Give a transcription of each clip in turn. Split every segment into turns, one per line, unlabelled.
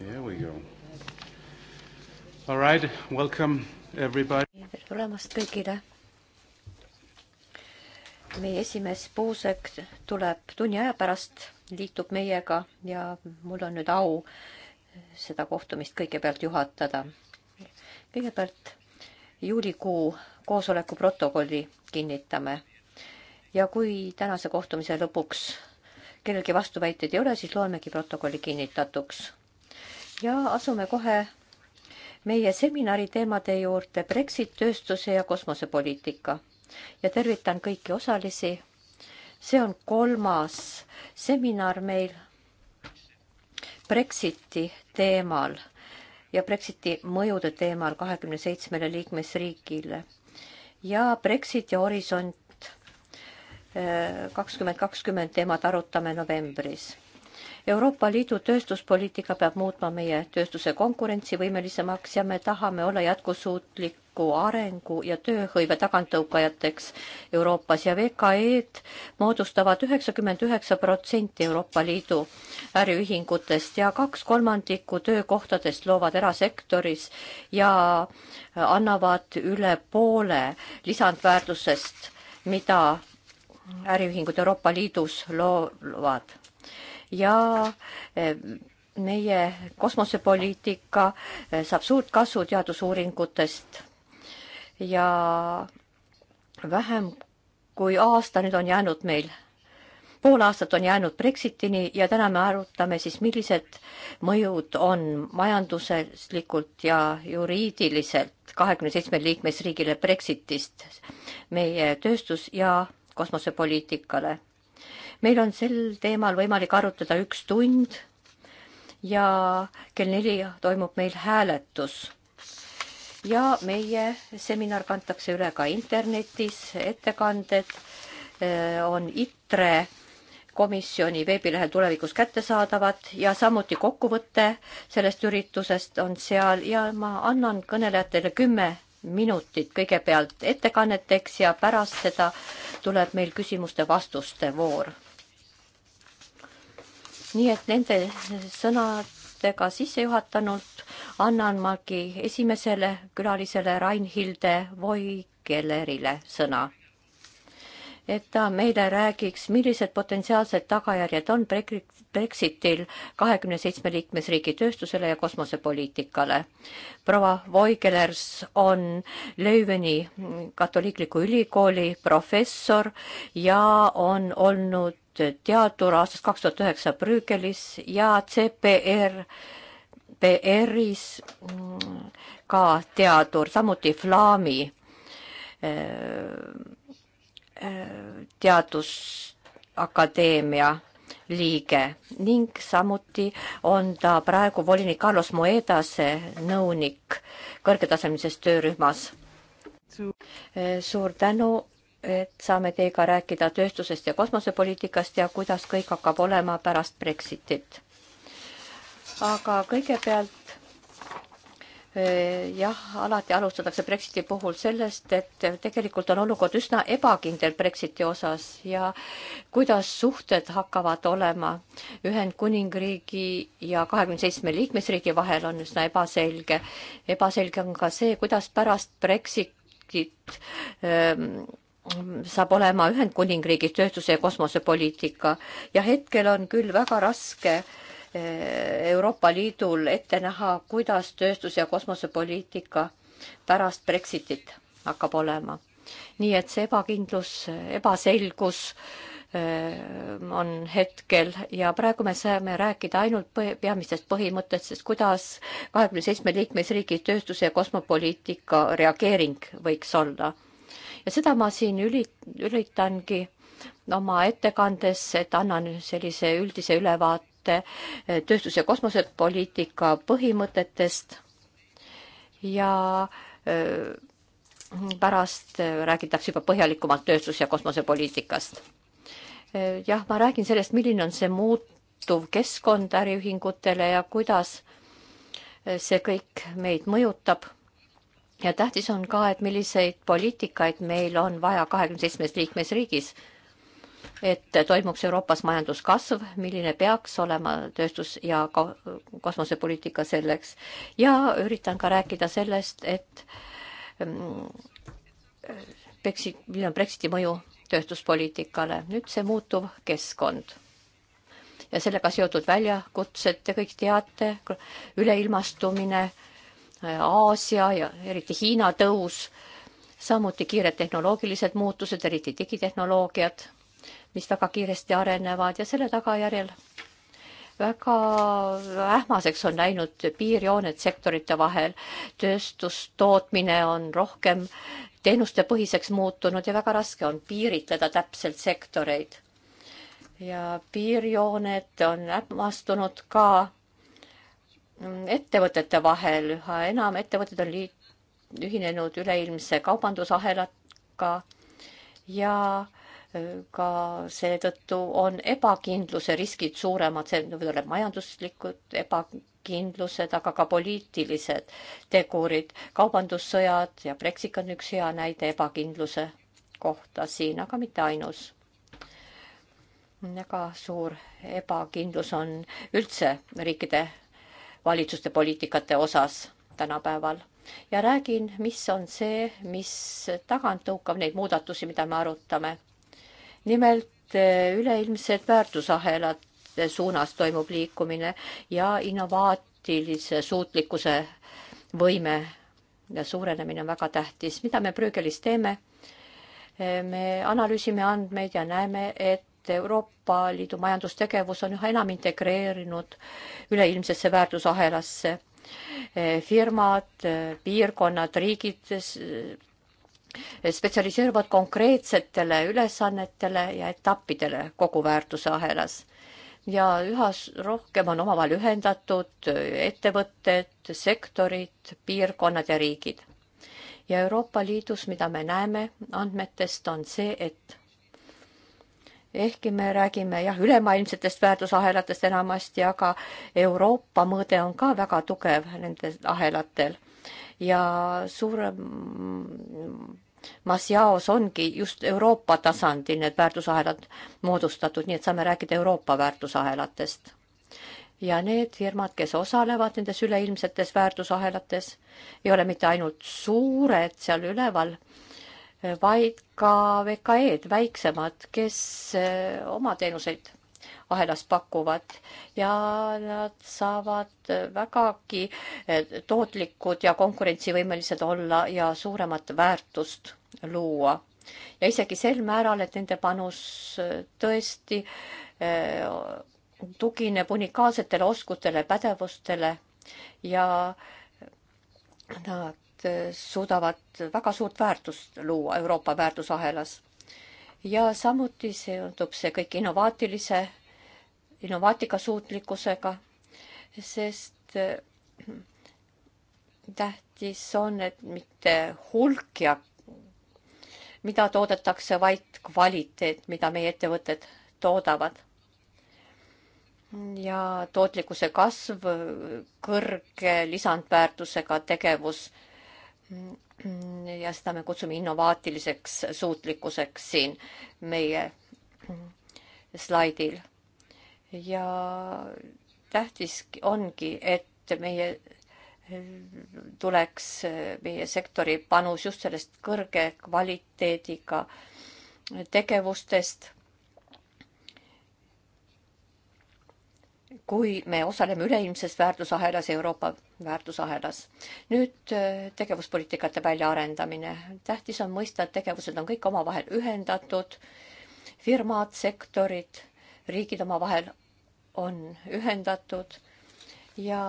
Here we go. All right, welcome everybody. tere
tulemast kõigile. meie esimees Puusek tuleb tunni aja pärast, liitub meiega ja mul on nüüd au seda kohtumist kõigepealt juhatada. kõigepealt juulikuu koosoleku protokolli kinnitame ja kui tänase kohtumise lõpuks kellelgi vastuväiteid ei ole, siis loemegi protokolli kinnitatuks ja asume kohe meie seminari teemade juurde Brexit, tööstuse ja kosmosepoliitika. ja tervitan kõiki osalisi. see on kolmas seminar meil Brexiti teemal ja Brexiti mõjude teemal kahekümne seitsmele liikmesriigile ja Brexit ja Horisont eh, kakskümmend kakskümmend teemat arutame novembris Euroopa Liidu tööstuspoliitika peab muutma meie tööstuse konkurentsivõimelisemaks ja me tahame olla jätkusuutliku arengu ja tööhõive taganttõukajateks Euroopas ja VKE-d moodustavad üheksakümmend üheksa protsenti Euroopa Liidu äriühingutest ja kaks kolmandikku töökohtadest loovad erasektoris ja annavad üle poole lisandväärtusest, mida äriühingud Euroopa Liidus loovad ja eh, meie kosmosepoliitika eh, saab suurt kasu teadusuuringutest ja vähem kui aasta nüüd on jäänud meil, pool aastat on jäänud Brexitini ja täna me arutame siis, millised mõjud on majanduslikult ja juriidiliselt kahekümne seitsmele liikmesriigile Brexitist meie tööstus- ja kosmosepoliitikale meil on sel teemal võimalik arutada üks tund ja kell neli toimub meil hääletus. ja meie seminar kantakse üle ka internetis, ettekanded eh, on ITRE komisjoni veebilehel tulevikus kättesaadavad ja samuti kokkuvõte sellest üritusest on seal ja ma annan kõnelejatele kümme minutit kõigepealt ettekanneteks ja pärast seda tuleb meil küsimuste-vastuste voor nii et nende sõnadega sissejuhatanult annan magi esimesele külalisele Reinhilde Voigelerile sõna, et ta meile räägiks, millised potentsiaalsed tagajärjed on Brexitil kahekümne seitsme liikmesriigi tööstusele ja kosmosepoliitikale. proua Voigelers on Leuveni katoliikliku ülikooli professor ja on olnud teadur aastast kaks tuhat üheksa Brüggelis ja CPR, PR-is mm, ka teadur, samuti Flami äh, äh, teadusakadeemia liige ning samuti on ta praegu volinik Carlos Moedase nõunik kõrgetasemelises töörühmas. suur äh, tänu et saame teiega rääkida tööstusest ja kosmosepoliitikast ja kuidas kõik hakkab olema pärast Brexitit. aga kõigepealt eh, jah, alati alustatakse Brexiti puhul sellest, et tegelikult on olukord üsna ebakindel Brexiti osas ja kuidas suhted hakkavad olema Ühendkuningriigi ja kahekümne seitsme liikmesriigi vahel on üsna ebaselge. ebaselge on ka see, kuidas pärast Brexitit ähm, saab olema Ühendkuningriigi tööstuse ja kosmosepoliitika ja hetkel on küll väga raske eh, Euroopa Liidul ette näha, kuidas tööstus- ja kosmosepoliitika pärast Brexitit hakkab olema. nii et see ebakindlus, ebaselgus eh, on hetkel ja praegu me saame rääkida ainult peamistest põhimõtetest, kuidas kahekümne seitsme liikmesriigi tööstuse ja kosmopoliitika reageering võiks olla ja seda ma siin üli, üritangi oma ettekandes, et annan sellise üldise ülevaate eh, tööstus- ja kosmosepoliitika põhimõtetest ja öö, eh, pärast eh, räägitakse juba põhjalikumalt tööstus- ja kosmosepoliitikast. jah, ma räägin sellest, milline on see muutuv keskkond äriühingutele ja kuidas see kõik meid mõjutab ja tähtis on ka, et milliseid poliitikaid meil on vaja kahekümne seitsmes liikmesriigis, et toimuks Euroopas majanduskasv, milline peaks olema tööstus- ja kosmosepoliitika selleks ja üritan ka rääkida sellest, et mm, Brexit, milline on Brexiti mõju tööstuspoliitikale, nüüd see muutuv keskkond ja sellega seotud väljakutsed, te kõik teate, üleilmastumine Äh, Aasia ja eriti Hiina tõus, samuti kiired tehnoloogilised muutused, eriti digitehnoloogiad, mis väga kiiresti arenevad ja selle tagajärjel väga ähmaseks on läinud piirjooned sektorite vahel. tööstustootmine on rohkem teenustepõhiseks muutunud ja väga raske on piiritleda täpselt sektoreid. ja piirjooned on ähmastunud ka Mm, ettevõtete vahel, üha enam ettevõtted on liit-, ühinenud üleilmse kaubandusahelaga ja äh, ka seetõttu on ebakindluse riskid suuremad, see tähendab majanduslikud ebakindlused, aga ka poliitilised tegurid. kaubandussõjad ja Brexit on üks hea näide ebakindluse kohta siin, aga mitte ainus. väga suur ebakindlus on üldse riikide valitsuste poliitikate osas tänapäeval ja räägin, mis on see, mis tagant tõukab neid muudatusi, mida me arutame. nimelt e, üleilmsed väärtusahelate suunas toimub liikumine ja innovaatilise suutlikkuse võime ja suurenemine on väga tähtis. mida me Brüggelis teeme? E, me analüüsime andmeid ja näeme, et et Euroopa Liidu majandustegevus on üha enam integreerinud üleilmsesse väärtusahelasse. firmad, piirkonnad, riigid spetsialiseeruvad konkreetsetele ülesannetele ja etappidele kogu väärtuse ahelas ja üha rohkem on omavahel ühendatud ettevõtted, sektorid, piirkonnad ja riigid. ja Euroopa Liidus, mida me näeme andmetest, on see, et ehkki me räägime jah, ülemaailmsetest väärtusahelatest enamasti, aga Euroopa mõõde on ka väga tugev nendel ahelatel ja suuremas jaos ongi just Euroopa tasandil need väärtusahelad moodustatud, nii et saame rääkida Euroopa väärtusahelatest. ja need firmad, kes osalevad nendes üleilmsetes väärtusahelates, ei ole mitte ainult suured seal üleval, vaid ka VKE-d, väiksemad, kes eh, oma teenuseid ahelas pakuvad ja nad saavad vägagi eh, tootlikud ja konkurentsivõimelised olla ja suuremat väärtust luua. ja isegi sel määral, et nende panus eh, tõesti tugineb unikaalsetele oskutele, pädevustele ja nad Eh, suudavad väga suurt väärtust luua Euroopa väärtusahelas. ja samuti seondub see kõik innovaatilise, innovaatika suutlikkusega, sest eh, tähtis on, et mitte hulk ja mida toodetakse, vaid kvaliteet, mida meie ettevõtted toodavad ja tootlikkuse kasv, kõrge lisandväärtusega tegevus ja seda me kutsume innovaatiliseks suutlikkuseks siin meie slaidil. ja tähtis ongi, et meie tuleks meie sektori panus just sellest kõrge kvaliteediga tegevustest kui me osaleme üleilmses väärtusahelas, Euroopa väärtusahelas. nüüd äh, tegevuspoliitikate väljaarendamine. tähtis on mõista, et tegevused on kõik omavahel ühendatud, firmad, sektorid, riigid omavahel on ühendatud ja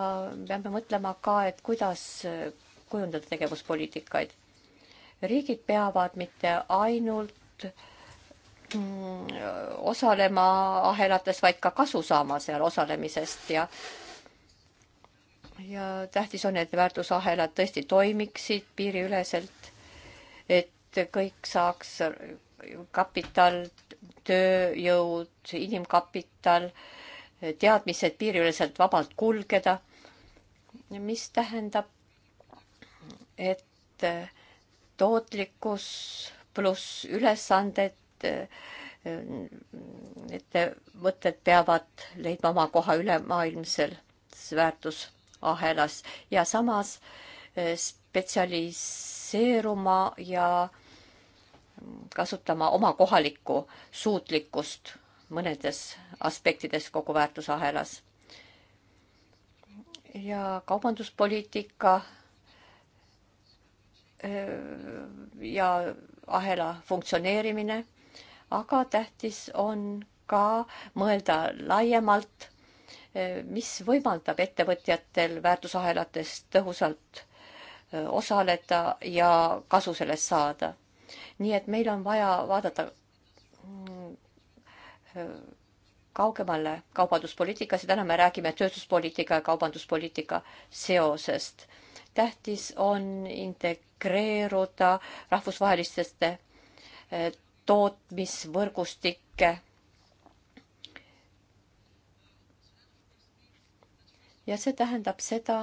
peame mõtlema ka, et kuidas äh, kujundada tegevuspoliitikaid. riigid peavad mitte ainult Mm, osalema ahelates, vaid ka kasu saama seal osalemisest ja ja tähtis on, et väärtusahelad tõesti toimiksid piiriüleselt, et kõik saaks kapital, tööjõud, inimkapital, teadmised piiriüleselt vabalt kulgeda. mis tähendab, et tootlikkus pluss ülesanded ettevõtted äh, peavad leidma oma koha ülemaailmses väärtusahelas ja samas äh, spetsialiseeruma ja kasutama oma kohalikku suutlikkust mõnedes aspektides kogu väärtusahelas. ja kaubanduspoliitika äh, ja ahela funktsioneerimine aga tähtis on ka mõelda laiemalt, eh, mis võimaldab ettevõtjatel väärtusahelates tõhusalt eh, osaleda ja kasu sellest saada. nii et meil on vaja vaadata mm, eh, kaugemale kaubanduspoliitikas ja täna me räägime tööstuspoliitika ja kaubanduspoliitika seosest. tähtis on integreeruda rahvusvahelistesse tootmisvõrgustikke. ja see tähendab seda,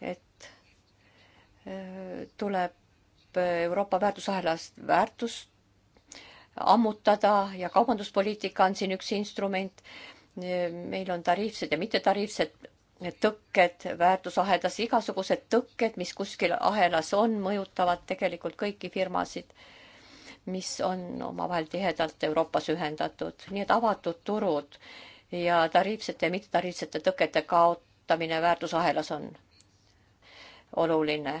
et äh, tuleb Euroopa väärtusahelas väärtust ammutada ja kaubanduspoliitika on siin üks instrument. meil on tariifsed ja mittetariifsed tõkked väärtusahedas, igasugused tõkked, mis kuskil ahelas on, mõjutavad tegelikult kõiki firmasid mis on omavahel tihedalt Euroopas ühendatud, nii et avatud turud ja tariifsete ja mittetariifsete tõkete kaotamine väärtusahelas on oluline,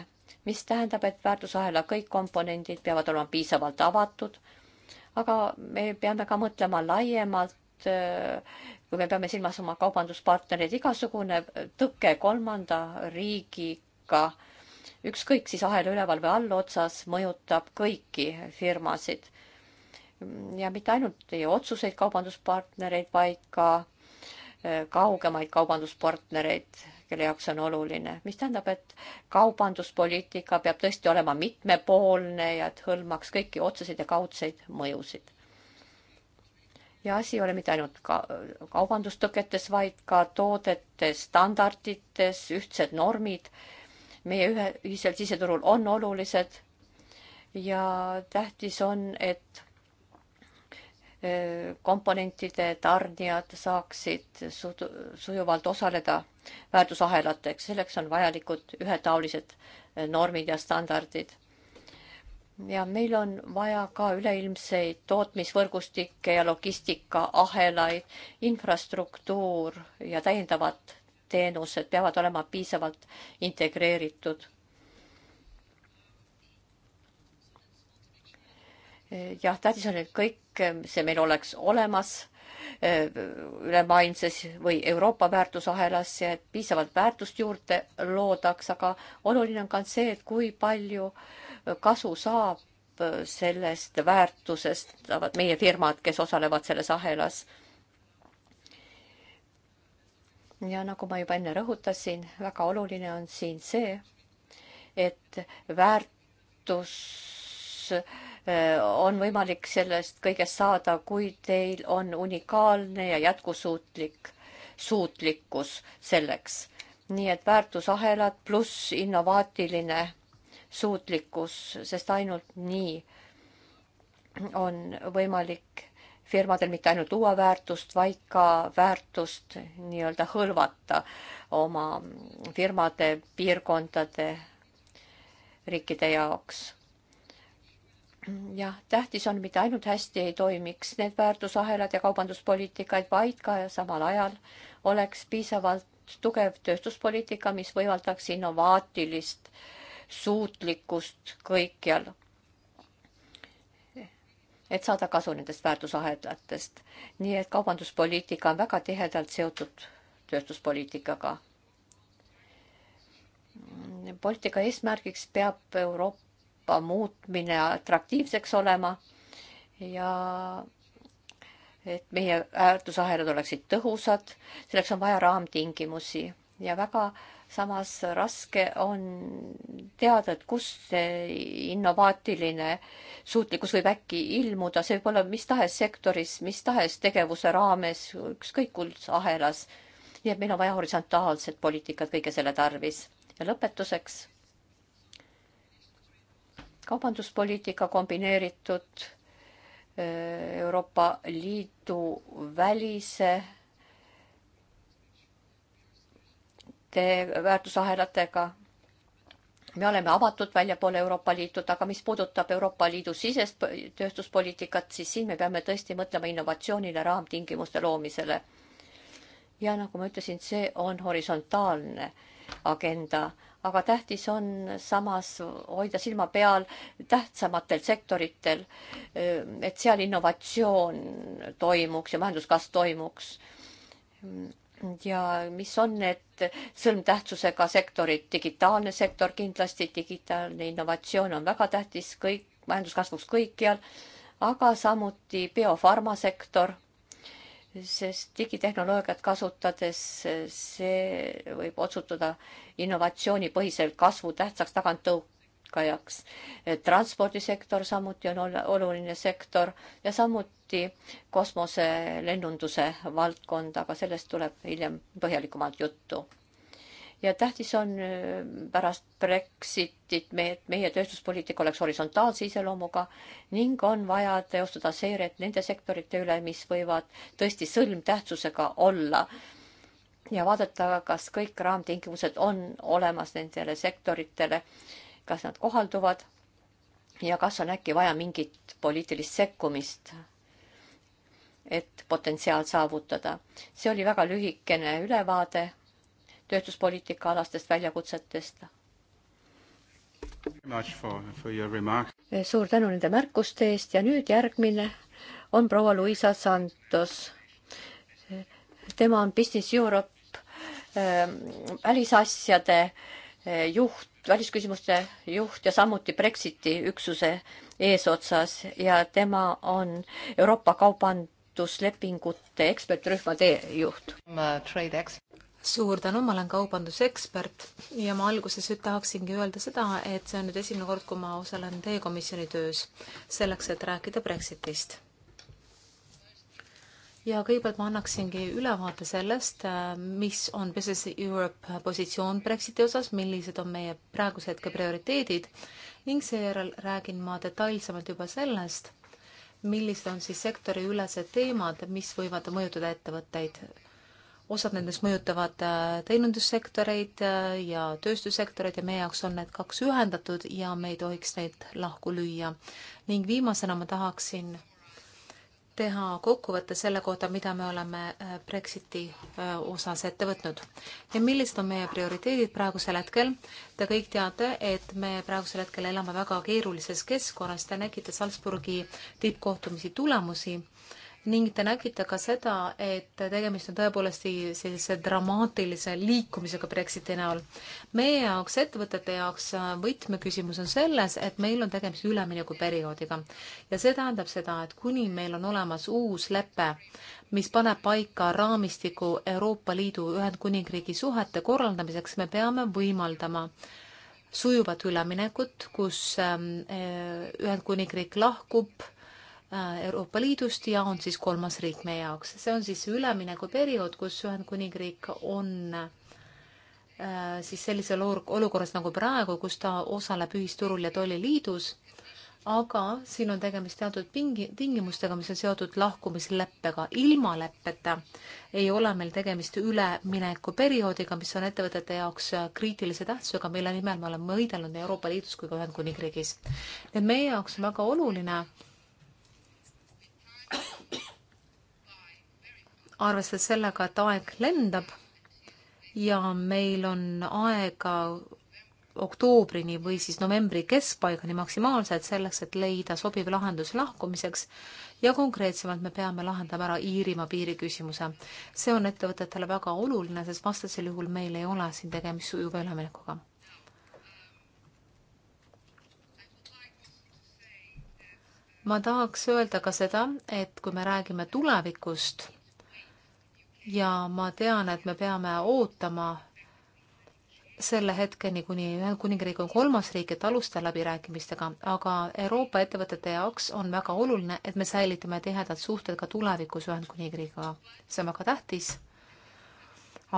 mis tähendab, et väärtusahela kõik komponendid peavad olema piisavalt avatud. aga me peame ka mõtlema laiemalt, kui me peame silmas oma kaubanduspartnereid, igasugune tõke kolmanda riigiga ka ükskõik siis ahela üleval või allotsas, mõjutab kõiki firmasid. ja mitte ainult teie otsuseid kaubanduspartnereid, vaid ka äh, kaugemaid kaubanduspartnereid, kelle jaoks on oluline, mis tähendab, et kaubanduspoliitika peab tõesti olema mitmepoolne ja et hõlmaks kõiki otseseid ja kaudseid mõjusid. ja asi ei ole mitte ainult ka äh, kaubandustõketes, vaid ka toodete standardites, ühtsed normid meie ühe, ühisel siseturul on olulised ja tähtis on, et äh, komponentide tarnijad saaksid sujuvalt osaleda väärtusahelateks, selleks on vajalikud ühetaolised äh, normid ja standardid. ja meil on vaja ka üleilmseid tootmisvõrgustikke ja logistikaahelaid, infrastruktuur ja täiendavat teenused peavad olema piisavalt integreeritud. jah, tähtis on, et kõik see meil oleks olemas e, ülemaailmses või Euroopa väärtusahelas ja et piisavalt väärtust juurde loodaks, aga oluline on ka see, et kui palju kasu saab sellest väärtusest meie firmad, kes osalevad selles ahelas ja nagu ma juba enne rõhutasin, väga oluline on siin see, et väärtus äh, on võimalik sellest kõigest saada, kui teil on unikaalne ja jätkusuutlik suutlikkus selleks. nii et väärtusahelad pluss innovaatiline suutlikkus, sest ainult nii on võimalik firmadel mitte ainult luua väärtust, vaid ka väärtust nii-öelda hõlvata oma firmade, piirkondade, riikide jaoks. jah, tähtis on mitte ainult hästi ei toimiks need väärtusahelad ja kaubanduspoliitikaid, vaid ka samal ajal oleks piisavalt tugev tööstuspoliitika, mis võimaldaks innovaatilist suutlikkust kõikjal et saada kasu nendest väärtusahelatest. nii et kaubanduspoliitika on väga tihedalt seotud tööstuspoliitikaga. poliitika eesmärgiks peab Euroopa muutmine atraktiivseks olema ja et meie väärtusahelad oleksid tõhusad, selleks on vaja raamtingimusi ja väga äh, samas raske on teada, et kus see innovaatiline suutlikkus võib äkki ilmuda, see võib olla mis tahes sektoris, mis tahes tegevuse raames, ükskõik kus ahelas. nii et meil on vaja horisontaalset poliitikat kõige selle tarvis. ja lõpetuseks. kaubanduspoliitika kombineeritud äh, Euroopa Liidu välise erinevate väärtusahelatega. me oleme avatud väljapoole Euroopa Liitud, aga mis puudutab Euroopa Liidu sisest tööstuspoliitikat, siis siin me peame tõesti mõtlema innovatsioonile, raamtingimuste loomisele. ja nagu ma ütlesin, see on horisontaalne agenda, aga tähtis on samas hoida silma peal tähtsamatel sektoritel, et seal innovatsioon toimuks ja majanduskasv toimuks ja mis on need sõlmtähtsusega sektorid, digitaalne sektor kindlasti, digitaalne innovatsioon on väga tähtis kõik, majanduskasvuks kõikjal, aga samuti biofarmasektor, sest digitehnoloogiat kasutades see võib otsutuda innovatsioonipõhiselt kasvu tähtsaks taganttõukeks jätkajaks. transpordisektor samuti on oluline sektor ja samuti kosmoselennunduse valdkond, aga sellest tuleb hiljem põhjalikumalt juttu. ja tähtis on äh, pärast Brexitit meie, meie tööstuspoliitika oleks horisontaalse iseloomuga ning on vaja teostada seiret nende sektorite üle, mis võivad tõesti sõlmtähtsusega olla ja vaadata, kas kõik raamtingimused on olemas nendele sektoritele kas nad kohalduvad ja kas on äkki vaja mingit poliitilist sekkumist, et potentsiaal saavutada. see oli väga lühikene ülevaade tööstuspoliitika alastest väljakutsetest. suur tänu nende märkuste eest ja nüüd järgmine on proua Luisa Santos. tema on Business Europe ähm, välisasjade äh, juht, välisküsimuste juht ja samuti Brexiti üksuse eesotsas ja tema on Euroopa kaubanduslepingute ekspertrühmade juht.
suur tänu, ma olen kaubandusekspert ja ma alguses nüüd tahaksingi öelda seda, et see on nüüd esimene kord, kui ma osalen teie komisjoni töös selleks, et rääkida Brexitist ja kõigepealt ma annaksingi ülevaate sellest, äh, mis on Business Europe positsioon Brexiti osas, millised on meie praeguse hetke prioriteedid ning seejärel räägin ma detailsemalt juba sellest, millised on siis sektoriülesed teemad, mis võivad mõjutada ettevõtteid. osad nendest mõjutavad äh, teenindussektoreid äh, ja tööstussektoreid ja meie jaoks on need kaks ühendatud ja me ei tohiks neid lahku lüüa. ning viimasena ma tahaksin teha kokkuvõte selle kohta, mida me oleme äh, Brexiti äh, osas ette võtnud ja millised on meie prioriteedid praegusel hetkel. Te kõik teate, et me praegusel hetkel elame väga keerulises keskkonnas, te nägite Salzburgi tippkohtumisi tulemusi ning te nägite ka seda, et tegemist on tõepoolest sellise dramaatilise liikumisega Brexiti näol. meie jaoks, ettevõtete jaoks võtmeküsimus on selles, et meil on tegemist üleminekuperioodiga ja see tähendab seda, et kuni meil on olemas uus lepe, mis paneb paika raamistiku Euroopa Liidu Ühendkuningriigi suhete korraldamiseks, me peame võimaldama sujuvat üleminekut, kus ähm, äh, Ühendkuningriik lahkub Äh, Euroopa Liidust ja on siis kolmas riik meie jaoks. see on siis üleminekuperiood, kus Ühendkuningriik on äh, siis sellisel olukorras nagu praegu, kus ta osaleb ühisturul ja tolliliidus, aga siin on tegemist teatud pingi, tingimustega, mis on seotud lahkumisleppega. ilma leppeta ei ole meil tegemist üleminekuperioodiga, mis on ettevõtete jaoks kriitilise tähtsusega, mille nimel me oleme võidelnud nii Euroopa Liidus kui ka Ühendkuningriigis. nii et meie jaoks on väga oluline arvestades sellega, et aeg lendab ja meil on aega oktoobrini või siis novembri keskpaigani maksimaalselt selleks, et leida sobiv lahendus lahkumiseks ja konkreetsemalt me peame lahendama ära Iirimaa piiri küsimuse. see on ettevõtetele väga oluline, sest vastasel juhul meil ei ole siin tegemist sujuva üleminekuga. ma tahaks öelda ka seda, et kui me räägime tulevikust ja ma tean, et me peame ootama selle hetkeni, kuni Ühendkuningriik on kolmas riik, et alustada läbirääkimistega, aga Euroopa ettevõtete jaoks on väga oluline, et me säilitame tihedad suhted ka tulevikus Ühendkuningriigiga. see on väga tähtis.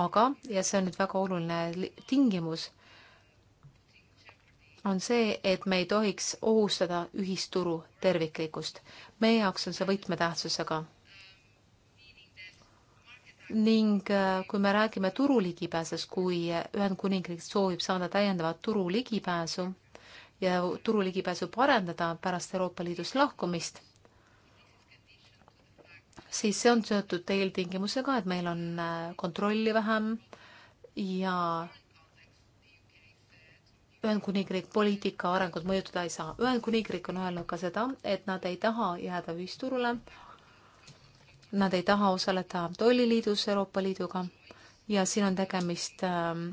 aga, ja see on nüüd väga oluline tingimus, on see, et me ei tohiks ohustada ühisturu terviklikkust. meie jaoks on see võtmetähtsusega ning äh, kui me räägime turu ligipääsest, kui Ühendkuningriik soovib saada täiendavat turu ligipääsu ja turu ligipääsu parendada pärast Euroopa Liidust lahkumist, siis see on seotud eeltingimusega, et meil on äh, kontrolli vähem ja Ühendkuningriik poliitika arengut mõjutada ei saa. Ühendkuningriik on öelnud ka seda, et nad ei taha jääda ühisturule, Nad ei taha osaleda tolliliidus Euroopa Liiduga ja siin on tegemist ähm,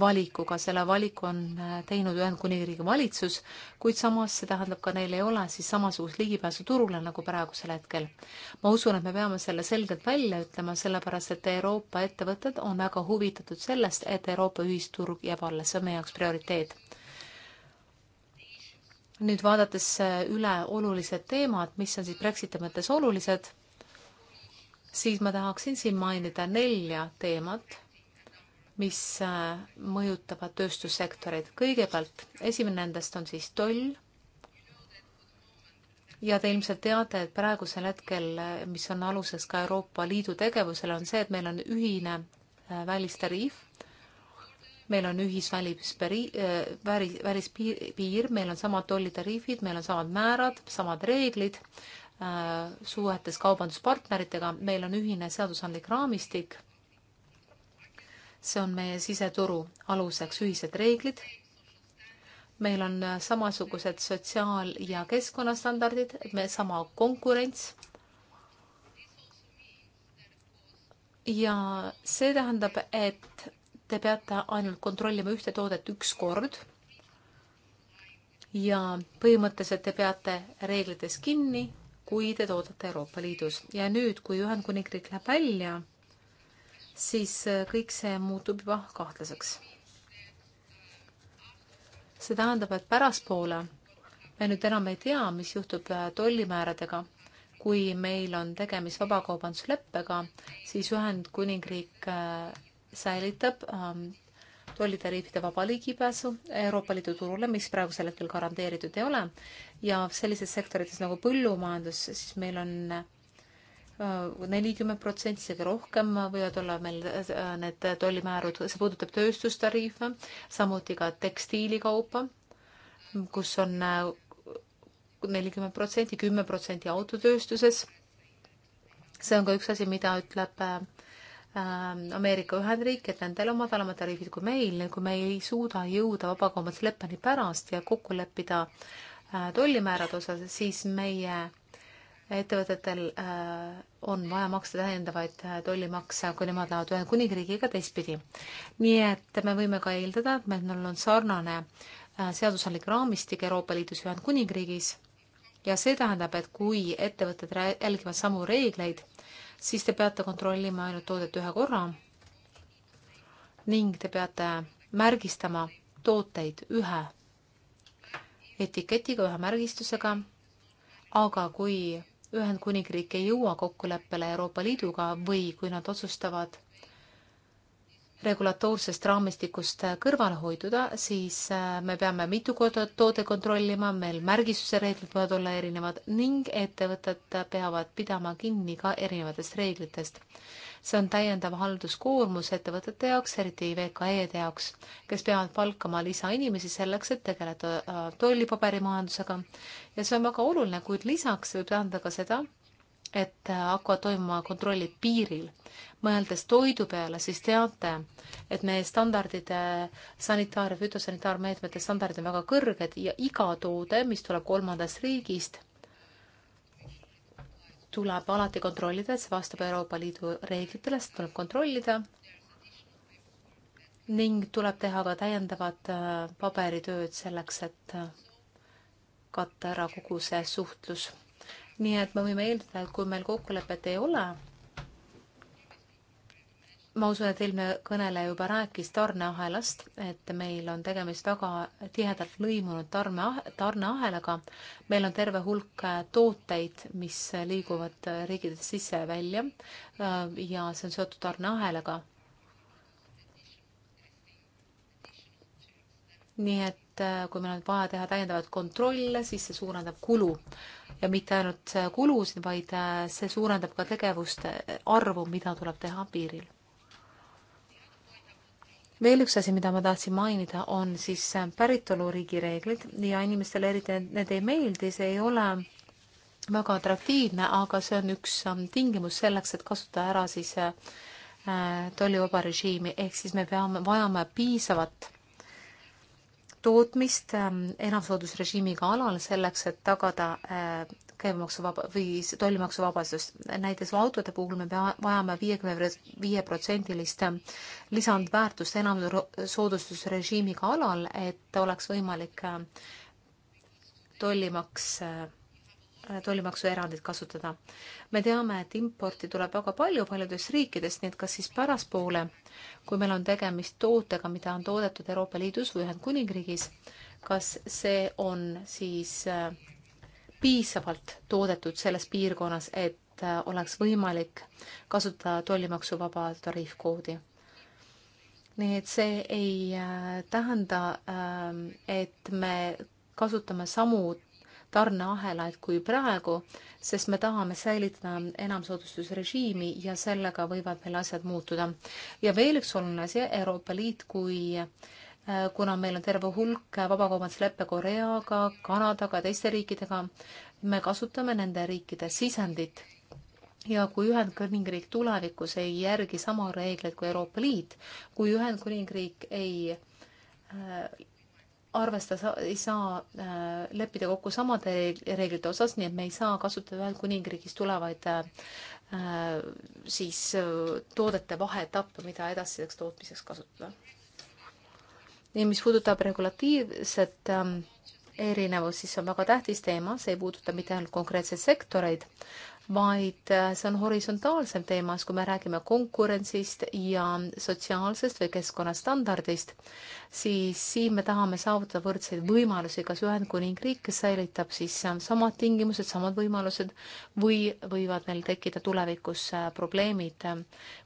valikuga, selle valiku on äh, teinud Ühendkuningriigi valitsus, kuid samas see tähendab ka neil ei ole siis samasugust ligipääsu turule nagu praegusel hetkel. ma usun, et me peame selle selgelt välja ütlema, sellepärast et Euroopa ettevõtted on väga huvitatud sellest, et Euroopa ühisturg jääb alles, see on meie jaoks prioriteet. nüüd vaadates äh, üle olulised teemad, mis on siis Brexiti mõttes olulised siis ma tahaksin siin mainida nelja teemat, mis äh, mõjutavad tööstussektoreid. kõigepealt esimene nendest on siis toll. ja te ilmselt teate, et praegusel hetkel, äh, mis on aluseks ka Euroopa Liidu tegevusele, on see, et meil on ühine äh, välistariif meil on ühisvälispiiri, välis, välispiir, meil on samad tollitariifid, meil on samad määrad, samad reeglid, Äh, suhetes kaubanduspartneritega, meil on ühine seadusandlik raamistik, see on meie siseturu aluseks ühised reeglid, meil on samasugused sotsiaal- ja keskkonnastandardid, me sama konkurents ja see tähendab, et te peate ainult kontrollima ühte toodet üks kord ja põhimõtteliselt te peate reeglitest kinni kui te toodate Euroopa Liidus. ja nüüd, kui Ühendkuningriik läheb välja, siis äh, kõik see muutub juba kahtlaseks. see tähendab, et pärastpoole me nüüd enam ei tea, mis juhtub äh, tollimääradega. kui meil on tegemist vabakaubandusleppega, siis Ühendkuningriik äh, säilitab ähm, tollitariifide vaba ligipääsu Euroopa Liidu turule, mis praegusel hetkel garanteeritud ei ole, ja sellises sektorites nagu põllumajandus, siis meil on äh, nelikümmend protsenti, isegi rohkem võivad olla meil äh, need tollimäärud, see puudutab tööstustariife, samuti ka tekstiilikaupa, kus on äh, nelikümmend protsenti, kümme protsenti autotööstuses. see on ka üks asi, mida ütleb Ähm, Ameerika Ühendriikidel, nendel on madalamad tariifid kui meil, kui nagu me ei suuda jõuda vabakaubandusleppeni pärast ja kokku leppida äh, tollimäärade osas, siis meie ettevõtetel äh, on vaja maksta täiendavaid äh, tollimakse, kui nemad lähevad Ühendkuningriigiga teistpidi. nii et me võime ka eeldada, et meil on sarnane seadusandlik raamistik Euroopa Liidus ja Ühendkuningriigis ja see tähendab, et kui ettevõtted jälgivad samu reegleid, siis te peate kontrollima ainult toodet ühe korra ning te peate märgistama tooteid ühe etiketiga, ühe märgistusega. aga kui Ühendkuningriik ei jõua kokkuleppele Euroopa Liiduga või kui nad otsustavad regulatoorsest raamistikust kõrvale hoiduda, siis äh, me peame mitu korda toode kontrollima, meil märgistuse reeglid võivad olla erinevad ning ettevõtted peavad pidama kinni ka erinevatest reeglitest. see on täiendav halduskoormus ettevõtete jaoks, eriti VKE-de jaoks, kes peavad palkama lisainimesi selleks, et tegeleda äh, tollipaberimajandusega. ja see on väga oluline, kuid lisaks võib tähendada ka seda, et hakkavad toimuma kontrollid piiril. mõeldes toidu peale, siis teate, et meie standardid, sanitaar- ja fütosanitaarmeetmete standardid on väga kõrged ja iga toode, mis tuleb kolmandast riigist, tuleb alati kontrollida, et see vastab Euroopa Liidu reeglitele, seda tuleb kontrollida ning tuleb teha ka täiendavat äh, paberitööd selleks, et äh, katta ära kogu see suhtlus nii et me võime eeldada, et kui meil kokkulepet ei ole, ma usun, et eelmine kõneleja juba rääkis tarneahelast, et meil on tegemist väga tihedalt lõimunud tarne, tarneahelaga. meil on terve hulk tooteid, mis liiguvad riikidest sisse ja välja ja see on seotud tarneahelaga nii et äh, kui meil on vaja teha täiendavat kontrolle, siis see suurendab kulu ja mitte ainult kulusid, vaid äh, see suurendab ka tegevuste arvu, mida tuleb teha piiril. veel üks asi, mida ma tahtsin mainida, on siis äh, päritoluriigi reeglid ja inimestele eriti need ei meeldi, see ei ole väga atraktiivne, aga see on üks ähm, tingimus selleks, et kasutada ära siis tollivaba režiimi, ehk siis me peame, vajame piisavat tootmist ähm, enamsoodusrežiimiga alal selleks, et tagada äh, käibemaksuvaba või tollimaksuvabastust. näiteks autode puhul me pea, vajame viiekümne viie protsendilist ähm, lisandväärtust enamsoodustusrežiimiga alal, et oleks võimalik ähm, tollimaks äh, Äh, tollimaksuerandit kasutada. me teame, et importi tuleb väga palju paljudest riikidest, nii et kas siis päraspoole, kui meil on tegemist tootega, mida on toodetud Euroopa Liidus või Ühendkuningriigis, kas see on siis äh, piisavalt toodetud selles piirkonnas, et äh, oleks võimalik kasutada tollimaksuvaba tariifkoodi. nii et see ei tähenda, et me kasutame samu tarneahelaid kui praegu, sest me tahame säilitada enamsoodustusrežiimi ja sellega võivad meil asjad muutuda. ja veel üks oluline asi, Euroopa Liit kui äh, kuna meil on terve hulk vabakaubandusleppe Koreaga, Kanadaga, teiste riikidega, me kasutame nende riikide sisendit. ja kui Ühendkuningriik tulevikus ei järgi sama reegleid kui Euroopa Liit, kui Ühendkuningriik ei äh, arvestada, ei saa äh, leppida kokku samade reeglite osas, nii et me ei saa kasutada Ühendkuningriigist tulevaid äh, siis äh, toodete vaheetappe, mida edasiseks tootmiseks kasutada. ja mis puudutab regulatiivset ähm, erinevust, siis see on väga tähtis teema, see ei puuduta mitte ainult konkreetseid sektoreid, vaid äh, see on horisontaalsem teemas, kui me räägime konkurentsist ja sotsiaalsest või keskkonnastandardist, siis siin me tahame saavutada võrdseid võimalusi, kas Ühendkuningriik, kes säilitab siis äh, samad tingimused, samad võimalused või võivad meil tekkida tulevikus äh, probleemid,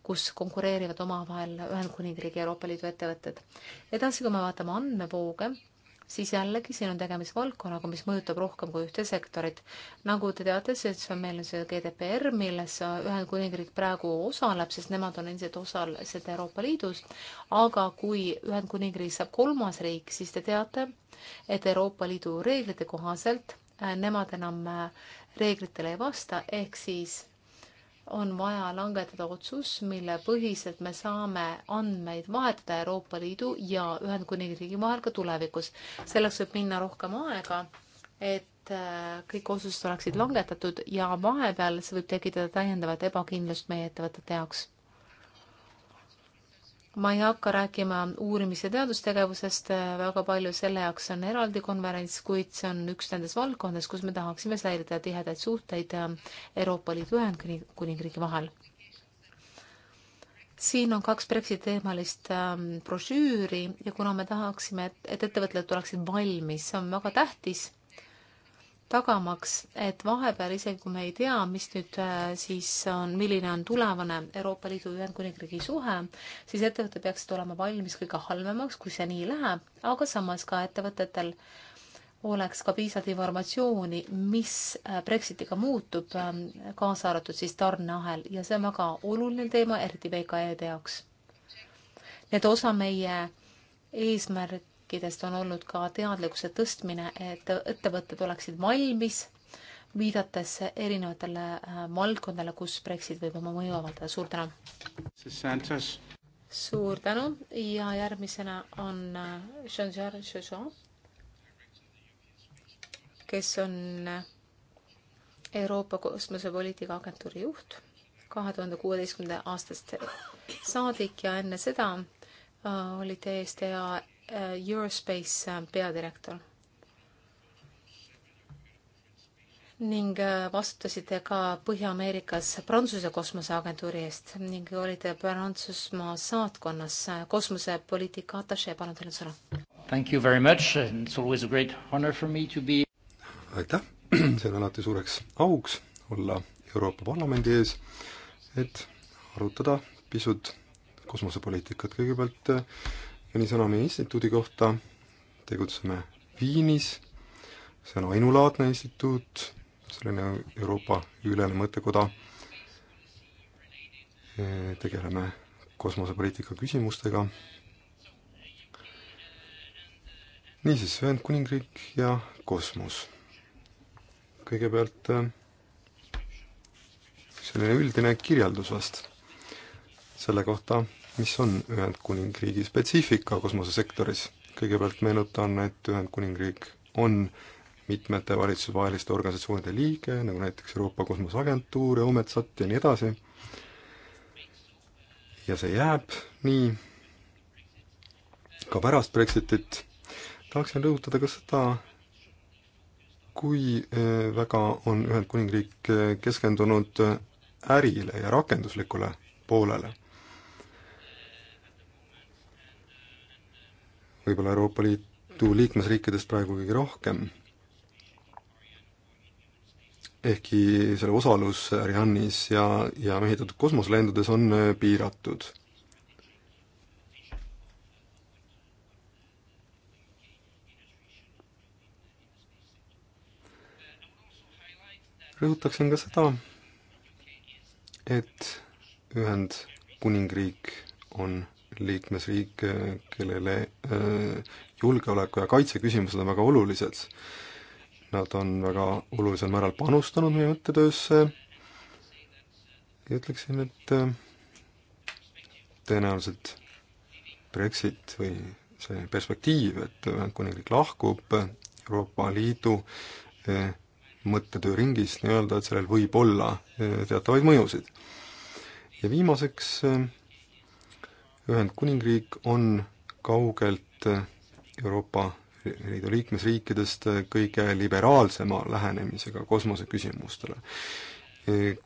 kus konkureerivad omavahel Ühendkuningriigi ja Euroopa Liidu ettevõtted. edasi, kui me vaatame andmevooge, siis jällegi siin on tegemist valdkonnaga, mis mõjutab rohkem kui ühte sektorit. nagu te teate, siis on meil see GDPR, milles Ühendkuningriik praegu osaleb, sest nemad on endiselt osalised Euroopa Liidus, aga kui Ühendkuningriik saab kolmas riik, siis te teate, et Euroopa Liidu reeglite kohaselt eh, nemad enam eh, reeglitele ei vasta, ehk siis on vaja langetada otsus, mille põhiselt me saame andmeid vahetada Euroopa Liidu ja Ühendkuningriigi vahel ka tulevikus. selleks võib minna rohkem aega, et äh, kõik otsused oleksid langetatud ja vahepeal see võib tekitada täiendavat ebakindlust meie ettevõtete jaoks ma ei hakka rääkima uurimis- ja teadustegevusest, väga palju selle jaoks on eraldi konverents, kuid see on üks nendes valdkondades, kus me tahaksime säilida tihedaid suhteid äh, Euroopa Liidu Ühendkuningriigi vahel. siin on kaks Brexiti teemalist ähm, brošüüri ja kuna me tahaksime, et, et ettevõtted oleksid valmis, see on väga tähtis tagamaks, et vahepeal, isegi kui me ei tea, mis nüüd äh, siis on, milline on tulevane Euroopa Liidu Ühendkuningriigi suhe, siis ettevõtted peaksid olema valmis kõige halvemaks, kui see nii läheb, aga samas ka ettevõtetel oleks ka piisavalt informatsiooni, mis äh, Brexitiga muutub, äh, kaasa arvatud siis tarneahel ja see on väga oluline teema, eriti VKE-de jaoks. nii et osa meie eesmärk riikidest on olnud ka teadlikkuse tõstmine, et ettevõtted oleksid valmis, viidates erinevatele äh, valdkondadele, kus Brexit võib oma mõju avaldada. suur tänu! suur tänu ja järgmisena on äh, Jean-Charles Jouzon, kes on äh, Euroopa Kosmosepoliitika Agentuuri juht kahe tuhande kuueteistkümnenda aastast saadik ja enne seda oli täiesti hea Äh, Eurospace äh, peadirektor. ning äh, vastutasite ka Põhja-Ameerikas Prantsuse kosmoseagentuuri eest ning olite Prantsusmaa saatkonnas kosmosepoliitika atašee, palun teile sõna.
Thank you very much, it's always a great honor for me to be aitäh, see on alati suureks auks olla Euroopa Parlamendi ees, et arutada pisut kosmosepoliitikat, kõigepealt äh, mõni sõna meie instituudi kohta, tegutseme Viinis, see on ainulaadne instituut, selline Euroopa ülene mõttekoda, e, tegeleme kosmosepoliitika küsimustega, niisiis, Ühendkuningriik ja kosmos. kõigepealt e, selline üldine kirjeldus vast selle kohta, mis on Ühendkuningriigi spetsiifika kosmosesektoris. kõigepealt meenutan, et Ühendkuningriik on mitmete valitsusvaheliste organisatsioonide liige, nagu näiteks Euroopa Kosmoseagentuur ja Ometsat ja nii edasi, ja see jääb nii ka pärast Brexitit, tahaksin rõhutada ka seda, kui eh, väga on Ühendkuningriik eh, keskendunud ärile ja rakenduslikule poolele võib-olla Euroopa Liidu liikmesriikidest praegu kõige rohkem. ehkki selle osalus Arianis ja, ja mehitatud kosmoselendudes on äh, piiratud. rõhutaksin ka seda, et Ühendkuningriik on liikmesriike, kellele äh, julgeoleku ja kaitse küsimused on väga olulised. Nad on väga olulisel määral panustanud meie mõttetöösse ja ütleksin, et äh, tõenäoliselt Brexit või see perspektiiv, et Ühendkuningriik lahkub Euroopa Liidu äh, mõttetööringist nii-öelda, et sellel võib olla teatavaid mõjusid. ja viimaseks Ühendkuningriik on kaugelt Euroopa Liidu liikmesriikidest kõige liberaalsema lähenemisega kosmoseküsimustele.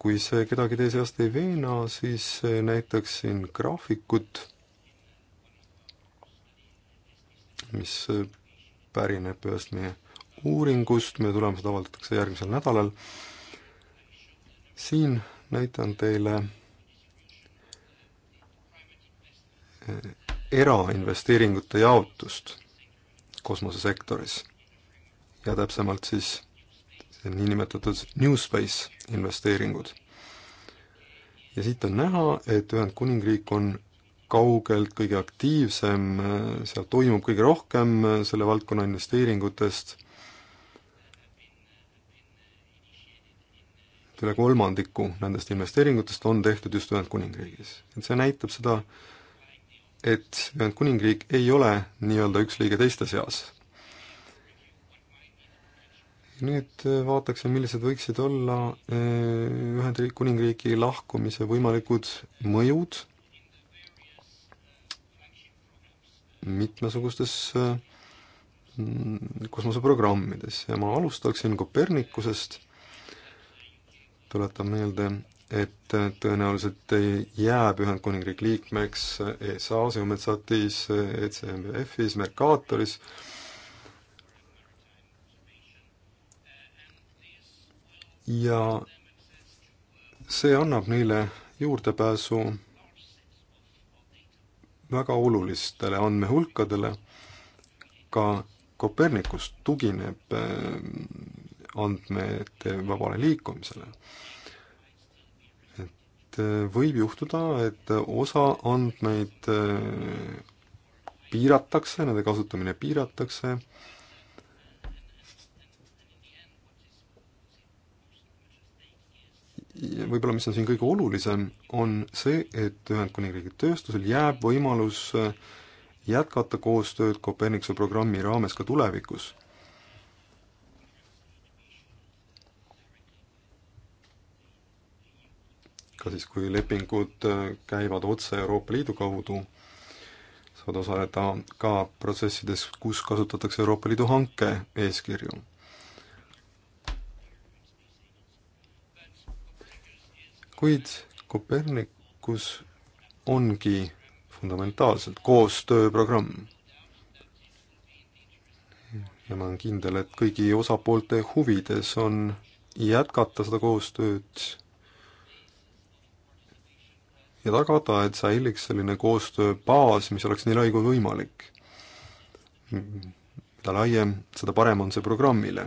Kui see kedagi teie seast ei veena, siis näitaks siin graafikut, mis pärineb ühest meie uuringust, meie tulemused avaldatakse järgmisel nädalal. siin näitan teile erainvesteeringute jaotust kosmosesektoris. ja täpsemalt siis niinimetatud New Space investeeringud. ja siit on näha, et Ühendkuningriik on kaugelt kõige aktiivsem, seal toimub kõige rohkem selle valdkonna investeeringutest, üle kolmandiku nendest investeeringutest on tehtud just Ühendkuningriigis. et see näitab seda, et Ühendkuningriik ei ole nii-öelda üks liige teiste seas. nüüd äh, vaataksime, millised võiksid olla äh, Ühendkuningriigi lahkumise võimalikud mõjud mitmesugustes äh, kosmoseprogrammides ja ma alustaksin Kopernikusest, tuletan meelde, et tõenäoliselt jääb Ühendkuningriik liikmeks ESA-s, EUMETSAT-is, ECMWF-is, Mercatoris, ja see annab neile juurdepääsu väga olulistele andmehulkadele, ka Kopernikus tugineb eh, andmete vabale liikumisele Äh, võib juhtuda, et äh, osa andmeid äh, piiratakse, nende kasutamine piiratakse, võib-olla mis on siin kõige olulisem, on see, et Ühendkuningriigi tööstusel jääb võimalus jätkata koostööd Copernicuse programmi raames ka tulevikus ka siis, kui lepingud äh, käivad otse Euroopa Liidu kaudu, saad osaleda ka protsessides, kus kasutatakse Euroopa Liidu hanke eeskirju. kuid Kopernikus ongi fundamentaalselt koostööprogramm. ja ma olen kindel, et kõigi osapoolte huvides on jätkata seda koostööd ja tagada, et säiliks selline koostööbaas, mis oleks nii lai kui võimalik. mida laiem, seda parem on see programmile.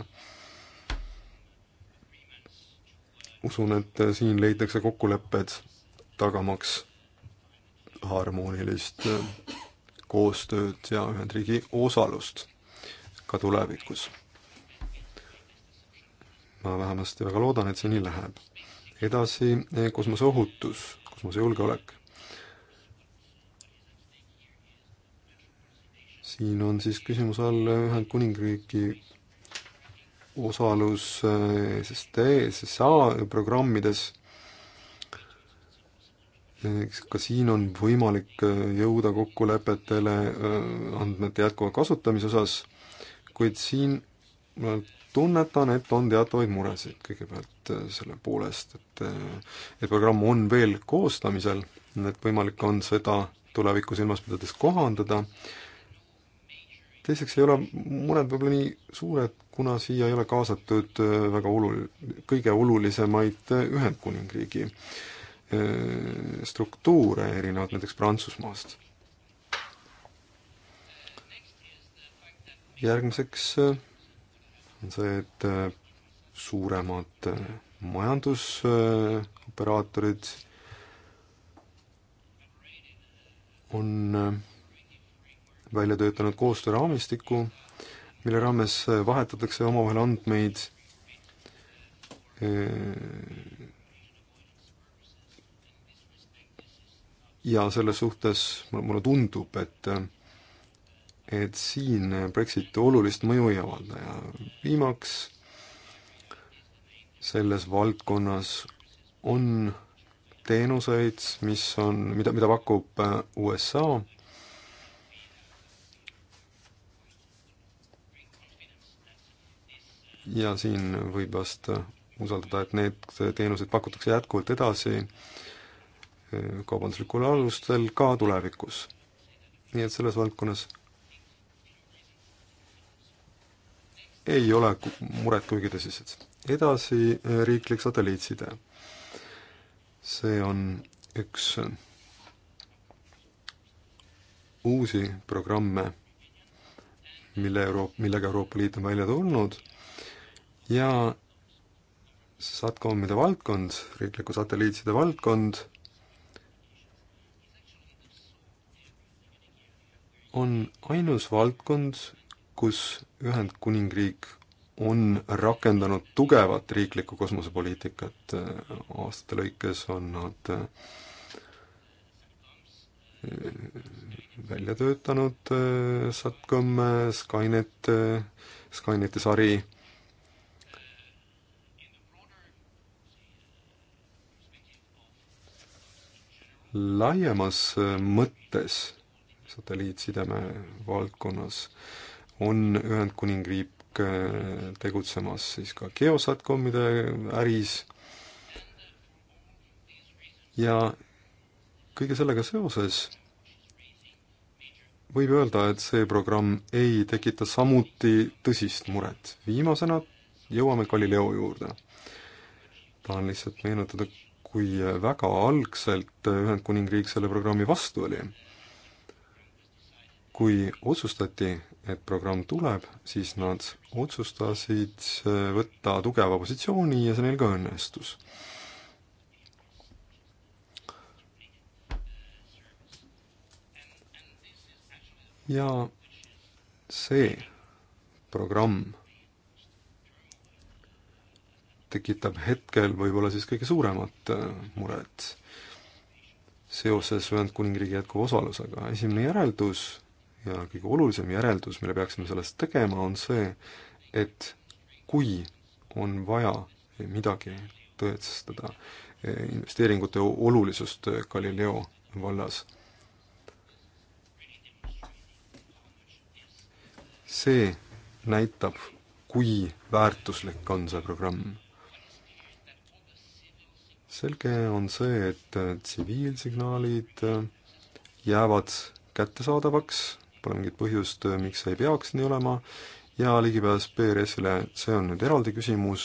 usun, et siin leitakse kokkulepped, tagamaks harmoonilist koostööd ja Ühendriigi osalust ka tulevikus. ma vähemasti väga loodan, et see nii läheb. edasi kosmoseohutus kosmosejulgeolek. siin on siis küsimuse all Ühendkuningriigi osalus SSD, SSA programmides. ka siin on võimalik jõuda kokkulepetele andmete jätkuva kasutamise osas, kuid siin tunnetan, et on teatavaid muresid kõigepealt äh, selle poolest, et äh, et programm on veel koostamisel, et võimalik on seda tulevikku silmas pidades kohandada, teiseks ei ole mured võib-olla nii suured, kuna siia ei ole kaasatud äh, väga olul-, kõige olulisemaid Ühendkuningriigi struktuure, erinevalt näiteks Prantsusmaast järgmiseks on see, et äh, suuremad äh, majandusoperaatorid on äh, välja töötanud koostööraamistiku, mille raames vahetatakse omavahel andmeid ja selles suhtes mulle, mulle tundub, et et siin Brexit olulist mõju ei avalda ja viimaks selles valdkonnas on teenuseid, mis on, mida, mida pakub äh, USA, ja siin võib vast äh, usaldada, et need äh, teenused pakutakse jätkuvalt edasi kaubanduslikul alustel ka tulevikus. nii et selles valdkonnas ei ole muret kuigi tõsised. edasi eh, riiklik satelliitside. see on üks eh, uusi programme, mille Euro-, millega Euroopa Liit on välja tulnud ja SATCOM-ide valdkond, riikliku satelliitside valdkond, on ainus valdkond, kus Ühendkuningriik on rakendanud tugevat riiklikku kosmosepoliitikat, äh, aastate lõikes on nad äh, välja töötanud äh, Satcom, Skynet, Skyneti sari, laiemas mõttes satelliitsideme valdkonnas on Ühendkuningriik äh, tegutsemas siis ka geosatkomide äris ja kõige sellega seoses võib öelda, et see programm ei tekita samuti tõsist muret. viimasena jõuame Galileo juurde. tahan lihtsalt meenutada, kui väga algselt Ühendkuningriik selle programmi vastu oli kui otsustati, et programm tuleb, siis nad otsustasid võtta tugeva positsiooni ja see neil ka õnnestus. ja see programm tekitab hetkel võib-olla siis kõige suuremat äh, muret seoses Ühendkuningriigi jätkuva osalusega. esimene järeldus ja kõige olulisem järeldus, mille peaksime sellest tegema, on see, et kui on vaja midagi tõestada, eh, investeeringute olulisust eh, Galileo vallas, see näitab, kui väärtuslik on see programm selge on see, et eh, tsiviilsignaalid jäävad kättesaadavaks pole mingit põhjust, miks see ei peaks nii olema, ja ligipääs PRS-ile, see on nüüd eraldi küsimus,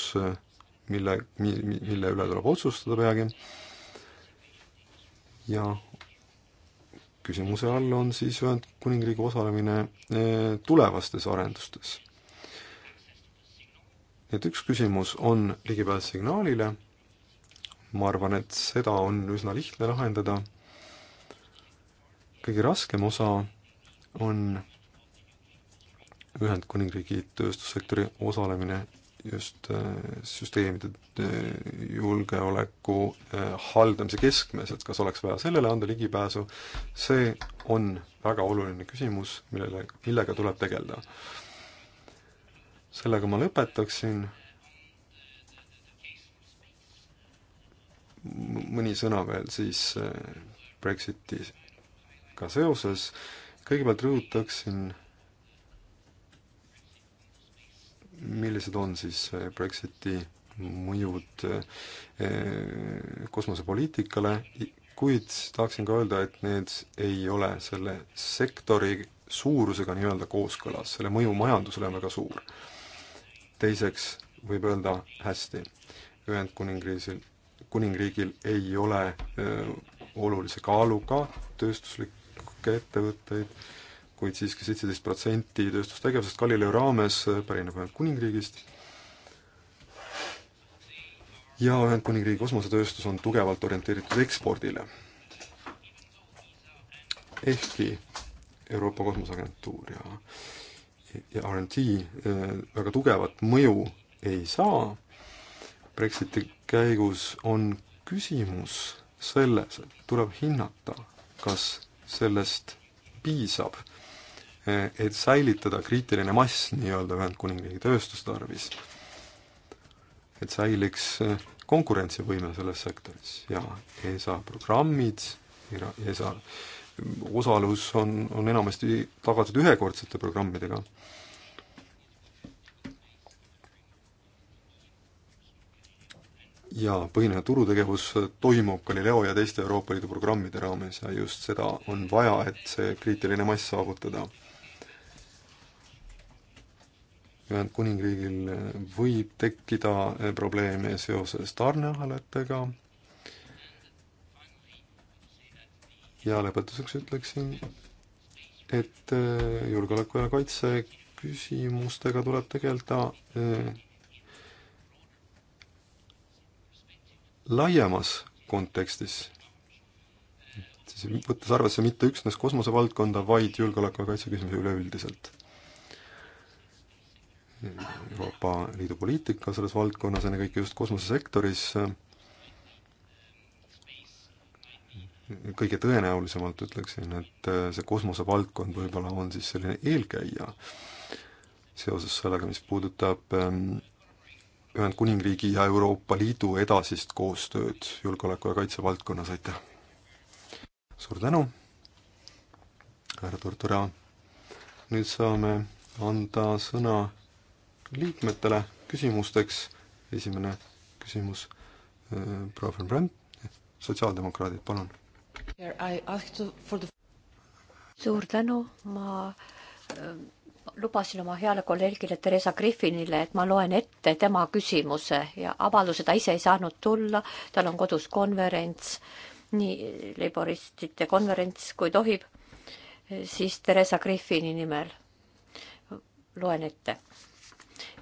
mille, mi-, mille üle tuleb otsustada peagi, ja küsimuse all on siis Ühendkuningriigi osalemine eh, tulevastes arendustes. nii et üks küsimus on ligipääs signaalile, ma arvan, et seda on üsna lihtne lahendada, kõige raskem osa on Ühendkuningriigi tööstussektori osalemine just äh, süsteemide äh, julgeoleku äh, haldamise keskmes, et kas oleks vaja sellele anda ligipääsu, see on väga oluline küsimus, millele, millega tuleb tegeleda. sellega ma lõpetaksin mõni sõna veel siis Brexiti ka seoses kõigepealt rõhutaksin, millised on siis eh, Brexiti mõjud eh, kosmosepoliitikale, kuid tahaksin ka öelda, et need ei ole selle sektori suurusega nii-öelda kooskõlas, selle mõju majandusele on väga suur. teiseks võib öelda hästi, Ühendkuningriisil, kuningriigil ei ole öö, eh, olulise kaaluga tööstuslik ettevõtteid, kuid siiski seitseteist protsenti tööstustegevusest Galileo raames pärineb Ühendkuningriigist. ja Ühendkuningriigi kosmosetööstus on tugevalt orienteeritud ekspordile. ehkki Euroopa Kosmoseagentuur ja ja RNT eh, väga tugevat mõju ei saa, Brexiti käigus on küsimus selles, et tuleb hinnata, kas sellest piisab, et säilitada kriitiline mass nii-öelda Ühendkuningriigi tööstustarvis. et säiliks konkurentsivõime selles sektoris ja ESA programmid, ESA osalus on, on enamasti tagatud ühekordsete programmidega ja põhine turutegevus toimub Galileo ja teiste Euroopa Liidu programmide raames ja just seda on vaja, et see kriitiline mass saavutada. Ühendkuningriigil võib tekkida probleeme seoses tarneahelatega ja lõpetuseks ütleksin, et äh, julgeoleku ja kaitse küsimustega tuleb tegeleda äh, laiemas kontekstis, siis võttes arvesse mitte üksnes kosmosevaldkonda, vaid julgeoleku ja kaitse küsimusi üleüldiselt. Euroopa Liidu poliitika selles valdkonnas, ennekõike just kosmosesektoris, kõige tõenäolisemalt ütleksin, et see kosmosevaldkond võib-olla on siis selline eelkäija seoses sellega, mis puudutab ähm, Ühendkuningriigi ja Euroopa Liidu edasist koostööd julgeoleku ja kaitse valdkonnas, aitäh! suur tänu, härra Tortura! nüüd saame anda sõna liikmetele küsimusteks, esimene küsimus, äh, proua von Brandt, sotsiaaldemokraadid, palun!
suur tänu, ma äh, lubasin oma heale kolleegile Theresa Griffinile, et ma loen ette tema küsimuse ja avalduse ta ise ei saanud tulla, tal on kodus konverents, nii laboristide konverents, kui tohib, siis Theresa Griffini nimel loen ette.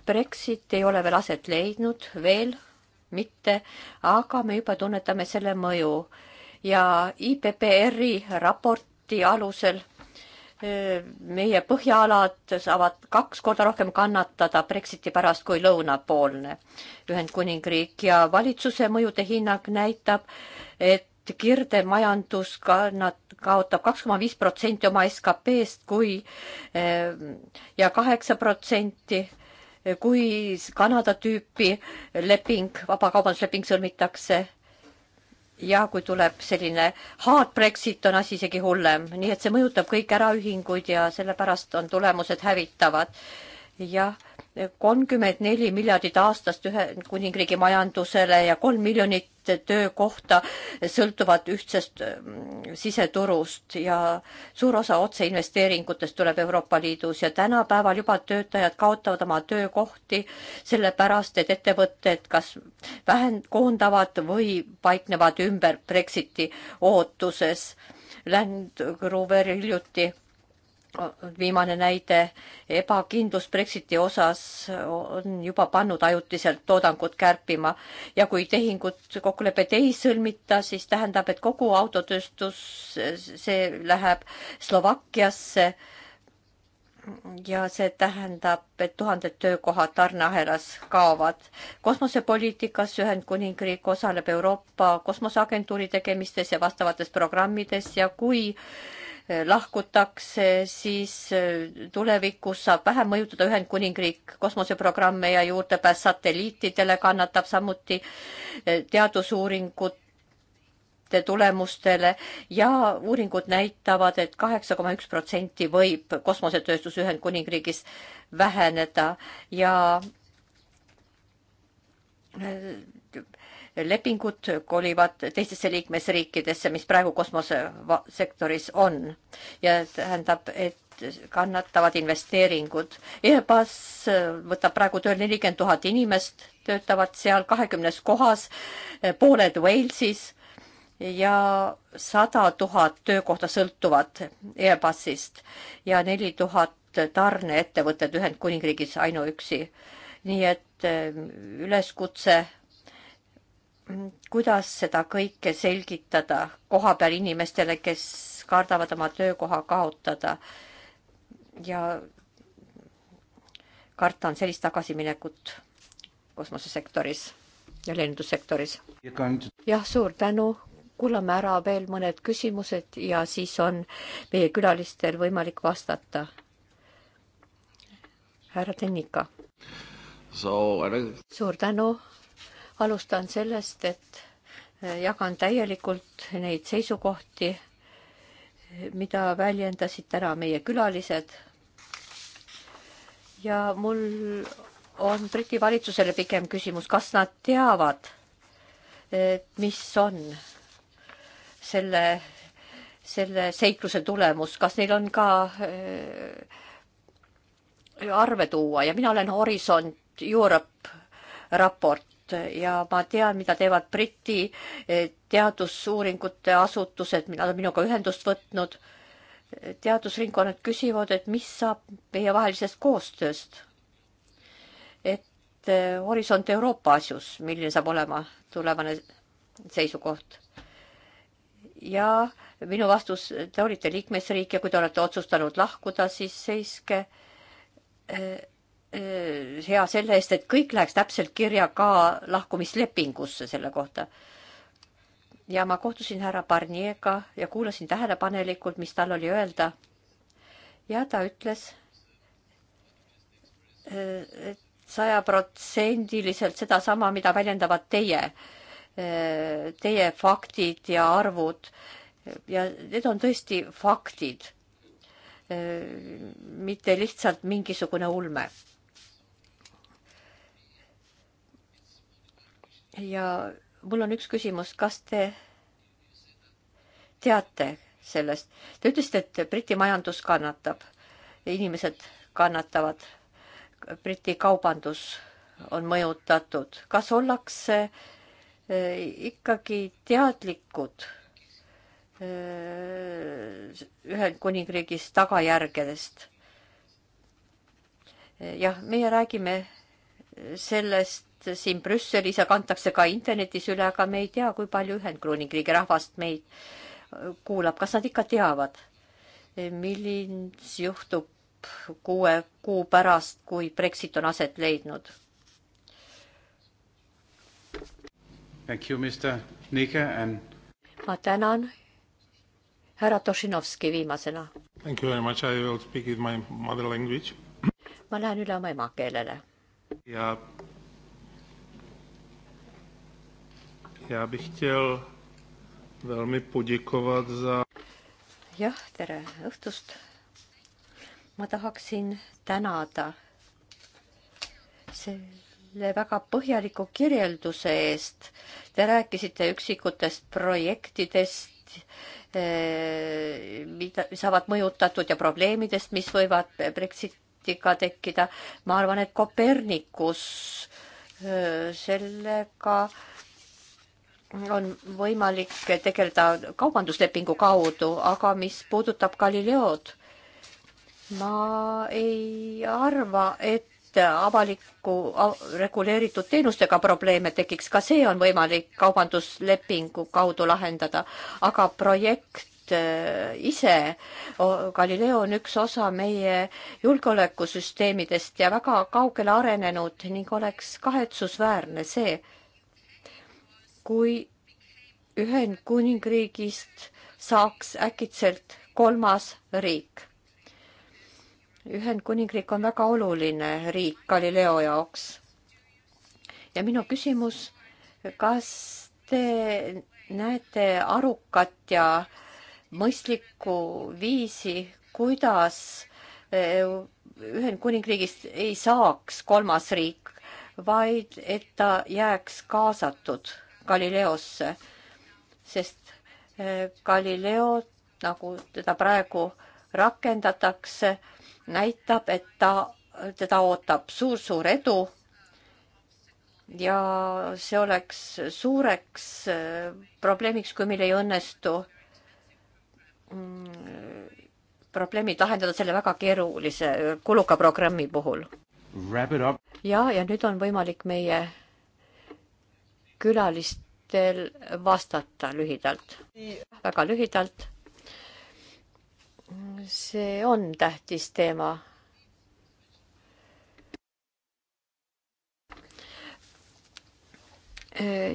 Brexit ei ole veel aset leidnud, veel mitte, aga me juba tunnetame selle mõju ja IPPR-i raporti alusel meie põhjaalad saavad kaks korda rohkem kannatada Brexiti pärast kui lõunapoolne Ühendkuningriik ja valitsuse mõjude hinnang näitab, et kirdemajandus kannat-, kaotab kaks koma viis protsenti oma SKP-st, kui ja kaheksa protsenti, kui Kanada tüüpi leping, vabakaubandusleping sõlmitakse ja kui tuleb selline hard Brexit, on asi isegi hullem, nii et see mõjutab kõik äraühinguid ja sellepärast on tulemused hävitavad. jah, kolmkümmend neli miljardit aastast Ühendkuningriigi majandusele ja kolm miljonit töökohta sõltuvad ühtsest mm, siseturust ja suur osa otseinvesteeringutest tuleb Euroopa Liidus ja tänapäeval juba töötajad kaotavad oma töökohti sellepärast, et ettevõtted kas vähend-, koondavad või paiknevad ümber Brexiti ootuses. Land Rover hiljuti viimane näide, ebakindlus Brexiti osas on juba pannud ajutiselt toodangut kärpima ja kui tehingut, kokkulepet ei sõlmita, siis tähendab, et kogu autotööstus, see läheb Slovakkiasse. ja see tähendab, et tuhanded töökohad tarneahelas kaovad. kosmosepoliitikas Ühendkuningriik osaleb Euroopa Kosmoseagentuuri tegemistes ja vastavates programmides ja kui äh, lahkutakse, siis äh, tulevikus saab vähem mõjutada Ühendkuningriik kosmoseprogramme ja juurdepääs satelliitidele kannatab samuti äh, teadusuuringute tulemustele ja uuringud näitavad et, et kaheksa koma üks protsenti võib kosmosetööstus Ühendkuningriigis väheneda ja äh, lepingud kolivad teistesse liikmesriikidesse, mis praegu kosmosesektoris on. ja tähendab, et kannatavad investeeringud. Airbus võtab praegu tööl nelikümmend tuhat inimest, töötavad seal kahekümnes kohas, pooled Walesis ja sada tuhat töökohta sõltuvad Airbusist ja neli tuhat tarneettevõtet Ühendkuningriigis ainuüksi. nii et eh, üleskutse kuidas seda kõike selgitada kohapeal inimestele, kes kardavad oma töökoha kaotada ja karta on sellist tagasiminekut kosmosesektoris ja lennundussektoris. jah, suur tänu, kuulame ära veel mõned küsimused ja siis on meie külalistel võimalik vastata. härra Tennika. suur tänu alustan sellest, et äh, jagan täielikult neid seisukohti, mida väljendasid täna meie külalised. ja mul on Briti valitsusele pigem küsimus, kas nad teavad, äh, mis on selle, selle seikluse tulemus, kas neil on ka äh, arve tuua ja mina olen Horisont Europe raport ja ma tean, mida teevad Briti eh, teadusuuringute asutused, nad on minuga ühendust võtnud. teadusringkonnad küsivad, et mis saab meievahelisest koostööst. et eh, Horisont Euroopa asjus, milline saab olema tulevane seisukoht? ja minu vastus, te olite liikmesriik ja kui te olete otsustanud lahkuda, siis seiske eh, Äh, hea selle eest, et kõik läheks täpselt kirja ka lahkumislepingusse selle kohta. ja ma kohtusin härra Barnier'ga ja kuulasin tähelepanelikult, mis tal oli öelda. ja ta ütles, äh, et sajaprotsendiliselt sedasama, mida väljendavad teie, äh, teie faktid ja arvud. ja need on tõesti faktid, mitte lihtsalt mingisugune ulme ja mul on üks küsimus, kas te teate sellest? Te ütlesite, et Briti majandus kannatab, inimesed kannatavad, Briti kaubandus on mõjutatud, kas ollakse eh, ikkagi teadlikud eh, Ühendkuningriigis tagajärgedest? Eh, jah, meie räägime sellest, siin Brüsselis ja kantakse ka internetis üle, aga me ei tea, kui palju Ühendkuningriigi rahvast meid äh, kuulab, kas nad ikka teavad, millis juhtub kuue kuu pärast, kui Brexit on aset leidnud.
And...
ma tänan, härra Tošinovski viimasena. ma lähen üle oma emakeelele.
ja Já bych chtěl velmi poděkovat za...
Jah, tere õhtust! Ma tahaksin tänada selle väga põhjaliku kirjelduse eest. Te rääkisite üksikutest projektidest eh, mida, mis saavad mõjutatud ja probleemidest, mis võivad Brexitiga tekkida. ma arvan, et Kopernikus eh, sellega äh, on võimalik tegeleda kaubanduslepingu kaudu, aga mis puudutab Galileod, ma ei arva, et avaliku reguleeritud teenustega probleeme tekiks, ka see on võimalik kaubanduslepingu kaudu lahendada, aga projekt äh, ise, Galileo on üks osa meie julgeolekusüsteemidest ja väga kaugele arenenud ning oleks kahetsusväärne see, kui Ühendkuningriigist saaks äkitselt kolmas riik. Ühendkuningriik on väga oluline riik Galileo jaoks. ja minu küsimus, kas te näete arukat ja mõistlikku viisi, kuidas eh, Ühendkuningriigist ei saaks kolmas riik, vaid et ta jääks kaasatud Galileosse, sest äh, Galileo, nagu teda praegu rakendatakse, näitab, et ta, teda ootab suur-suur edu ja see oleks suureks äh, probleemiks, kui meil ei õnnestu mm, probleemid lahendada selle väga keerulise kuluka programmi puhul. ja, ja nüüd on võimalik meie külalistel vastata lühidalt? väga lühidalt. see on tähtis teema.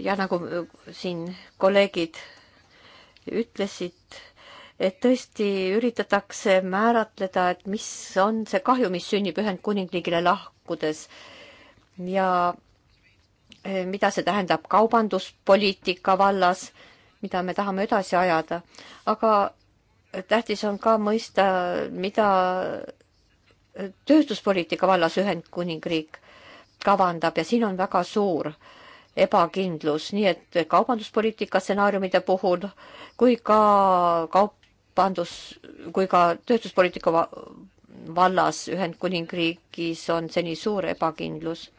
ja nagu siin kolleegid ütlesid, et tõesti üritatakse määratleda, et mis on see kahju, mis sünnib Ühendkuningriigile lahkudes ja Eh, mida see tähendab kaubanduspoliitika vallas, mida me tahame edasi ajada, aga tähtis on ka mõista, mida tööstuspoliitika vallas Ühendkuningriik kavandab ja siin on väga suur ebakindlus, nii et kaubanduspoliitika stsenaariumide puhul kui ka kaubandus, kui ka tööstuspoliitika vallas Ühendkuningriigis on seni suur ebakindlus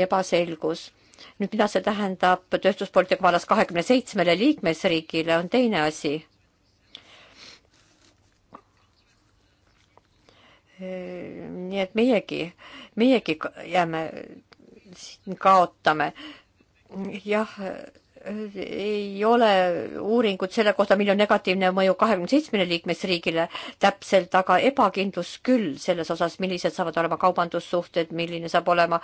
ebaselgus. nüüd, mida see tähendab tööstuspoliitika vallas kahekümne seitsmele liikmesriigile, on teine asi nii et meiegi, meiegi jääme, kaotame. jah, ei ole uuringut selle kohta, milline on negatiivne mõju kahekümne seitsmele liikmesriigile täpselt, aga ebakindlus küll selles osas, millised saavad olema kaubandussuhted, milline saab olema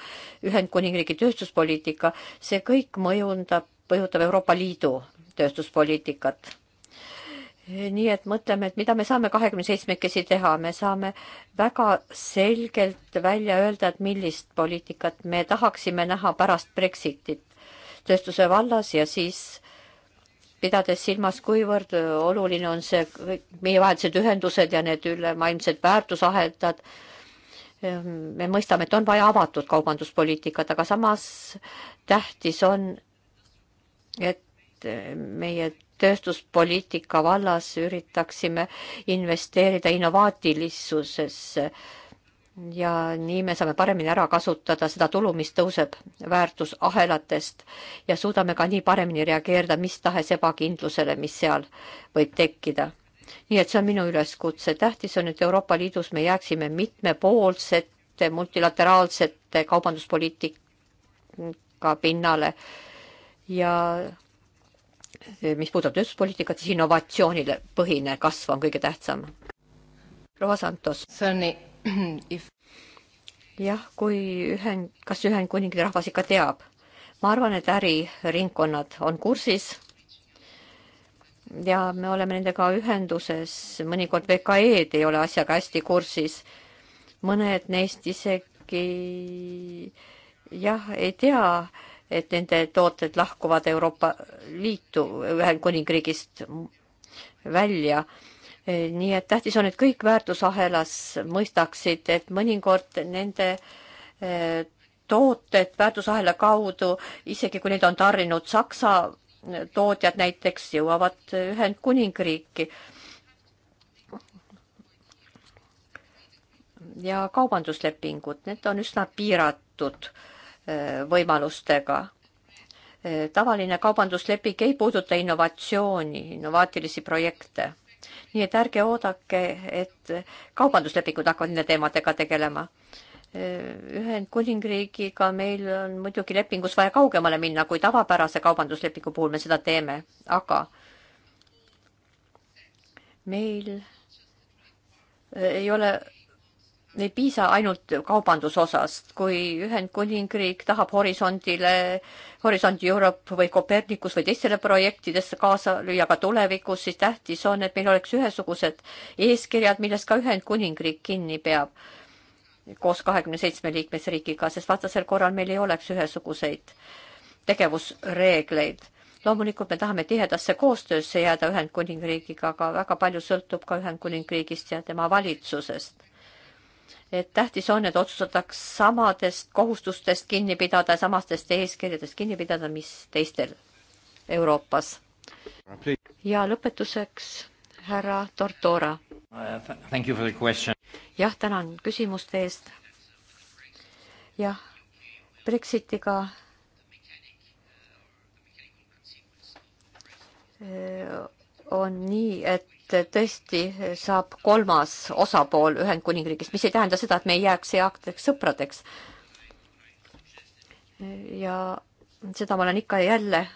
Ühendkuningriigi tööstuspoliitika, see kõik mõjundab, mõjutab Euroopa Liidu tööstuspoliitikat. nii et mõtleme, et mida me saame kahekümne seitsmekesi teha, me saame väga selgelt välja öelda, et millist poliitikat me tahaksime näha pärast Brexitit tööstuse vallas ja siis pidades silmas, kuivõrd oluline on see meievahelised ühendused ja need ülemaailmsed väärtusaheldad. me mõistame, et on vaja avatud kaubanduspoliitikat, aga samas tähtis on, et meie tööstuspoliitika vallas üritaksime investeerida innovaatilisusesse ja nii me saame paremini ära kasutada seda tulu, mis tõuseb väärtusahelatest ja suudame ka nii paremini reageerida mis tahes ebakindlusele, mis seal võib tekkida. nii et see on minu üleskutse. tähtis on, et Euroopa Liidus me jääksime mitmepoolsete multilateraalsete kaubanduspoliitika pinnale ja mis puudutab tööstuspoliitikat, siis innovatsioonile põhine kasv on kõige tähtsam. proua Santos. see on nii if... jah, kui ühen-, kas Ühendkuningriigi rahvas ikka teab? ma arvan, et äriringkonnad on kursis ja me oleme nendega ühenduses, mõnikord VKE-d ei ole asjaga hästi kursis, mõned neist isegi jah, ei tea, et nende tooted lahkuvad Euroopa Liitu Ühendkuningriigist välja Eh, nii et tähtis on, et kõik väärtusahelas mõistaksid, et mõnikord nende eh, tooted väärtusahela kaudu, isegi kui neid on tarninud Saksa eh, tootjad näiteks, jõuavad Ühendkuningriiki. ja kaubanduslepingud, need on üsna piiratud võimalustega tavaline kaubandusleping ei puuduta innovatsiooni, innovaatilisi projekte nii et ärge oodake, et kaubanduslepingud hakkavad nende teemadega tegelema. Ühendkuningriigiga meil on muidugi lepingus vaja kaugemale minna, kui tavapärase kaubanduslepingu puhul me seda teeme, aga meil ei ole ei piisa ainult kaubandusosast, kui Ühendkuningriik tahab Horisondile, Horisont Europe või Copernicus või teistele projektidesse kaasa lüüa ka tulevikus, siis tähtis on, et meil oleks ühesugused eeskirjad, millest ka Ühendkuningriik kinni peab koos kahekümne seitsme liikmesriigiga, sest vastasel korral meil ei oleks ühesuguseid tegevusreegleid. loomulikult me tahame tihedasse koostöösse jääda Ühendkuningriigiga, aga väga palju sõltub ka Ühendkuningriigist ja tema valitsusest et tähtis on, et otsustataks samadest kohustustest kinni pidada ja samastest eeskirjadest kinni pidada, mis teistel Euroopas. ja lõpetuseks härra Tortora. jah, tänan küsimuste eest. jah, Brexitiga eh, on nii, et et tõesti saab kolmas osapool Ühendkuningriigist, mis ei tähenda seda, et me ei jääks heaks sõpradeks. ja seda ma olen ikka ja jälle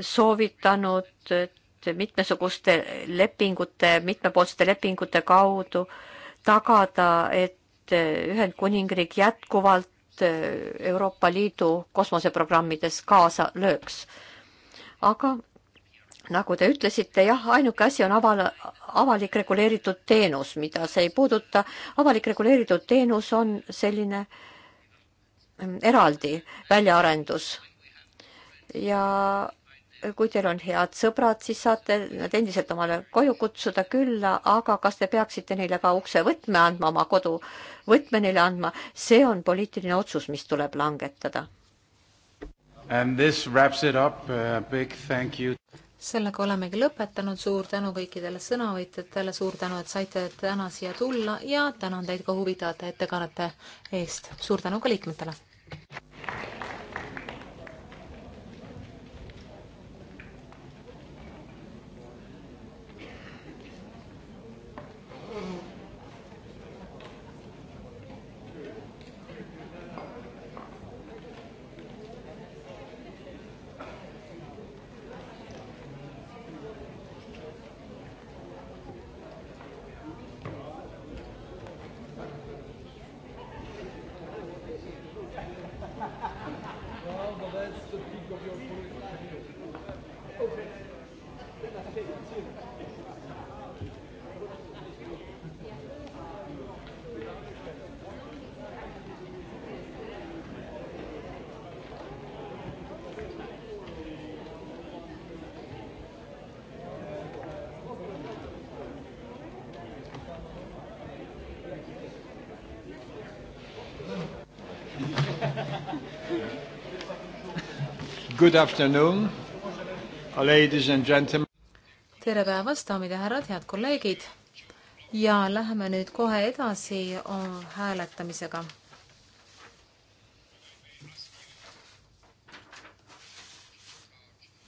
soovitanud, et mitmesuguste lepingute, mitmepoolsete lepingute kaudu tagada, et Ühendkuningriik jätkuvalt Euroopa Liidu kosmoseprogrammides kaasa lööks. aga nagu te ütlesite, jah, ainuke asi on aval-, avalik reguleeritud teenus, mida see ei puuduta. avalik reguleeritud teenus on selline mm, eraldi väljaarendus. ja kui teil on head sõbrad, siis saate nad endiselt omale koju kutsuda külla, aga kas te peaksite neile ka uksevõtme andma, oma kodu võtme neile andma, see on poliitiline otsus, mis tuleb langetada. And this wraps it up. A big thank you
sellega olemegi lõpetanud, suur tänu kõikidele sõnavõtjatele, suur tänu, et saite täna siia tulla ja tänan teid ka huvitavate ettekannete eest. suur tänu ka liikmetele!
Good afternoon, ladies and gentlemen.
tere päevast, daamid ja härrad, head kolleegid. ja läheme nüüd kohe edasi hääletamisega.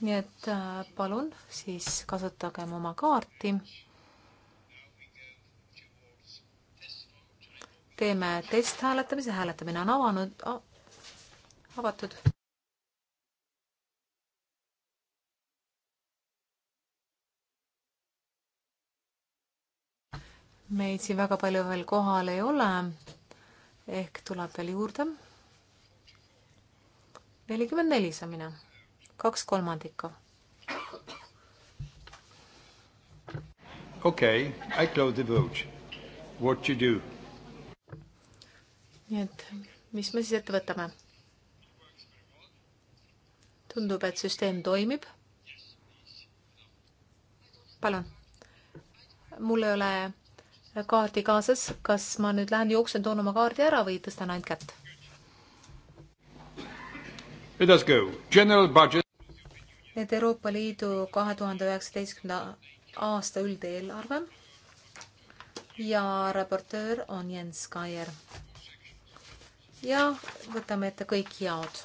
nii et äh, palun siis kasutagem oma kaarti. teeme testhääletamise, hääletamine on avanud, avatud. meid siin väga palju veel kohal ei ole, ehk tuleb veel juurde. nelikümmend neli saan mina, kaks kolmandikku.
okei okay,, I close the vote. What you do?
nii et mis me siis ette võtame? tundub, et süsteem toimib. palun, mul ei ole kaardi kaasas. kas ma nüüd lähen jooksen, toon oma kaardi ära või tõstan ainult kätt?
Let us go. General budget.
Need Euroopa Liidu kahe tuhande üheksateistkümnenda aasta üldeelarve ja raportöör on Jens Kaier. ja võtame ette kõik jaod.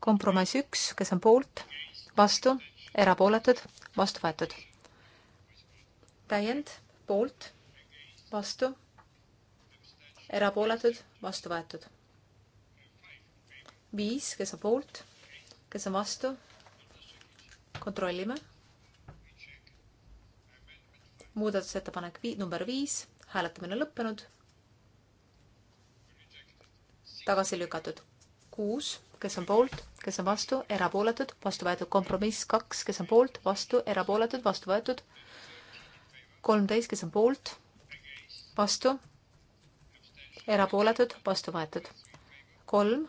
kompromiss üks, kes on poolt, vastu, erapooletud, vastu võetud täiend poolt, vastu, erapooletud, vastu võetud. viis, kes on poolt, kes on vastu, kontrollime. muudatusettepanek vii-, number viis, hääletamine lõppenud. tagasi lükatud. kuus kes on poolt, kes on vastu, erapooletud, vastu võetud kompromiss kaks, kes on poolt, vastu, erapooletud, vastu võetud kolmteist, kes on poolt, vastu, erapooletud, vastu võetud. kolm,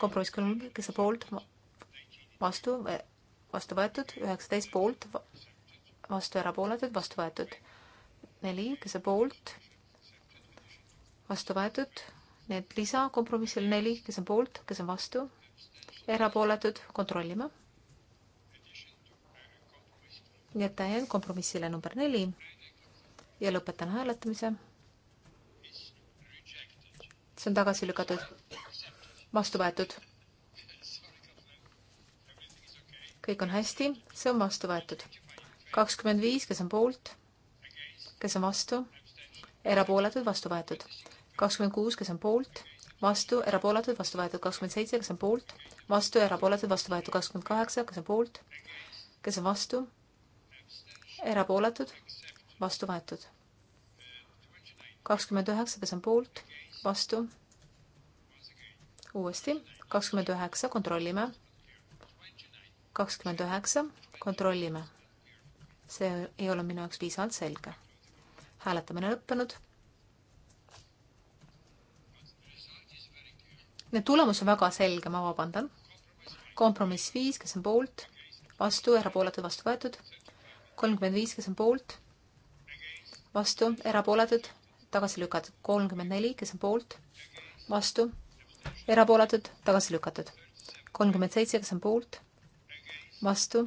kompromiss kolm, kes on poolt, vastu, vastu võetud, üheksateist poolt, vastu, erapooletud, vastu võetud. neli, kes on poolt, vastu võetud, need lisa kompromissil neli, kes on poolt, kes on vastu, erapooletud, kontrollime. nii et täiend kompromissile number neli ja lõpetan hääletamise. see on tagasi lükatud, vastu võetud. kõik on hästi, see on vastu võetud. kakskümmend viis, kes on poolt, kes on vastu, erapooletud, vastu võetud. kakskümmend kuus, kes on poolt vastu, erapooletud, vastu võetud kakskümmend seitse, kes on poolt, vastu, erapooletud, vastu võetud kakskümmend kaheksa, kes on poolt, kes on vastu, erapooletud, vastu võetud. kakskümmend üheksa, kes on poolt, vastu. uuesti, kakskümmend üheksa, kontrollime. kakskümmend üheksa, kontrollime. see ei ole minu jaoks piisavalt selge. hääletamine lõppenud. Need tulemus on väga selge, ma vabandan. kompromiss viis, kes on poolt, vastu, erapooletud, vastu võetud. kolmkümmend viis, kes on poolt vastu, erapooletud, tagasi lükatud. kolmkümmend neli, kes on poolt, vastu, erapooletud, tagasi lükatud. kolmkümmend seitse, kes on poolt, vastu,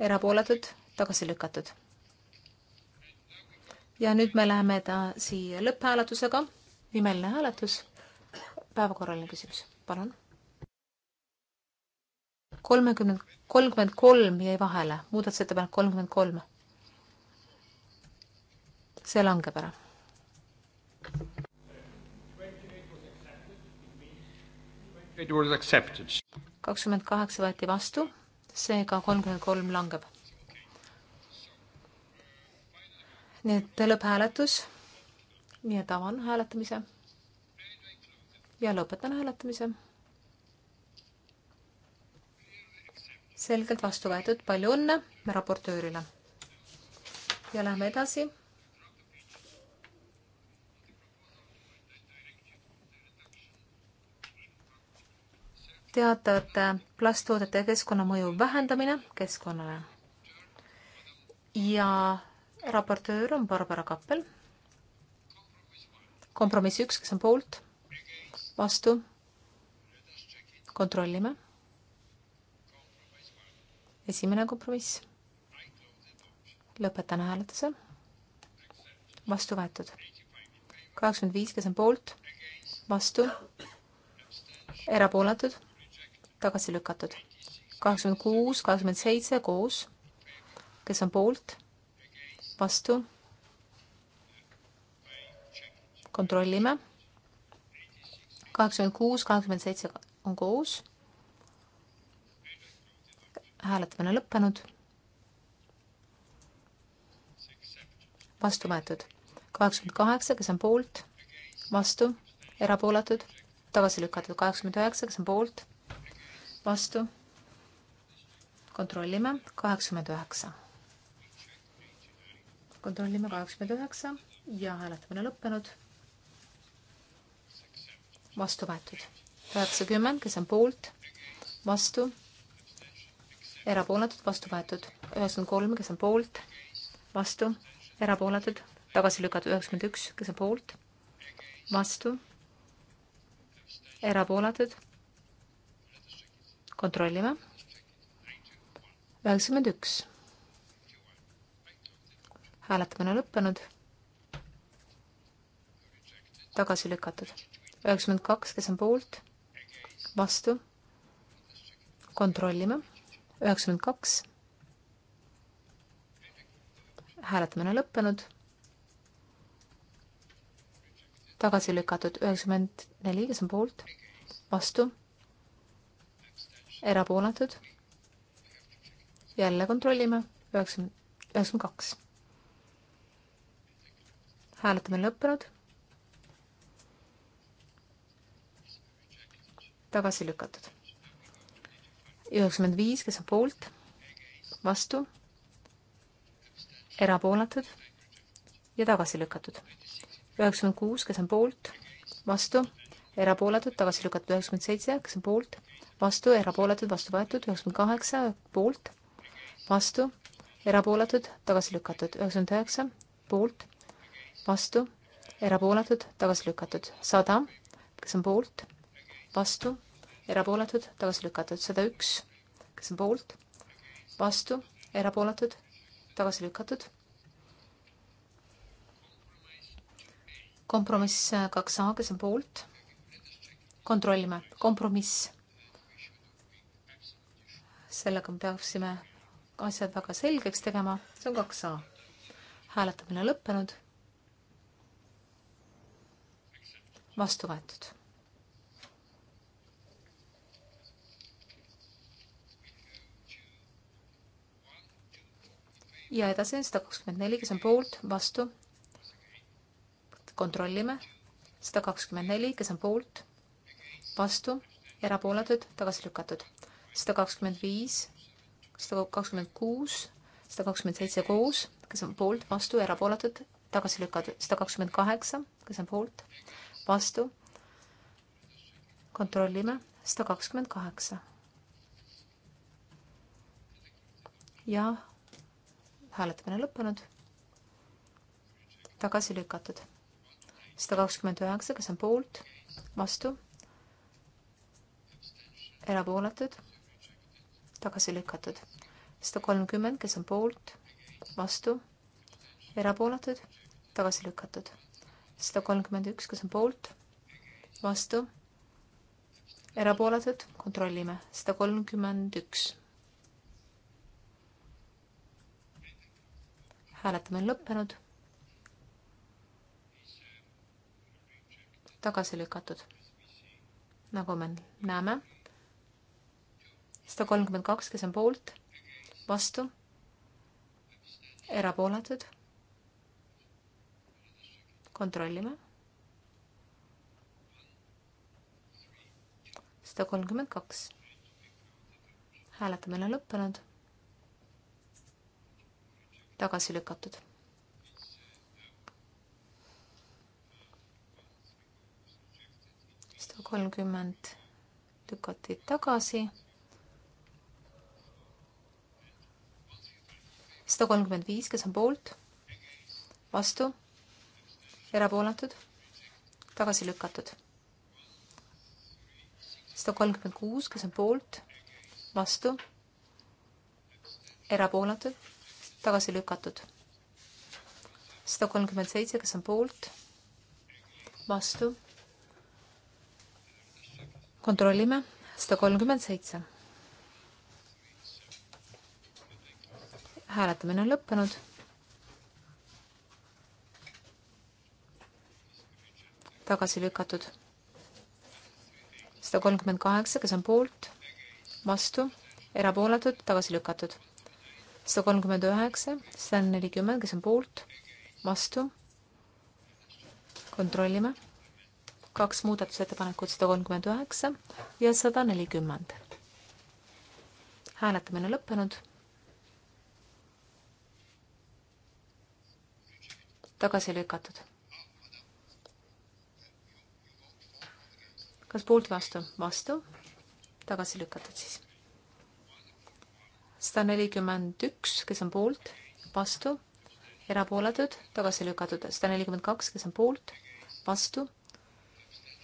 erapooletud, tagasi lükatud. ja nüüd me läheme edasi lõpphääletusega. nimeline hääletus. päevakorraline küsimus, palun. kolmekümne, kolmkümmend kolm jäi vahele, muudatusettepanek kolmkümmend kolm see langeb ära. kakskümmend kaheksa võeti vastu, seega kolmkümmend kolm langeb. nii et lõpphääletus. nii et avan hääletamise ja lõpetan hääletamise selgelt vastu võetud. palju õnne raportöörile. ja lähme edasi teatud äh, plasttoodete keskkonnamõju vähendamine keskkonnale. ja raportöör on Barbara Kappel. kompromiss üks, kes on poolt, vastu, kontrollime. esimene kompromiss. lõpetan hääletuse. vastu võetud. kaheksakümmend viis, kes on poolt, vastu, erapooletud tagasi lükatud. kaheksakümmend kuus, kaheksakümmend seitse koos, kes on poolt, vastu. kontrollime. kaheksakümmend kuus, kaheksakümmend seitse on koos. hääletamine lõppenud. vastu võetud. kaheksakümmend kaheksa, kes on poolt, vastu, erapooletud, tagasi lükatud. kaheksakümmend üheksa, kes on poolt vastu. kontrollime, kaheksakümmend üheksa. kontrollime kaheksakümmend üheksa ja hääletamine lõppenud. vastu võetud üheksakümmend, kes on poolt, vastu, erapooletud, vastu võetud, üheksakümmend kolm, kes on poolt, vastu, erapooletud, tagasi lükatud, üheksakümmend üks, kes on poolt, vastu, erapooletud kontrollime. üheksakümmend üks. hääletamine lõppenud. tagasi lükatud. üheksakümmend kaks, kes on poolt, vastu, kontrollime. üheksakümmend kaks. hääletamine lõppenud. tagasi lükatud üheksakümmend neli, kes on poolt, vastu erapooletud. jälle kontrollime, üheksakümmend, üheksakümmend kaks. hääletamine lõppenud. tagasi lükatud. üheksakümmend viis, kes on poolt, vastu, erapooletud ja tagasi lükatud. üheksakümmend kuus, kes on poolt, vastu, erapooletud, tagasi lükatud, üheksakümmend seitse, kes on poolt vastu, erapooletud, vastu võetud, üheksakümmend kaheksa poolt, vastu, erapooletud, tagasi lükatud, üheksakümmend üheksa poolt, vastu, erapooletud, tagasi lükatud, sada, kes on poolt, vastu, erapooletud, tagasi lükatud, sada üks, kes on poolt, vastu, erapooletud, tagasi lükatud kompromiss kaks A, kes on poolt. kontrollime, kompromiss sellega me peaksime asjad väga selgeks tegema, see on kaks A. hääletamine lõppenud. vastu võetud. ja edasi on sada kakskümmend neli, kes on poolt, vastu. kontrollime. sada kakskümmend neli, kes on poolt, vastu, erapooletud, tagasi lükatud sada kakskümmend viis, sada kakskümmend kuus, sada kakskümmend seitse koos, kes on poolt, vastu, erapooletud, tagasi lükatud, sada kakskümmend kaheksa, kes on poolt, vastu. kontrollime, sada kakskümmend kaheksa. ja hääletamine lõppenud. tagasi lükatud. sada kakskümmend üheksa, kes on poolt, vastu, erapooletud tagasi lükatud. sada kolmkümmend, kes on poolt, vastu, erapooletud, tagasi lükatud. sada kolmkümmend üks, kes on poolt, vastu, erapooletud, kontrollime, sada kolmkümmend üks. hääletamine on lõppenud. tagasi lükatud, nagu me näeme sada kolmkümmend kaks, kes on poolt, vastu, erapooletud. kontrollime. sada kolmkümmend kaks. hääletamine on lõppenud. tagasi lükatud kolmkümmend lükati tagasi sada kolmkümmend viis, kes on poolt, vastu, erapooletud, tagasi lükatud. sada kolmkümmend kuus, kes on poolt, vastu, erapooletud, tagasi lükatud. sada kolmkümmend seitse, kes on poolt, vastu, kontrollime, sada kolmkümmend seitse hääletamine on lõppenud. tagasi lükatud. sada kolmkümmend kaheksa, kes on poolt, vastu, erapooletud, tagasi lükatud. sada kolmkümmend üheksa, sada nelikümmend, kes on poolt, vastu. kontrollime. kaks muudatusettepanekut, sada kolmkümmend üheksa ja sada nelikümmend. hääletamine lõppenud tagasi lükatud. kas poolt vastu? vastu, tagasi lükatud siis. sada nelikümmend üks, kes on poolt, vastu, erapooletud, tagasi lükatud. sada nelikümmend kaks, kes on poolt, vastu,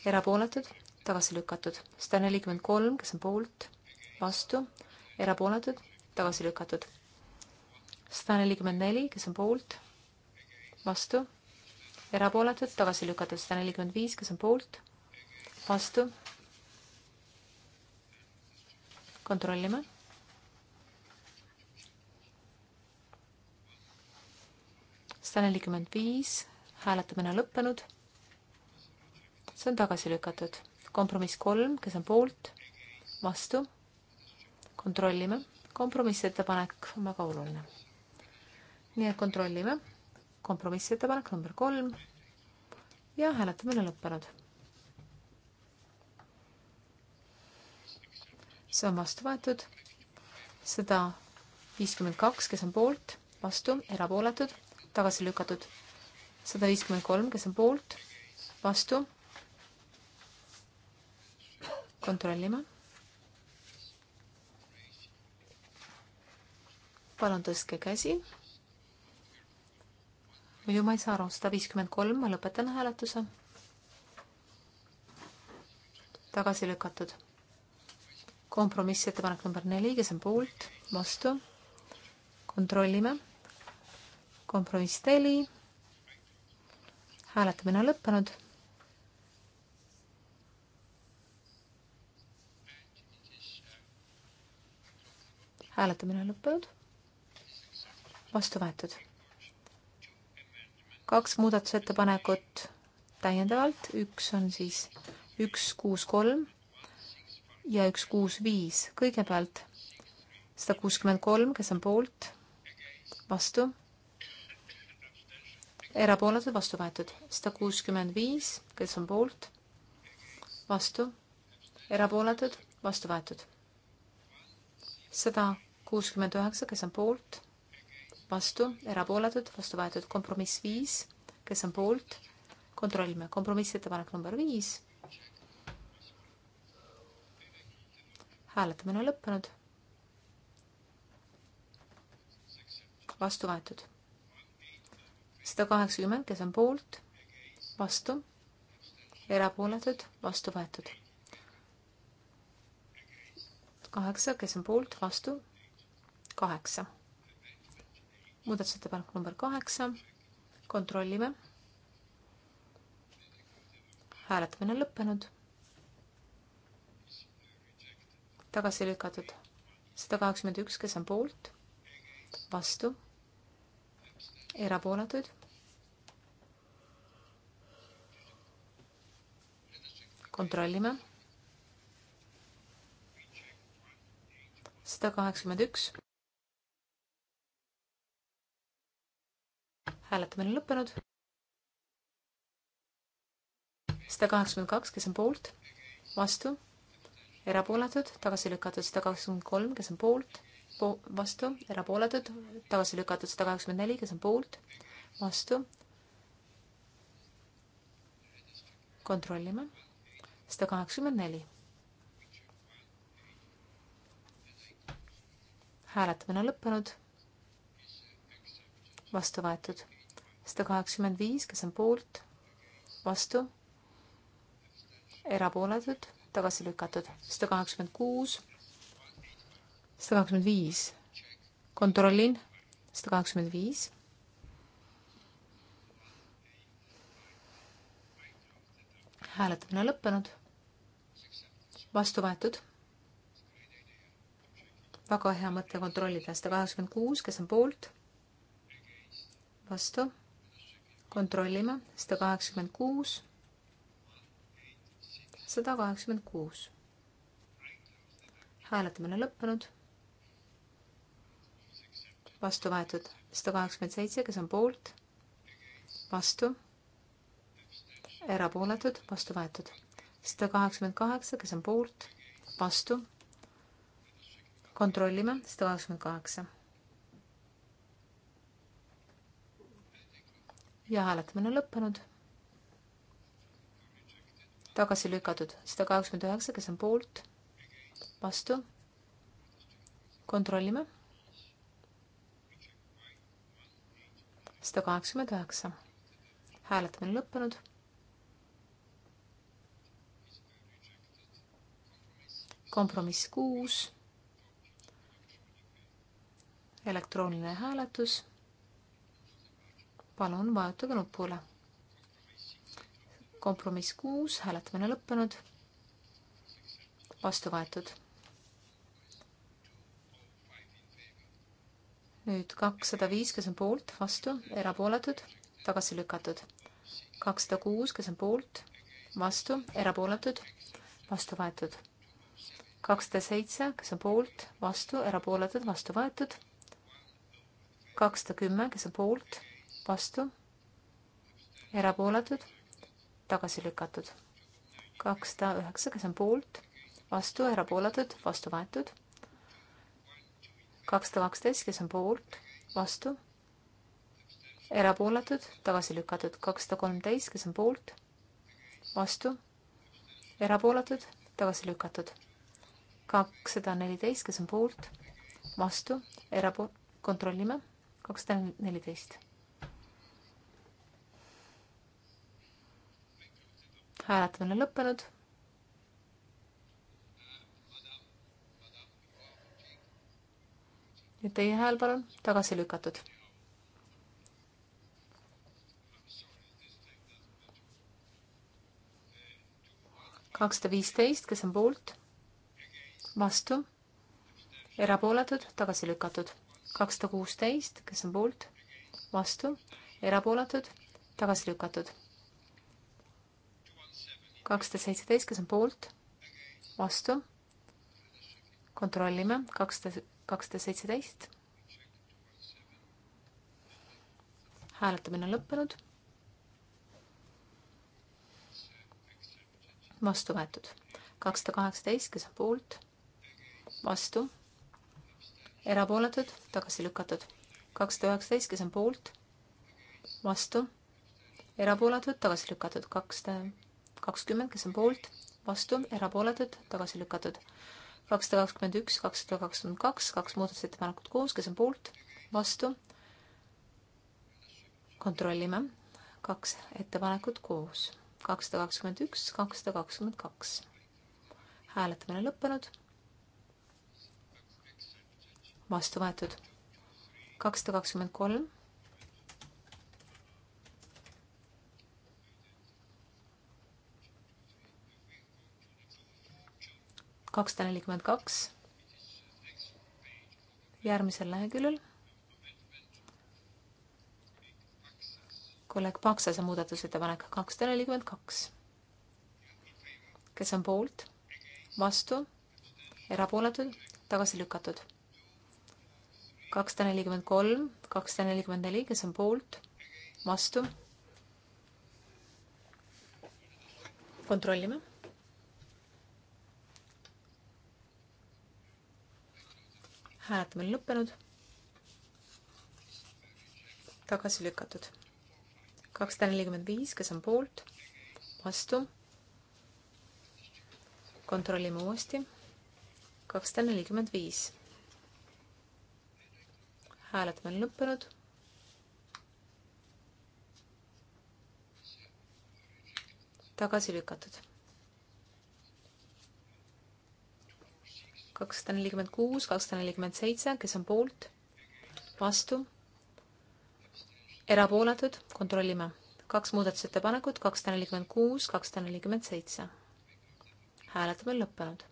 erapooletud, tagasi lükatud. sada nelikümmend kolm, kes on poolt, vastu, erapooletud, tagasi lükatud. sada nelikümmend neli, kes on poolt vastu, erapooletud, tagasi lükatud sada nelikümmend viis, kes on poolt, vastu. kontrollime. sada nelikümmend viis, hääletamine on lõppenud. see on tagasi lükatud. kompromiss kolm, kes on poolt, vastu, kontrollime. kompromissettepanek on väga oluline. nii et kontrollime kompromissettepanek number kolm ja hääletamine lõppenud. see on vastu võetud sada viiskümmend kaks, kes on poolt, vastu, erapooletud, tagasi lükatud. sada viiskümmend kolm, kes on poolt, vastu. kontrollime. palun tõstke käsi muidu ma ei saa aru, sada viiskümmend kolm, ma lõpetan hääletuse. tagasi lükatud. kompromissettepanek number neli, kes on poolt, vastu. kontrollime. kompromiss neli. hääletamine on lõppenud. hääletamine on lõppenud. vastu võetud kaks muudatusettepanekut täiendavalt, üks on siis üks, kuus, kolm ja üks, kuus, viis. kõigepealt sada kuuskümmend kolm, kes on poolt, vastu, erapooletud, vastu võetud. sada kuuskümmend viis, kes on poolt, vastu, erapooletud, vastu võetud. sada kuuskümmend üheksa, kes on poolt vastu, erapooletud, vastu võetud kompromiss viis, kes on poolt, kontrollime, kompromissettepanek number viis. hääletamine on lõppenud. vastu võetud. sada kaheksakümmend, kes on poolt, vastu, erapooletud, vastu võetud. kaheksa, kes on poolt, vastu, kaheksa muudatusettepanek number kaheksa, kontrollime. hääletamine on lõppenud. tagasi lükatud sada kaheksakümmend üks, kes on poolt, vastu, erapooletuid. kontrollime. sada kaheksakümmend üks. hääletamine on lõppenud. sada kaheksakümmend kaks, kes on poolt, vastu, erapooletud, tagasi lükatud, sada kakskümmend kolm, kes on poolt, po-, vastu, erapooletud, tagasi lükatud, sada kaheksakümmend neli, kes on poolt, vastu. kontrollime, sada kaheksakümmend neli hääletamine on lõppenud. vastu võetud sada kaheksakümmend viis, kes on poolt, vastu, erapooletud, tagasi lükatud, sada kaheksakümmend kuus, sada kaheksakümmend viis, kontrollin, sada kaheksakümmend viis. hääletamine on lõppenud, vastu võetud väga hea mõte kontrollida, sada kaheksakümmend kuus, kes on poolt, vastu kontrollime, sada kaheksakümmend kuus, sada kaheksakümmend kuus. hääletamine lõppenud. vastu võetud sada kaheksakümmend seitse, kes on poolt, vastu, erapooletud, vastu võetud. sada kaheksakümmend kaheksa, kes on poolt, vastu, kontrollime, sada kaheksakümmend kaheksa ja hääletamine on lõppenud. tagasi lükatud sada kaheksakümmend üheksa, kes on poolt, vastu. kontrollime. sada kaheksakümmend üheksa, hääletamine lõppenud. kompromiss kuus elektrooniline hääletus palun vajutage nupule. kompromiss kuus, hääletamine lõppenud. vastu võetud. nüüd kakssada viis, kes on poolt, vastu, erapooletud, tagasi lükatud. kakssada kuus, kes on poolt, vastu, erapooletud, vastu võetud. kakssada seitse, kes on poolt, vastu, erapooletud, vastu võetud. kakssada kümme, kes on poolt vastu, erapooletud, tagasi lükatud. kakssada üheksa, kes on poolt, vastu, erapooletud, vastu võetud. kakssada kaksteist, kes on poolt, vastu, erapooletud, tagasi lükatud. kakssada kolmteist, kes on poolt, vastu, erapooletud, tagasi lükatud. kakssada neliteist, kes on poolt, vastu, erapool-, kontrollime, kakssada neliteist hääletamine lõppenud. ja teie hääl, palun, tagasi lükatud. kakssada viisteist, kes on poolt, vastu, erapooletud, tagasi lükatud. kakssada kuusteist, kes on poolt, vastu, erapooletud, tagasi lükatud kakssada seitseteist, kes on poolt, vastu. kontrollime, kakssada, kakssada seitseteist. hääletamine on lõppenud. vastu võetud kakssada kaheksateist, kes on poolt, vastu, erapooletud, tagasi lükatud. kakssada üheksateist, kes on poolt, vastu, erapooletud, tagasi lükatud. kakssada kakskümmend, kes on poolt, vastu, erapooletud, tagasi lükatud. kakssada kakskümmend üks, kakssada kakskümmend kaks, kaks muudatusettepanekut koos, kes on poolt, vastu. kontrollime, kaks ettepanekut koos, kakssada kakskümmend üks, kakssada kakskümmend kaks. hääletamine lõppenud. vastu võetud. kakssada kakskümmend kolm kakssada nelikümmend kaks järgmisel leheküljel. kolleeg Paksase muudatusettepanek kakssada nelikümmend kaks. kes on poolt, vastu, erapooletud, tagasi lükatud? kakssada nelikümmend kolm, kakssada nelikümmend neli, kes on poolt, vastu. kontrollime hääletamine lõppenud. tagasi lükatud. kakssada nelikümmend viis, kes on poolt, vastu. kontrollime uuesti. kakssada nelikümmend viis. hääletamine lõppenud tagasi lükatud. kakssada nelikümmend kuus, kakssada nelikümmend seitse, kes on poolt, vastu, erapooletud, kontrollime. kaks muudatusettepanekut, kakssada nelikümmend kuus, kakssada nelikümmend seitse. hääletamine lõppenud.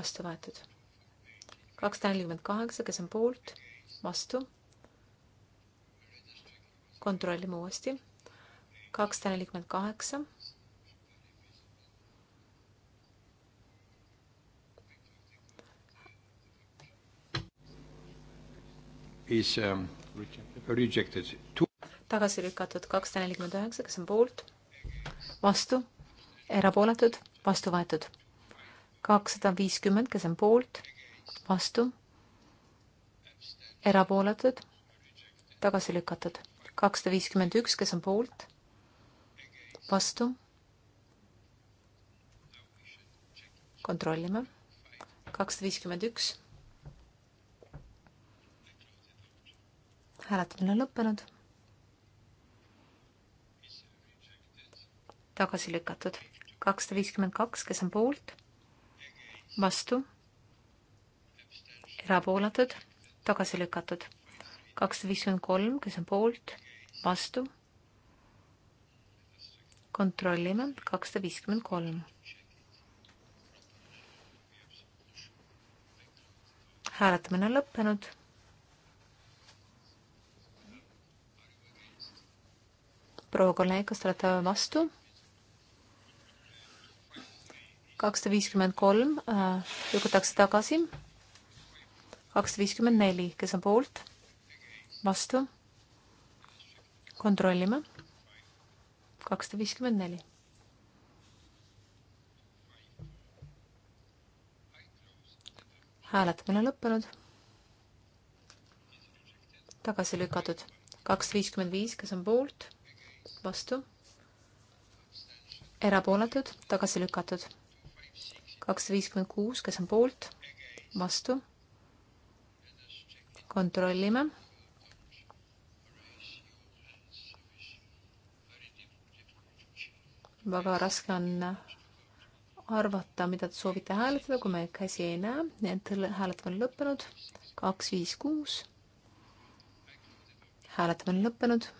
vastu võetud. kakssada nelikümmend kaheksa, kes on poolt, vastu. kontrollime uuesti kakssada nelikümmend kaheksa
is um, rejected.
tagasi lükatud kakssada nelikümmend üheksa, kes on poolt, vastu, erapooletud, vastu võetud. kakssada viiskümmend, kes on poolt, vastu, erapooletud, tagasi lükatud. kakssada viiskümmend üks, kes on poolt, vastu. kontrollime. kakssada viiskümmend üks hääletamine on lõppenud. tagasi lükatud kakssada viiskümmend kaks, kes on poolt, vastu, erapooletud, tagasi lükatud kakssada viiskümmend kolm, kes on poolt, vastu. kontrollime kakssada viiskümmend kolm. hääletamine on lõppenud proua kolleeg, kas te olete vastu? kakssada viiskümmend kolm äh, lükatakse tagasi. kakssada viiskümmend neli, kes on poolt, vastu, kontrollime. kakssada viiskümmend neli. hääletamine lõppenud. tagasi lükatud, kakssada viiskümmend viis, kes on poolt vastu, erapooletud, tagasi lükatud. kakssada viiskümmend kuus, kes on poolt, vastu. kontrollime. väga raske on arvata, mida te soovite hääletada, kui me käsi ei näe, nii et hääletamine on lõppenud. kaks, viis, kuus. hääletamine on lõppenud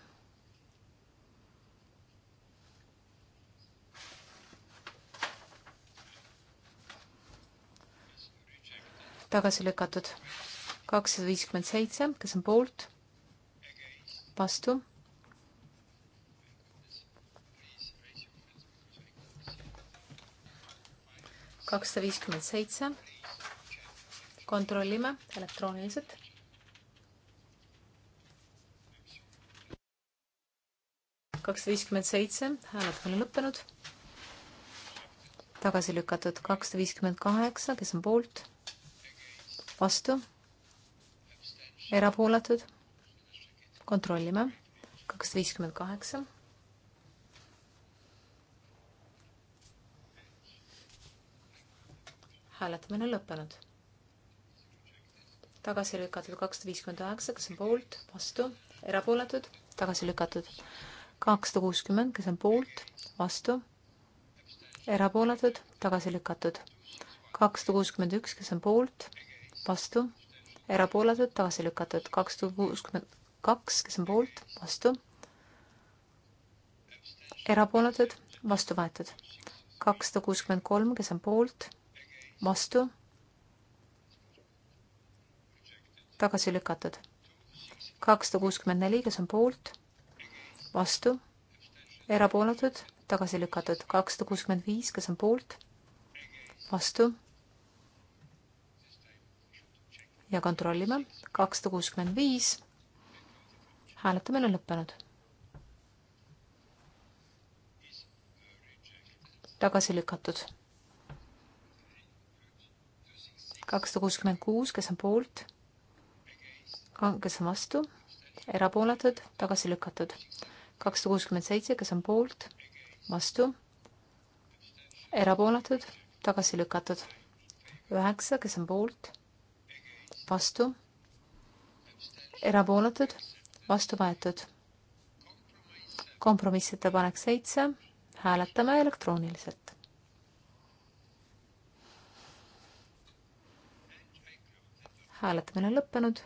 tagasi lükatud. kakssada viiskümmend seitse, kes on poolt? vastu? kakssada viiskümmend seitse. kontrollime elektrooniliselt kakssada viiskümmend seitse, hääletamine lõppenud. tagasi lükatud kakssada viiskümmend kaheksa, kes on poolt? vastu, erapooletud, kontrollime, kakssada viiskümmend kaheksa. hääletamine on lõppenud. tagasi lükatud kakssada viiskümmend üheksa, kes on poolt, vastu, erapooletud, tagasi lükatud. kakssada kuuskümmend, kes on poolt, vastu, erapooletud, tagasi lükatud. kakssada kuuskümmend üks, kes on poolt, vastu, erapooletud, tagasi lükatud, kaks tuhat kuuskümmend kaks, kes on poolt, vastu, erapooletud, vastu võetud, kakssada kuuskümmend kolm, kes on poolt, vastu, tagasi lükatud, kakssada kuuskümmend neli, kes on poolt, vastu, erapooletud, tagasi lükatud, kakssada kuuskümmend viis, kes on poolt, vastu ja kontrollime. kakssada kuuskümmend viis. hääletamine on lõppenud. tagasi lükatud. kakssada kuuskümmend kuus, kes on poolt, kes on vastu, erapooletud, tagasi lükatud. kakssada kuuskümmend seitse, kes on poolt, vastu, erapooletud, tagasi lükatud. üheksa, kes on poolt vastu, erapooletud, vastu võetud. kompromissettepanek seitse, hääletame elektrooniliselt. hääletamine lõppenud,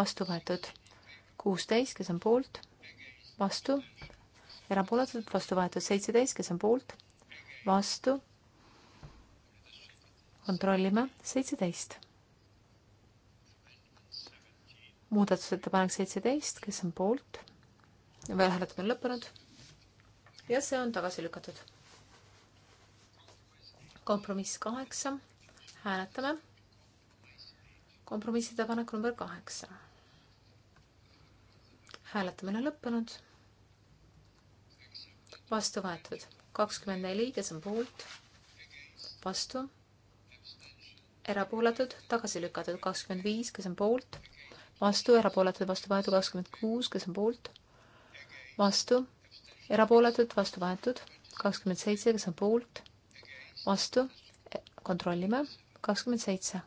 vastu võetud kuusteist, kes on poolt, vastu, erapooletud, vastu võetud seitseteist, kes on poolt, vastu kontrollime seitseteist muudatusettepanek seitseteist, kes on poolt? veel hääletamine on lõppenud. ja see on tagasi lükatud. kompromiss kaheksa, hääletame. kompromissettepanek number kaheksa. hääletamine on lõppenud. vastu võetud kakskümmend neli, kes on poolt, vastu, erapooletud, tagasi lükatud kakskümmend viis, kes on poolt vastu, erapooletud, vastu võetud kakskümmend kuus, kes on poolt, vastu, erapooletud, vastu võetud kakskümmend seitse, kes on poolt, vastu, e, kontrollime, kakskümmend seitse.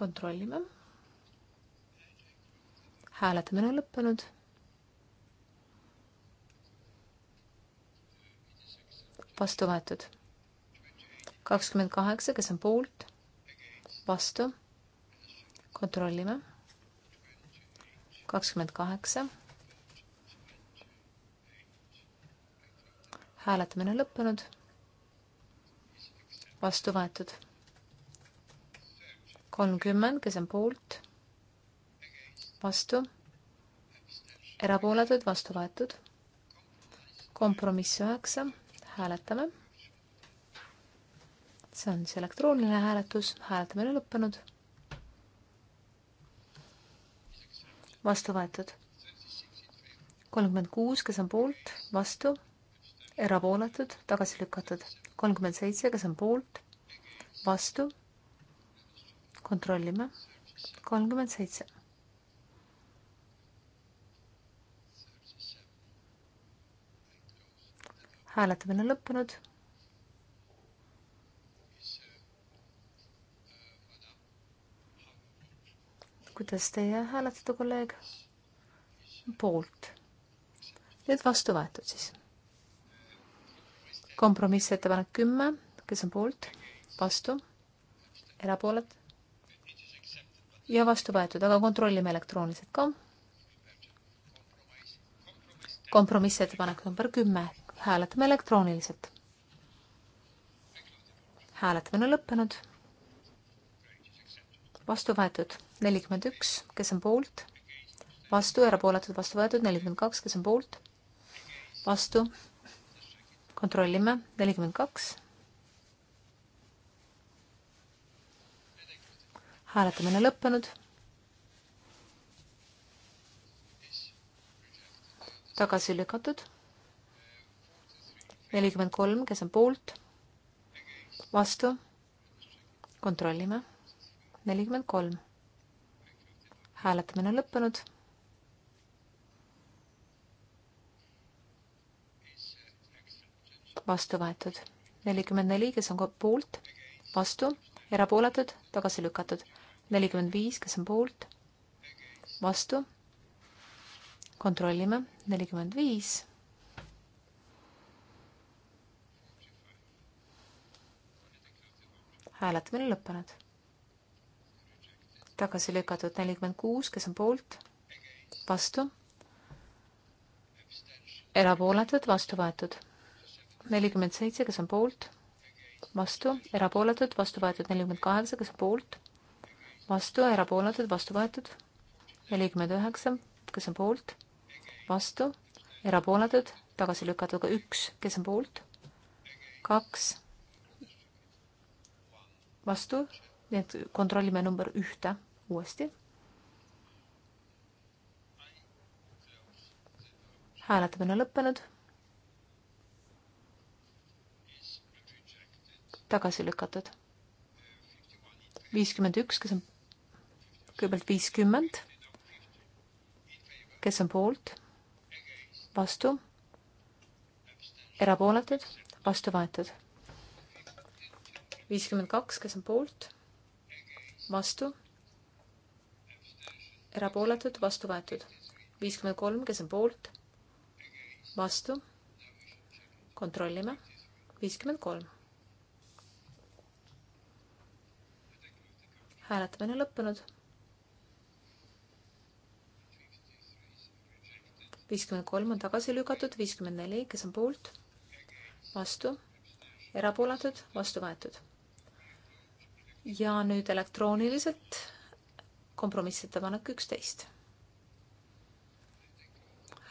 kontrollime. hääletamine on lõppenud vastu võetud. kakskümmend kaheksa, kes on poolt, vastu, kontrollime. kakskümmend kaheksa. hääletamine lõppenud. vastu võetud. kolmkümmend, kes on poolt? vastu. erapooletud, vastu võetud. kompromiss üheksa, hääletame. see on siis elektrooniline hääletus, hääletamine lõppenud vastu võetud. kolmkümmend kuus, kes on poolt, vastu, erapooletud, tagasi lükatud. kolmkümmend seitse, kes on poolt, vastu, kontrollime, kolmkümmend seitse. hääletamine lõppenud kuidas teie hääletate, kolleeg? poolt. nüüd vastu võetud siis. kompromissettepanek kümme, kes on poolt, vastu, erapooled ja vastu võetud, aga kontrollime elektrooniliselt ka. kompromissettepanek number kümme, hääletame elektrooniliselt. hääletamine on lõppenud. vastu võetud nelikümmend üks, kes on poolt, vastu, erapooletud, vastu võetud, nelikümmend kaks, kes on poolt, vastu, kontrollime, nelikümmend kaks. hääletamine lõppenud. tagasi lükatud. nelikümmend kolm, kes on poolt, vastu, kontrollime, nelikümmend kolm hääletamine on lõppenud. vastu võetud nelikümmend neli, kes on poolt, vastu, erapooletud, tagasi lükatud. nelikümmend viis, kes on poolt, vastu. kontrollime, nelikümmend viis. hääletamine lõppenud tagasi lükatud nelikümmend kuus, kes on poolt, vastu, erapooletud, vastu võetud. nelikümmend seitse, kes on poolt, vastu, erapooletud, vastu võetud, nelikümmend kaheksa, kes on poolt, vastu, erapooletud, vastu võetud, nelikümmend üheksa, kes on poolt, vastu, erapooletud, tagasi lükatud, aga üks, kes on poolt, kaks, vastu, nii et kontrollime number ühte uuesti. hääletamine on lõppenud. tagasi lükatud. viiskümmend üks, kes on kõigepealt viiskümmend, kes on poolt, vastu, erapooletud, vastu võetud viiskümmend kaks, kes on poolt, vastu, erapooletud, vastu võetud. viiskümmend kolm, kes on poolt, vastu, kontrollime, viiskümmend kolm. hääletamine on lõppenud viiskümmend kolm on tagasi lükatud, viiskümmend neli, kes on poolt, vastu, erapooletud, vastu võetud. ja nüüd elektrooniliselt kompromissettepanek üksteist.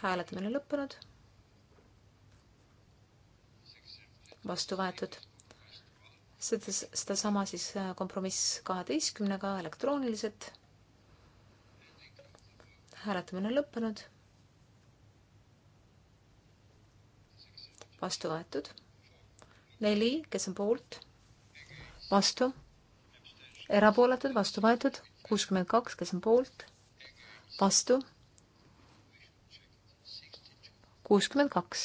hääletamine lõppenud. vastu võetud. seda, sedasama siis äh, kompromiss kaheteistkümnega elektrooniliselt. hääletamine lõppenud. vastu võetud. neli, kes on poolt? vastu? erapooletud, vastu võetud kuuskümmend kaks, kes on poolt, vastu. kuuskümmend kaks.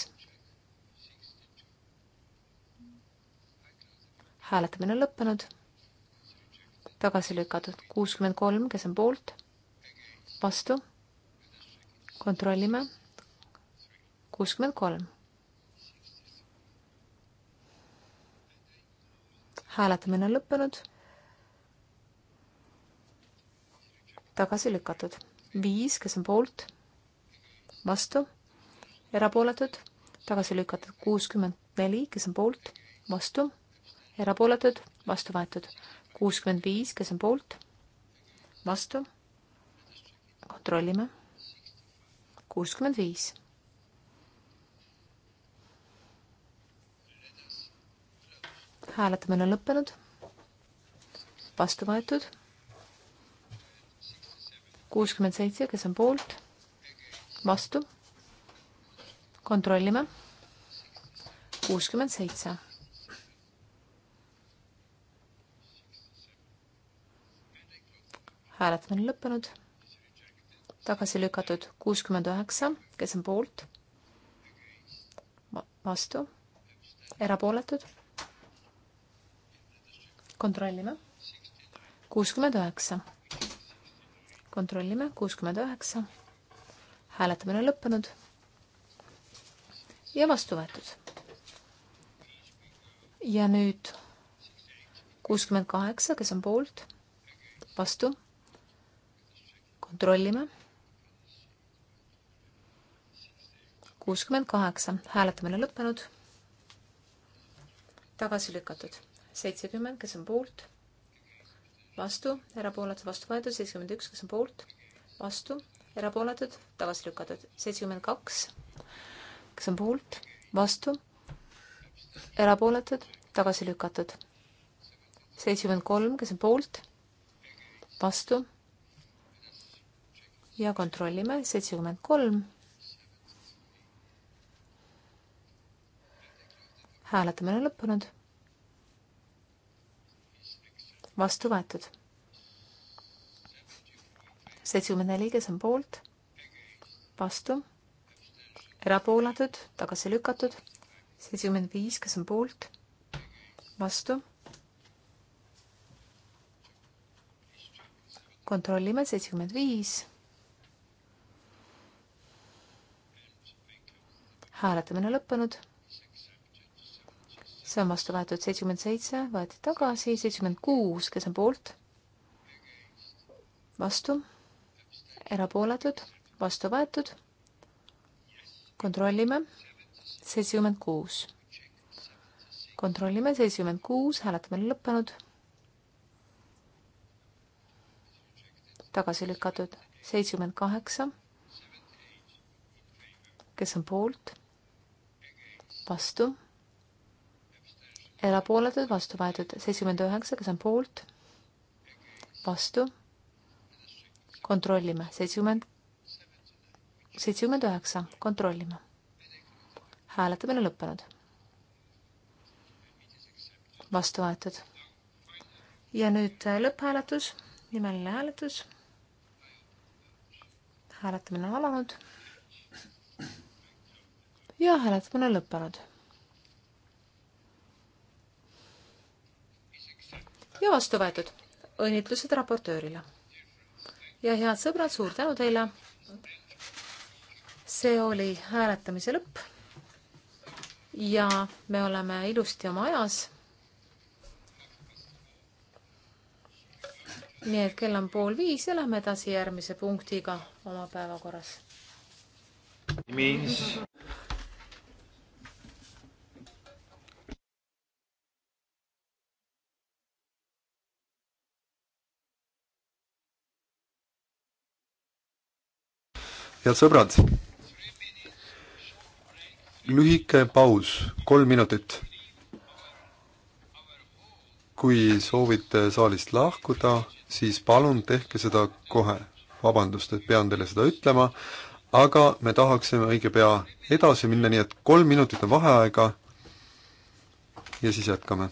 hääletamine on lõppenud. tagasi lükatud kuuskümmend kolm, kes on poolt, vastu. kontrollime. kuuskümmend kolm. hääletamine on lõppenud tagasi lükatud. viis, kes on poolt, vastu, erapooletud, tagasi lükatud. kuuskümmend neli, kes on poolt, vastu, erapooletud, vastu võetud. kuuskümmend viis, kes on poolt, vastu, kontrollime. kuuskümmend viis. hääletamine on lõppenud, vastu võetud kuuskümmend seitse, kes on poolt, vastu, kontrollime, kuuskümmend seitse. hääletamine on lõppenud, tagasi lükatud kuuskümmend üheksa, kes on poolt, vastu, erapooletud, kontrollime, kuuskümmend üheksa kontrollime, kuuskümmend üheksa. hääletamine on lõppenud. ja vastu võetud. ja nüüd kuuskümmend kaheksa, kes on poolt, vastu. kontrollime. kuuskümmend kaheksa, hääletamine lõppenud. tagasi lükatud, seitsekümmend, kes on poolt vastu, erapooletud, vastu võetud, seitsekümmend üks, kes on poolt, vastu, erapooletud, tagasi lükatud, seitsekümmend kaks, kes on poolt, vastu, erapooletud, tagasi lükatud, seitsekümmend kolm, kes on poolt, vastu ja kontrollime, seitsekümmend kolm hääletamine on lõppenud vastu võetud. seitsekümmend neli, kes on poolt, vastu, erapooletud, tagasi lükatud. seitsekümmend viis, kes on poolt, vastu. kontrollime, seitsekümmend viis. hääletamine lõppenud see on vastu võetud seitsekümmend seitse, võeti tagasi, seitsekümmend kuus, kes on poolt? vastu, erapooletud, vastu võetud. kontrollime, seitsekümmend kuus. kontrollime, seitsekümmend kuus, hääletamine lõppenud. tagasi lükatud, seitsekümmend kaheksa. kes on poolt? vastu erapooletud, vastu võetud seitsekümmend üheksa, kes on poolt, vastu, kontrollime, seitsekümmend, seitsekümmend üheksa, kontrollime. hääletamine lõppenud. vastu võetud. ja nüüd äh, lõpphääletus, nimeline hääletus. hääletamine on alanud. ja hääletamine on lõppenud ja vastu võetud. õnnitlused raportöörile. ja head sõbrad, suur tänu teile. see oli hääletamise lõpp. ja me oleme ilusti oma ajas. nii et kell on pool viis ja lähme edasi järgmise punktiga oma päevakorras.
Means head sõbrad, lühike paus, kolm minutit. kui soovite saalist lahkuda, siis palun tehke seda kohe. vabandust, et pean teile seda ütlema, aga me tahaksime õige pea edasi minna, nii et kolm minutit on vaheaega ja siis jätkame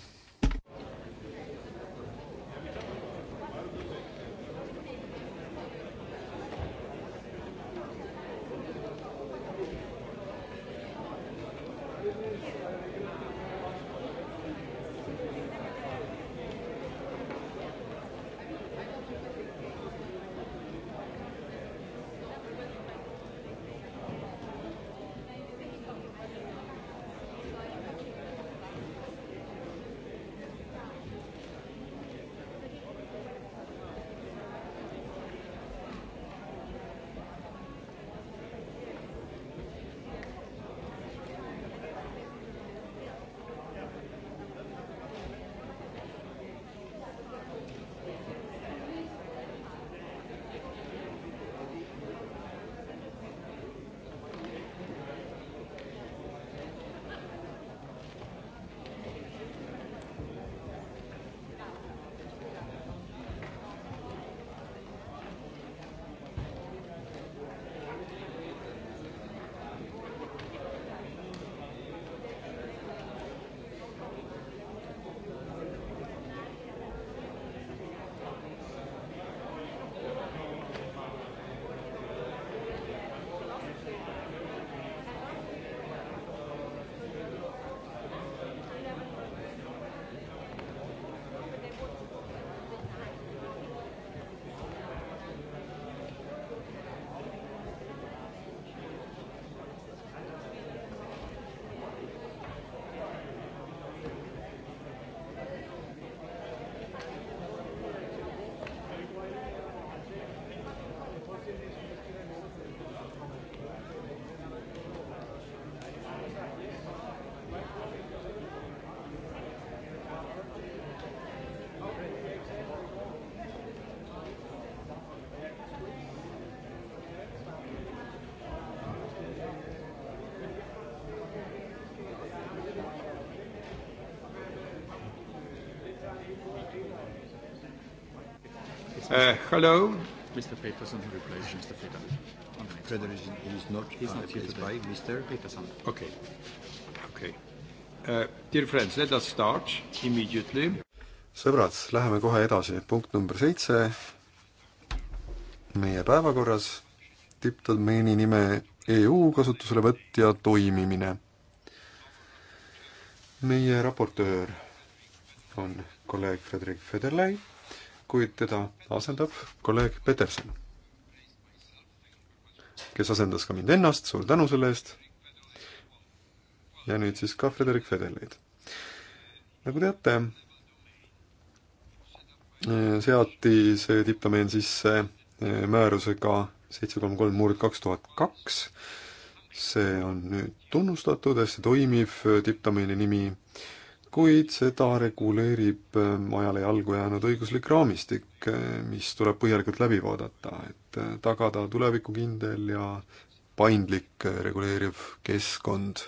hello. Mr. Peterson replaced Mr. Peterson. Federation is not he's not uh, here today. by Mr. Peterson. Okay. Okay. Uh, dear friends, let us start immediately. sõbrad, läheme kohe edasi, punkt number seitse meie päevakorras, tippdomeeni nime EU kasutuselevõtt ja toimimine. meie raportöör on kolleeg Frederik Federley kuid teda asendab kolleeg Peterson, kes asendas ka mind ennast, suur tänu selle eest. ja nüüd siis ka Frederik Federleid. nagu teate, seati see tippdomeen sisse eh, määrusega seitse kolm kolm murd kaks tuhat kaks. see on nüüd tunnustatud, hästi toimiv tippdomeeni eh, nimi äh, kuid seda reguleerib äh, ajale jalgu jäänud õiguslik raamistik, äh, mis tuleb põhjalikult läbi vaadata, et äh, tagada tulevikukindel ja paindlik reguleeriv keskkond.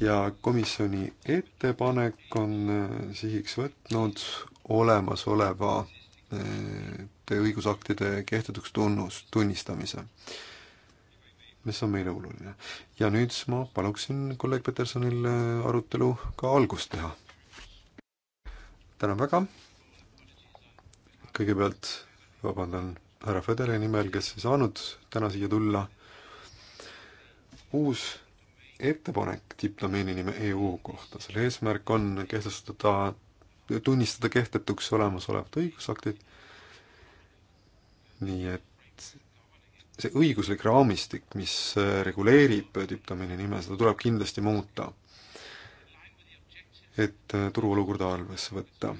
ja komisjoni ettepanek on sihiks võtnud olemasoleva õigusaktide kehtetuks tunnus, tunnistamise mis on meile oluline. ja nüüd ma paluksin kolleeg Petersonil äh, arutelu ka algust teha. tänan väga. kõigepealt vabandan härra Föderi nimel, kes ei saanud täna siia tulla. uus ettepanek diplomeeni nime EU kohta, selle eesmärk on kehtestada, tunnistada kehtetuks olemasolevad õigusaktid, nii et see õiguslik raamistik, mis äh, reguleerib äh, diptamiini nime, seda tuleb kindlasti muuta, et äh, turuolukorda arvesse võtta.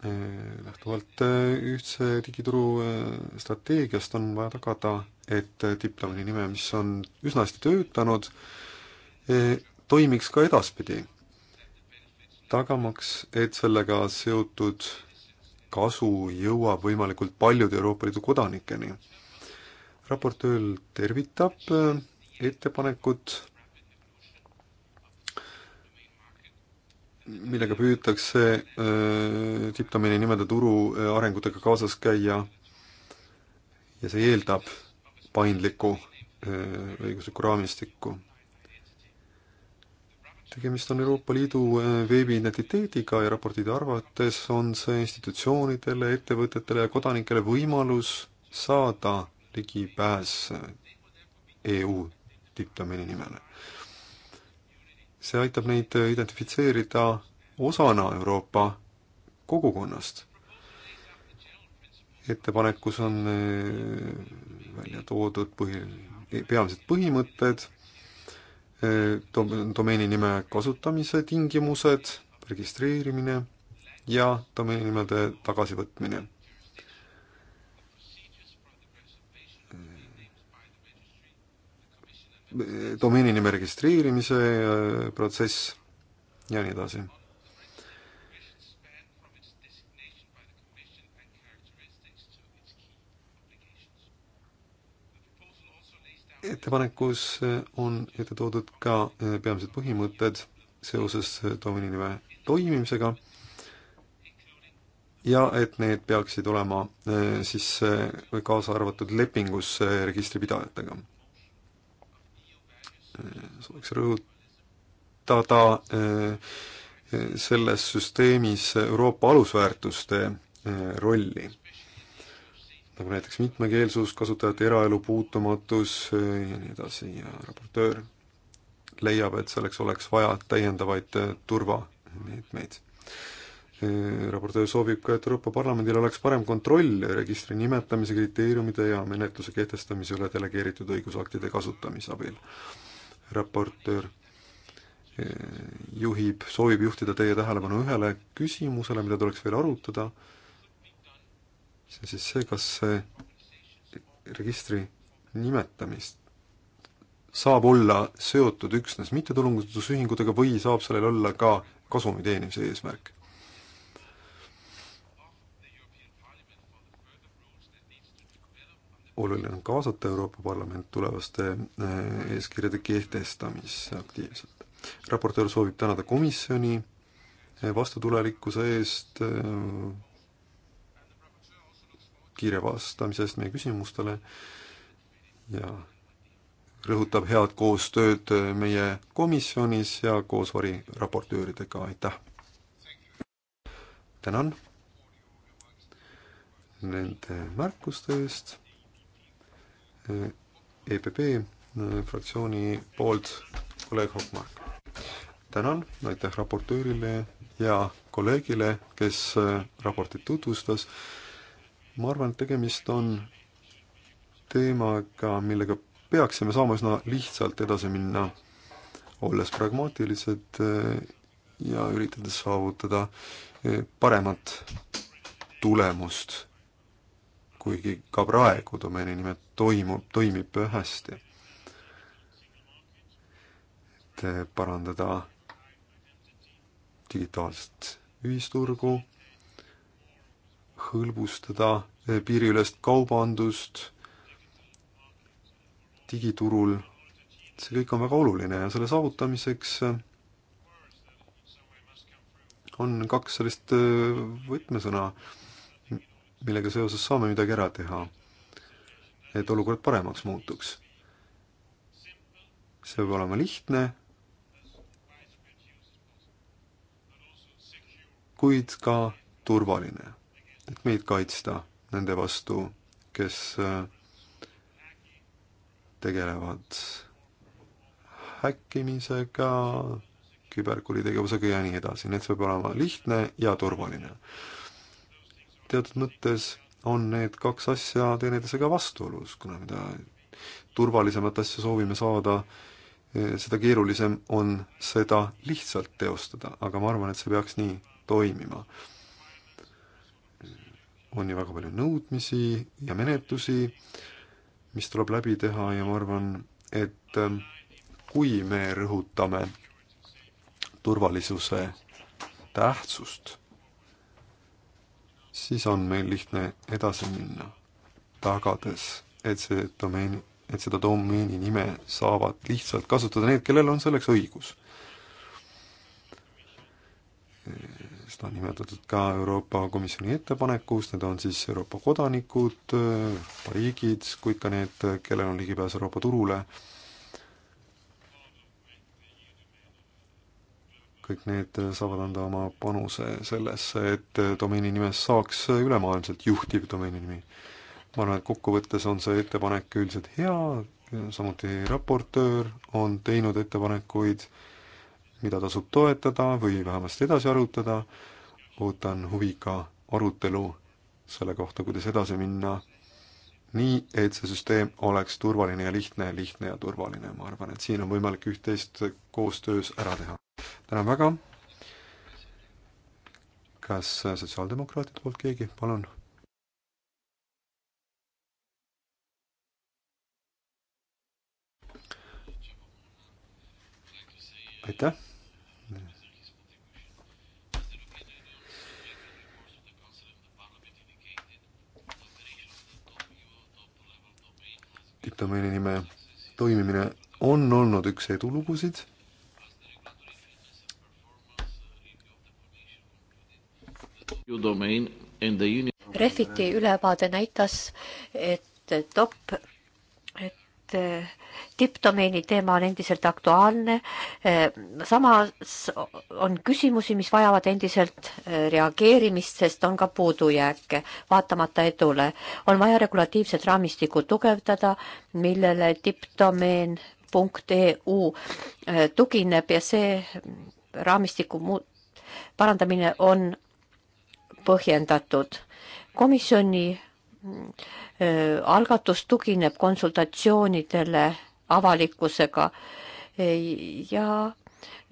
Lähtuvalt ühtse digituru strateegiast on vaja tagada, et diptamiini nime, mis on üsna hästi töötanud, toimiks ka edaspidi, tagamaks, et sellega seotud kasu jõuab võimalikult paljude Euroopa Liidu kodanikeni raportöör tervitab äh, ettepanekut, millega püütakse äh, tippdomeeni nimede turu äh, arengutega kaasas käia ja see eeldab paindlikku õiguslikku raamistikku. tegemist on Euroopa Liidu veebiidentiteediga ja raportide arvates on see institutsioonidele, ettevõtetele ja kodanikele võimalus saada ligipääs EU tippdomeeni nimele. see aitab neid identifitseerida osana Euroopa kogukonnast. ettepanekus on äh, välja toodud põhi, peamised põhimõtted, äh, domeeni nime kasutamise tingimused, registreerimine ja domeeninimede tagasivõtmine domeeni nime registreerimise äh, protsess ja nii edasi. ettepanekus äh, on ette toodud ka äh, peamised põhimõtted seoses domeeni nime toimimisega ja et need peaksid olema siis kaasa arvatud lepingus registripidajatega sooviks rõhutada eh, eh, selles süsteemis Euroopa alusväärtuste eh, rolli nagu näiteks mitmekeelsus, kasutajate eraelu puutumatus ja nii edasi ja raportöör leiab, et selleks oleks vaja täiendavaid turvameetmeid. raportöör soovib ka, et Euroopa Parlamendil oleks parem kontroll registri nimetamise kriteeriumide ja menetluse kehtestamise üle delegeeritud õigusaktide kasutamise abil raportöör eh, juhib, soovib juhtida teie tähelepanu ühele küsimusele, mida tuleks veel arutada, see on siis see, kas see registri nimetamist saab olla seotud üksnes mittetulundusühingutega või saab sellel olla ka kasumi teenimise eesmärk oluline on kaasata Euroopa Parlament tulevaste eh, eeskirjade kehtestamisse aktiivselt. raportöör soovib tänada komisjoni eh, vastutulelikkuse eest, eh, kiire vastamise eest meie küsimustele ja rõhutab head koostööd meie komisjonis ja koos variraportööridega, aitäh! tänan nende märkuste eest EPP äh, fraktsiooni poolt kolleeg Hokmark. tänan, aitäh raportöörile ja kolleegile, kes äh, raportit tutvustas. ma arvan, et tegemist on teemaga, millega peaksime saama üsna lihtsalt edasi minna, olles pragmaatilised äh, ja üritades saavutada paremat tulemust. kuigi ka praegu domeeni nimed toimub, toimib hästi. et parandada digitaalset ühisturgu, hõlbustada eh, piiriülest kaubandust digiturul, see kõik on väga oluline ja selle saavutamiseks eh, on kaks sellist eh, võtmesõna, millega seoses saame midagi ära teha et olukord paremaks muutuks. see peab olema lihtne, kuid ka turvaline, et meid kaitsta nende vastu, kes äh, tegelevad häkkimisega, küberkuritegevusega ja nii edasi, nii et see peab olema lihtne ja turvaline. teatud mõttes on need kaks asja teineteisega vastuolus, kuna mida turvalisemat asja soovime saada, eh, seda keerulisem on seda lihtsalt teostada, aga ma arvan, et see peaks nii toimima. on ju väga palju nõudmisi ja menetlusi, mis tuleb läbi teha ja ma arvan, et eh, kui me rõhutame turvalisuse tähtsust siis on meil lihtne edasi minna, tagades, et see domeeni, et seda domeeni nime saavad lihtsalt kasutada need, kellel on selleks õigus. seda on nimetatud ka Euroopa Komisjoni ettepanekus, need on siis Euroopa kodanikud, Euroopa riigid, kuid ka need, kellel on ligipääs Euroopa turule, kõik need saavad anda oma panuse sellesse, et domeeni nimest saaks ülemaailmselt juhtiv domeeni nimi. ma arvan, et kokkuvõttes on see ettepanek üldiselt hea, samuti raportöör on teinud ettepanekuid, mida tasub toetada või vähemasti edasi arutada, ootan huviga arutelu selle kohta, kuidas edasi minna, nii et see süsteem oleks turvaline ja lihtne, lihtne ja turvaline, ma arvan, et siin on võimalik üht-teist koostöös ära teha tänan väga. kas sotsiaaldemokraatide poolt keegi, palun? aitäh. diplomeeni nime toimimine on olnud üks edulugusid
Refiti ülevaade näitas, et top, et eh, tippdomeeni teema on endiselt aktuaalne. Eh, samas on küsimusi, mis vajavad endiselt eh, reageerimist, sest on ka puudujääke, vaatamata edule. on vaja regulatiivset raamistikku tugevdada, millele tippdomeen punkt EU tugineb ja see raamistiku muut-, parandamine on põhjendatud. komisjoni mm, äh, algatus tugineb konsultatsioonidele avalikkusega ja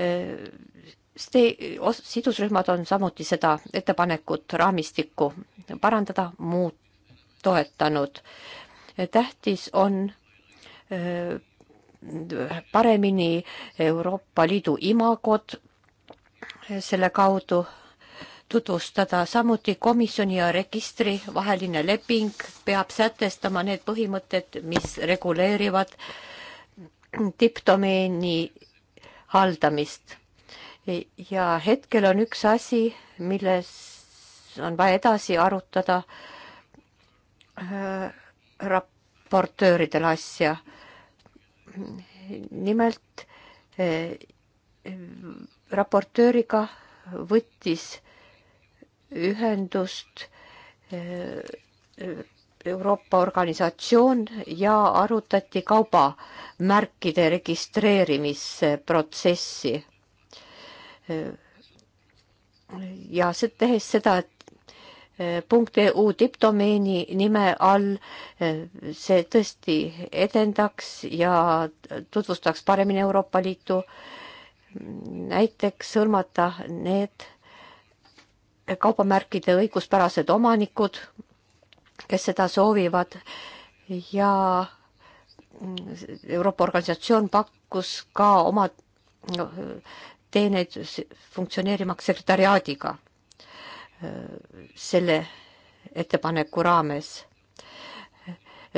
äh, sidusrühmad on samuti seda ettepanekut raamistikku parandada muud toetanud. tähtis on äh, paremini Euroopa Liidu imagot selle kaudu tutvustada. samuti komisjoni ja registri vaheline leping peab sätestama need põhimõtted, mis reguleerivad tippdomeeni haldamist. ja hetkel on üks asi, milles on vaja edasi arutada äh, raportööridel asja. nimelt äh, raportööriga võttis ühendust eh, Euroopa organisatsioon ja arutati kaubamärkide registreerimisprotsessi. ja tehes seda, et .eu eh, e tippdomeeni nime all eh, see tõesti edendaks ja tutvustaks paremini Euroopa Liitu, näiteks hõlmata need kaubamärkide õiguspärased omanikud, kes seda soovivad ja Euroopa organisatsioon pakkus ka oma teeneid funktsioneerimaks sekretariaadiga äh, selle ettepaneku raames.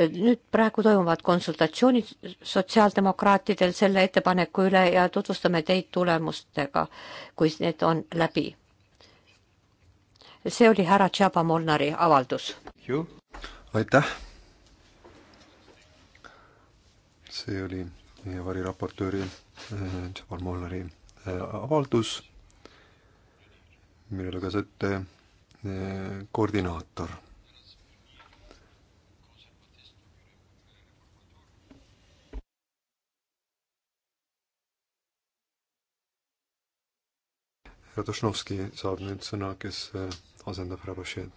nüüd praegu toimuvad konsultatsioonid sotsiaaldemokraatidel selle ettepaneku üle ja tutvustame teid tulemustega, kui need on läbi see oli härra Tšaba Molnari avaldus.
aitäh. see oli meie variraportööri äh, Tšaba Molnari äh, avaldus, mille luges ette äh, koordinaator Radošnovski saab nüüd sõna, kes asendab härra Bashir.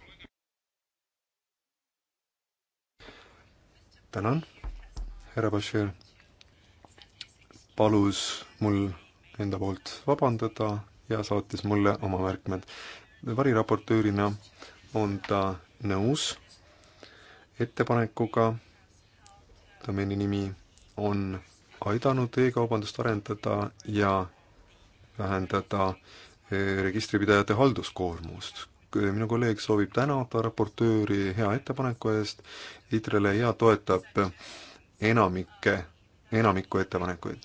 tänan, härra Bashir palus mul enda poolt vabandada ja saatis mulle oma märkmed. variraportöörina on ta nõus ettepanekuga, domeeni nimi on aidanud e-kaubandust arendada ja vähendada eh, registripidajate halduskoormust minu kolleeg soovib tänada raportööri hea ettepaneku eest, ITRE-le ja toetab enamikke, enamikku ettepanekuid.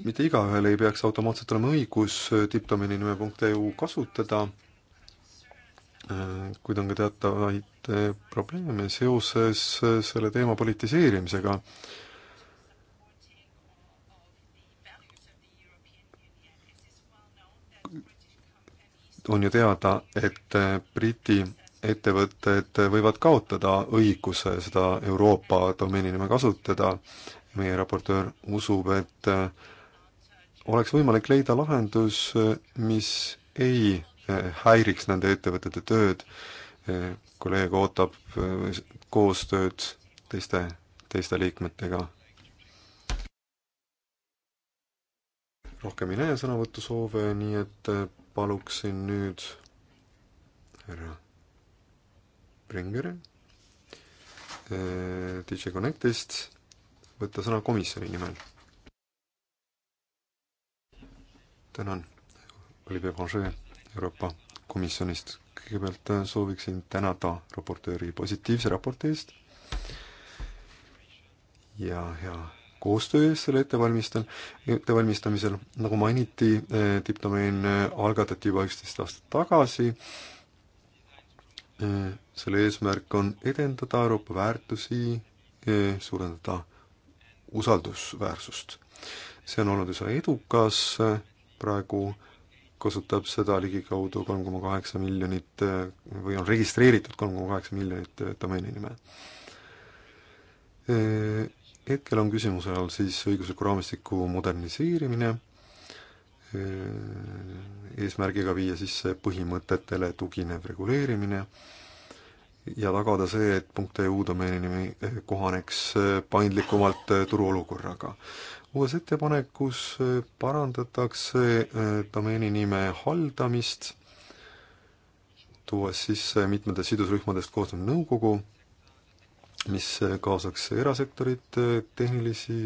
mitte igaühel ei peaks automaatselt olema õigus tippdomeeni nime.eu kasutada, kuid on ka teatavaid probleeme seoses selle teema politiseerimisega on ju teada, et äh, Briti ettevõtted võivad kaotada õiguse seda Euroopa domeeninime kasutada. meie raportöör usub, et äh, oleks võimalik leida lahendus, äh, mis ei häiriks nende ettevõtete tööd. kolleeg ootab koostööd teiste, teiste liikmetega. rohkem ei näe sõnavõtusoove, nii et paluksin nüüd härra Bringeri äh, DJ Connectist võtta sõna komisjoni nimel. tänan, Olivia Pange Euroopa Komisjonist. kõigepealt äh, sooviksin tänada raportööri positiivse raporti eest ja hea koostöö eest selle ettevalmistel, ettevalmistamisel, nagu mainiti, eh, tippdomeen eh, algatati juba üksteist aastat tagasi, eh, selle eesmärk on edendada Euroopa väärtusi, suurendada usaldusväärsust. see on olnud üsna edukas, praegu kasutab seda ligikaudu kolm koma kaheksa miljonit või on registreeritud kolm koma kaheksa miljonit domeeni nime hetkel on küsimuse all siis õigusliku raamistiku moderniseerimine, eh, eesmärgiga viia sisse põhimõtetele tuginev reguleerimine ja tagada see, et .eu domeeni eh, kohaneks eh, paindlikumalt turuolukorraga. uues ettepanekus parandatakse domeeni nime haldamist, tuues sisse mitmetest sidusrühmadest koosnev nõukogu mis kaasaks erasektorit, tehnilisi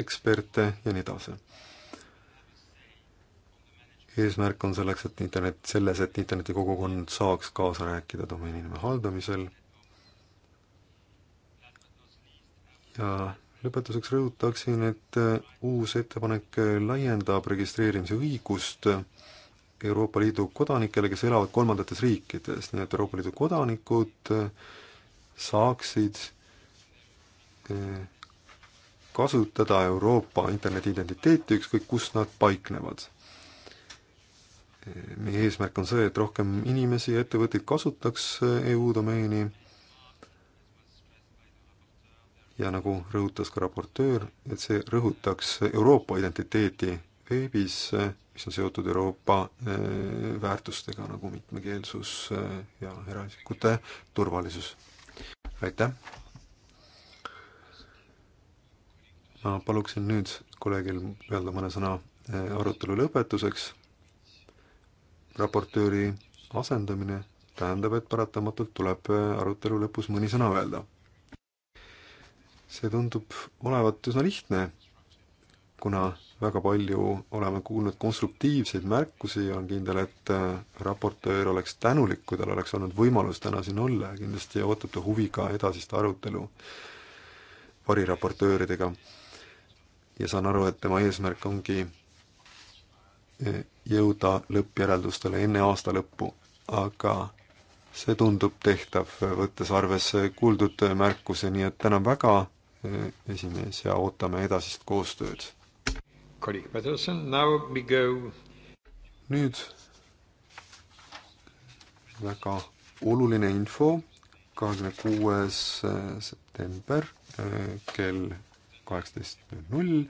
eksperte ja nii edasi. eesmärk on selleks, et internet, selles, et internetikogukond saaks kaasa rääkida domeeninime haldamisel ja lõpetuseks rõhutaksin, et uus ettepanek laiendab registreerimise õigust Euroopa Liidu kodanikele, kes elavad kolmandates riikides, nii et Euroopa Liidu kodanikud äh, saaksid eh, kasutada Euroopa internetiidentiteeti, ükskõik kus nad paiknevad. Eh, meie eesmärk on see, et rohkem inimesi ja ettevõtteid kasutaks EU eh, e domeeni ja nagu rõhutas ka raportöör, et see rõhutaks Euroopa identiteeti veebis, mis on seotud Euroopa väärtustega, nagu mitmekeelsus ja eraisikute turvalisus aitäh! ma paluksin nüüd kolleegil öelda mõne sõna äh, arutelu lõpetuseks. raportööri asendamine tähendab, et paratamatult tuleb äh, arutelu lõpus mõni sõna öelda. see tundub olevat üsna lihtne kuna väga palju oleme kuulnud konstruktiivseid märkusi ja on kindel, et äh, raportöör oleks tänulik, kui tal oleks olnud võimalus täna siin olla ja kindlasti ootab ta huviga edasist arutelu variraportööridega. ja saan aru, et tema eesmärk ongi e, jõuda lõppjäreldustele enne aasta lõppu, aga see tundub tehtav, võttes arvesse kuuldud märkusi, nii et tänan väga, e, esimees, ja ootame edasist koostööd colleague Patterson. Now we go. nüüd väga oluline info, kahekümne kuues eh, september eh, kell kaheksateist null null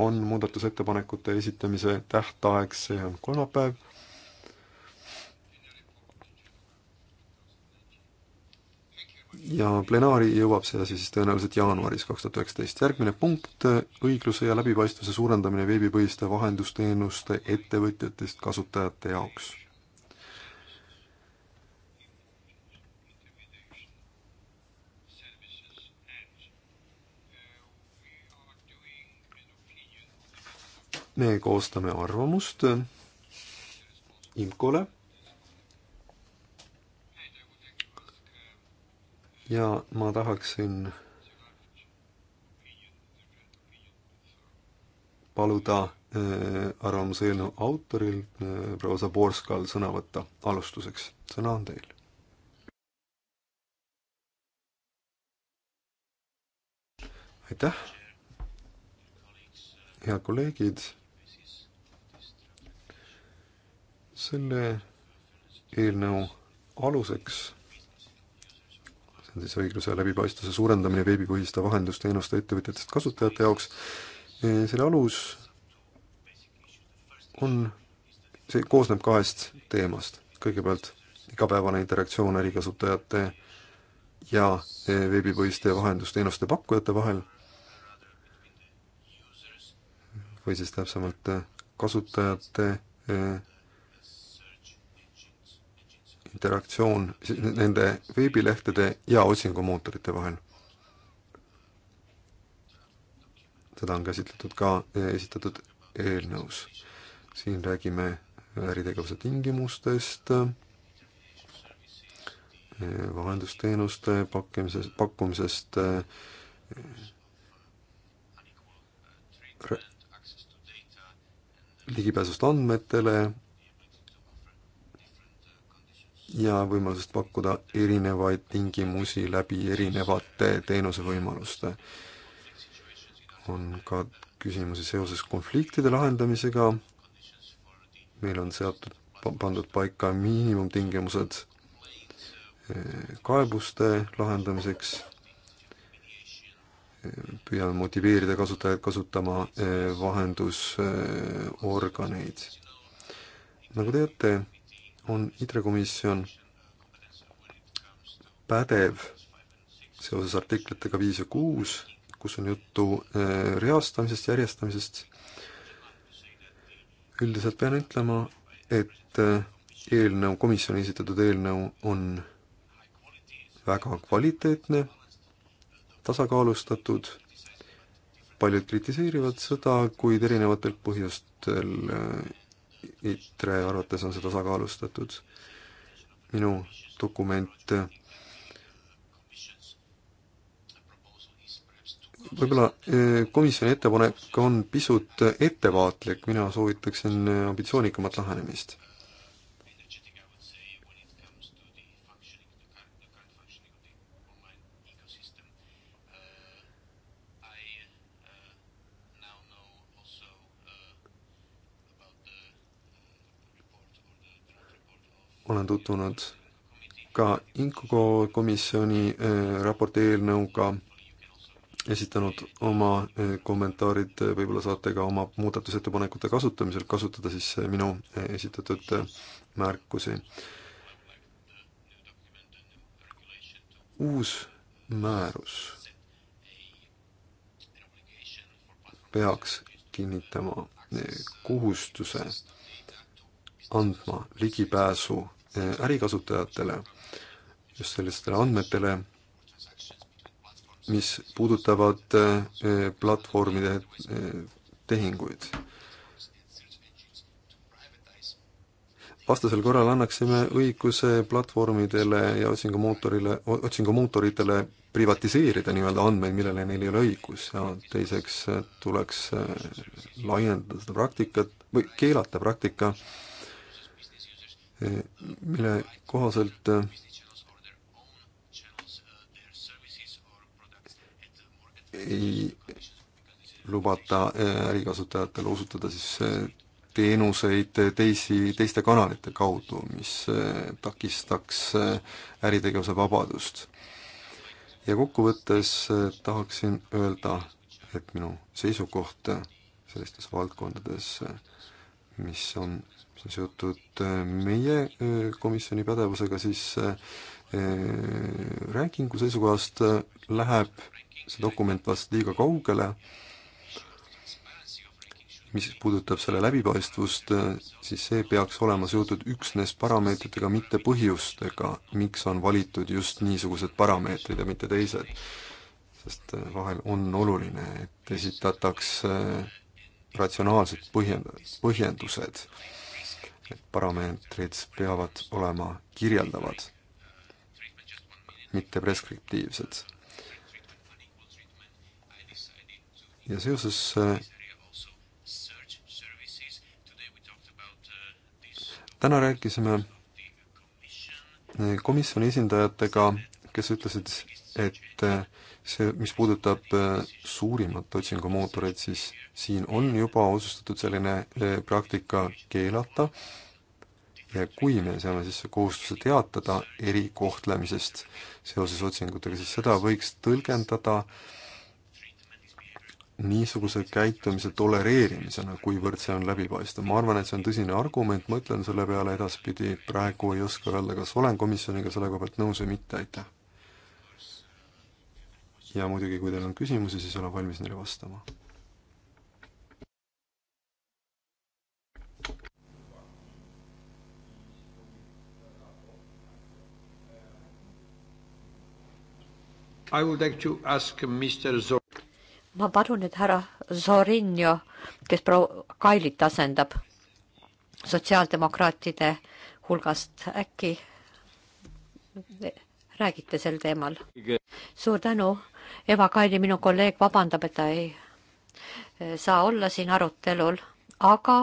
on muudatusettepanekute esitamise tähtaeg, see on kolmapäev ja plenaari jõuab see asi siis tõenäoliselt jaanuaris kaks tuhat üheksateist. järgmine punkt, õigluse ja läbipaistvuse suurendamine veebipõhiste vahendusteenuste ettevõtjatest kasutajate jaoks. me koostame arvamust IMCO-le ja ma tahaksin paluda äh, arvamuse eelnõu autoril, äh, proua Zaborskal sõna võtta alustuseks. sõna on teil. aitäh, head kolleegid. selle eelnõu aluseks see on siis õigluse ja läbipaistvuse suurendamine veebipõhiste vahendusteenuste ettevõtjatest kasutajate jaoks, selle alus on, see koosneb kahest teemast. kõigepealt igapäevane interaktsioon ärikasutajate ja e, veebipõhiste vahendusteenuste pakkujate vahel või siis täpsemalt e, kasutajate e, interaktsioon nende veebilehtede ja otsingumootorite vahel. seda on käsitletud ka eh, esitatud eelnõus. siin räägime äritegevuse tingimustest, eh, vahendusteenuste pakkimisest, pakkumisest, eh, ligipääsust andmetele, ja võimalusest pakkuda erinevaid tingimusi läbi erinevate teenusevõimaluste. on ka küsimusi seoses konfliktide lahendamisega, meil on seatud, pandud paika miinimumtingimused eh, kaebuste lahendamiseks, eh, püüame motiveerida kasutajaid kasutama eh, vahendusorganeid. nagu teate, on IDRE komisjon pädev seoses artiklitega viis ja kuus, kus on juttu äh, reastamisest, järjestamisest. üldiselt pean ütlema, et äh, eelnõu, komisjoni esitatud eelnõu on väga kvaliteetne, tasakaalustatud, paljud kritiseerivad seda, kuid erinevatel põhjustel äh, ITRE arvates on see tasakaalustatud. minu dokument võib-olla eh, komisjoni ettepanek on pisut ettevaatlik, mina soovitaksin ambitsioonikamat lähenemist olen tutvunud ka Inko komisjoni eh, raporti eelnõuga, esitanud oma eh, kommentaarid, eh, võib-olla saate ka oma muudatusettepanekute kasutamisel kasutada siis minu esitatud märkusi. uus määrus peaks kinnitama kohustuse andma ligipääsu Äh, ärikasutajatele, just sellistele andmetele, mis puudutavad äh, platvormide äh, tehinguid. vastasel korral annaksime õiguse platvormidele ja otsingumootorile, otsingumootoritele privatiseerida nii-öelda andmeid, millele neil ei ole õigus ja teiseks tuleks laiendada seda praktikat või keelata praktika äh, mille kohaselt äh, ei lubata äh, ärikasutajatel osutada siis äh, teenuseid teisi, teiste kanalite kaudu, mis takistaks äritegevuse vabadust. ja kokkuvõttes tahaksin öelda, et minu seisukoht sellistes valdkondades, mis on mis on seotud äh, meie äh, komisjoni pädevusega, siis äh, rankingu seisukohast läheb see dokument vast liiga kaugele, mis puudutab selle läbipaistvust, siis see peaks olema seotud üksnes parameetritega, mitte põhjustega, miks on valitud just niisugused parameetrid ja mitte teised. sest vahel on oluline, et esitataks ratsionaalsed põhjend-, põhjendused Need parameetrid peavad olema kirjeldavad, mitte preskriptiivsed. ja seoses äh, täna rääkisime äh, komisjoni esindajatega, kes ütlesid, et äh, see, mis puudutab suurimat otsingumootorit, siis siin on juba otsustatud selline eh, praktika keelata ja kui me seame sisse kohustuse teatada erikohtlemisest seoses otsingutega, siis seda võiks tõlgendada niisuguse käitumise tolereerimisena, kuivõrd see on läbipaistev. ma arvan, et see on tõsine argument, mõtlen selle peale edaspidi, praegu ei oska öelda, kas olen komisjoniga selle koha pealt nõus või mitte, aitäh. ja muidugi, kui teil on küsimusi, siis olen valmis neile vastama. I would like to ask Mr Zor-.
ma palun nüüd härra Zorinjo, kes proua Kailit asendab sotsiaaldemokraatide hulgast, äkki räägite sel teemal? suur tänu. Eva Kaili, minu kolleeg, vabandab, et ta ei saa olla siin arutelul, aga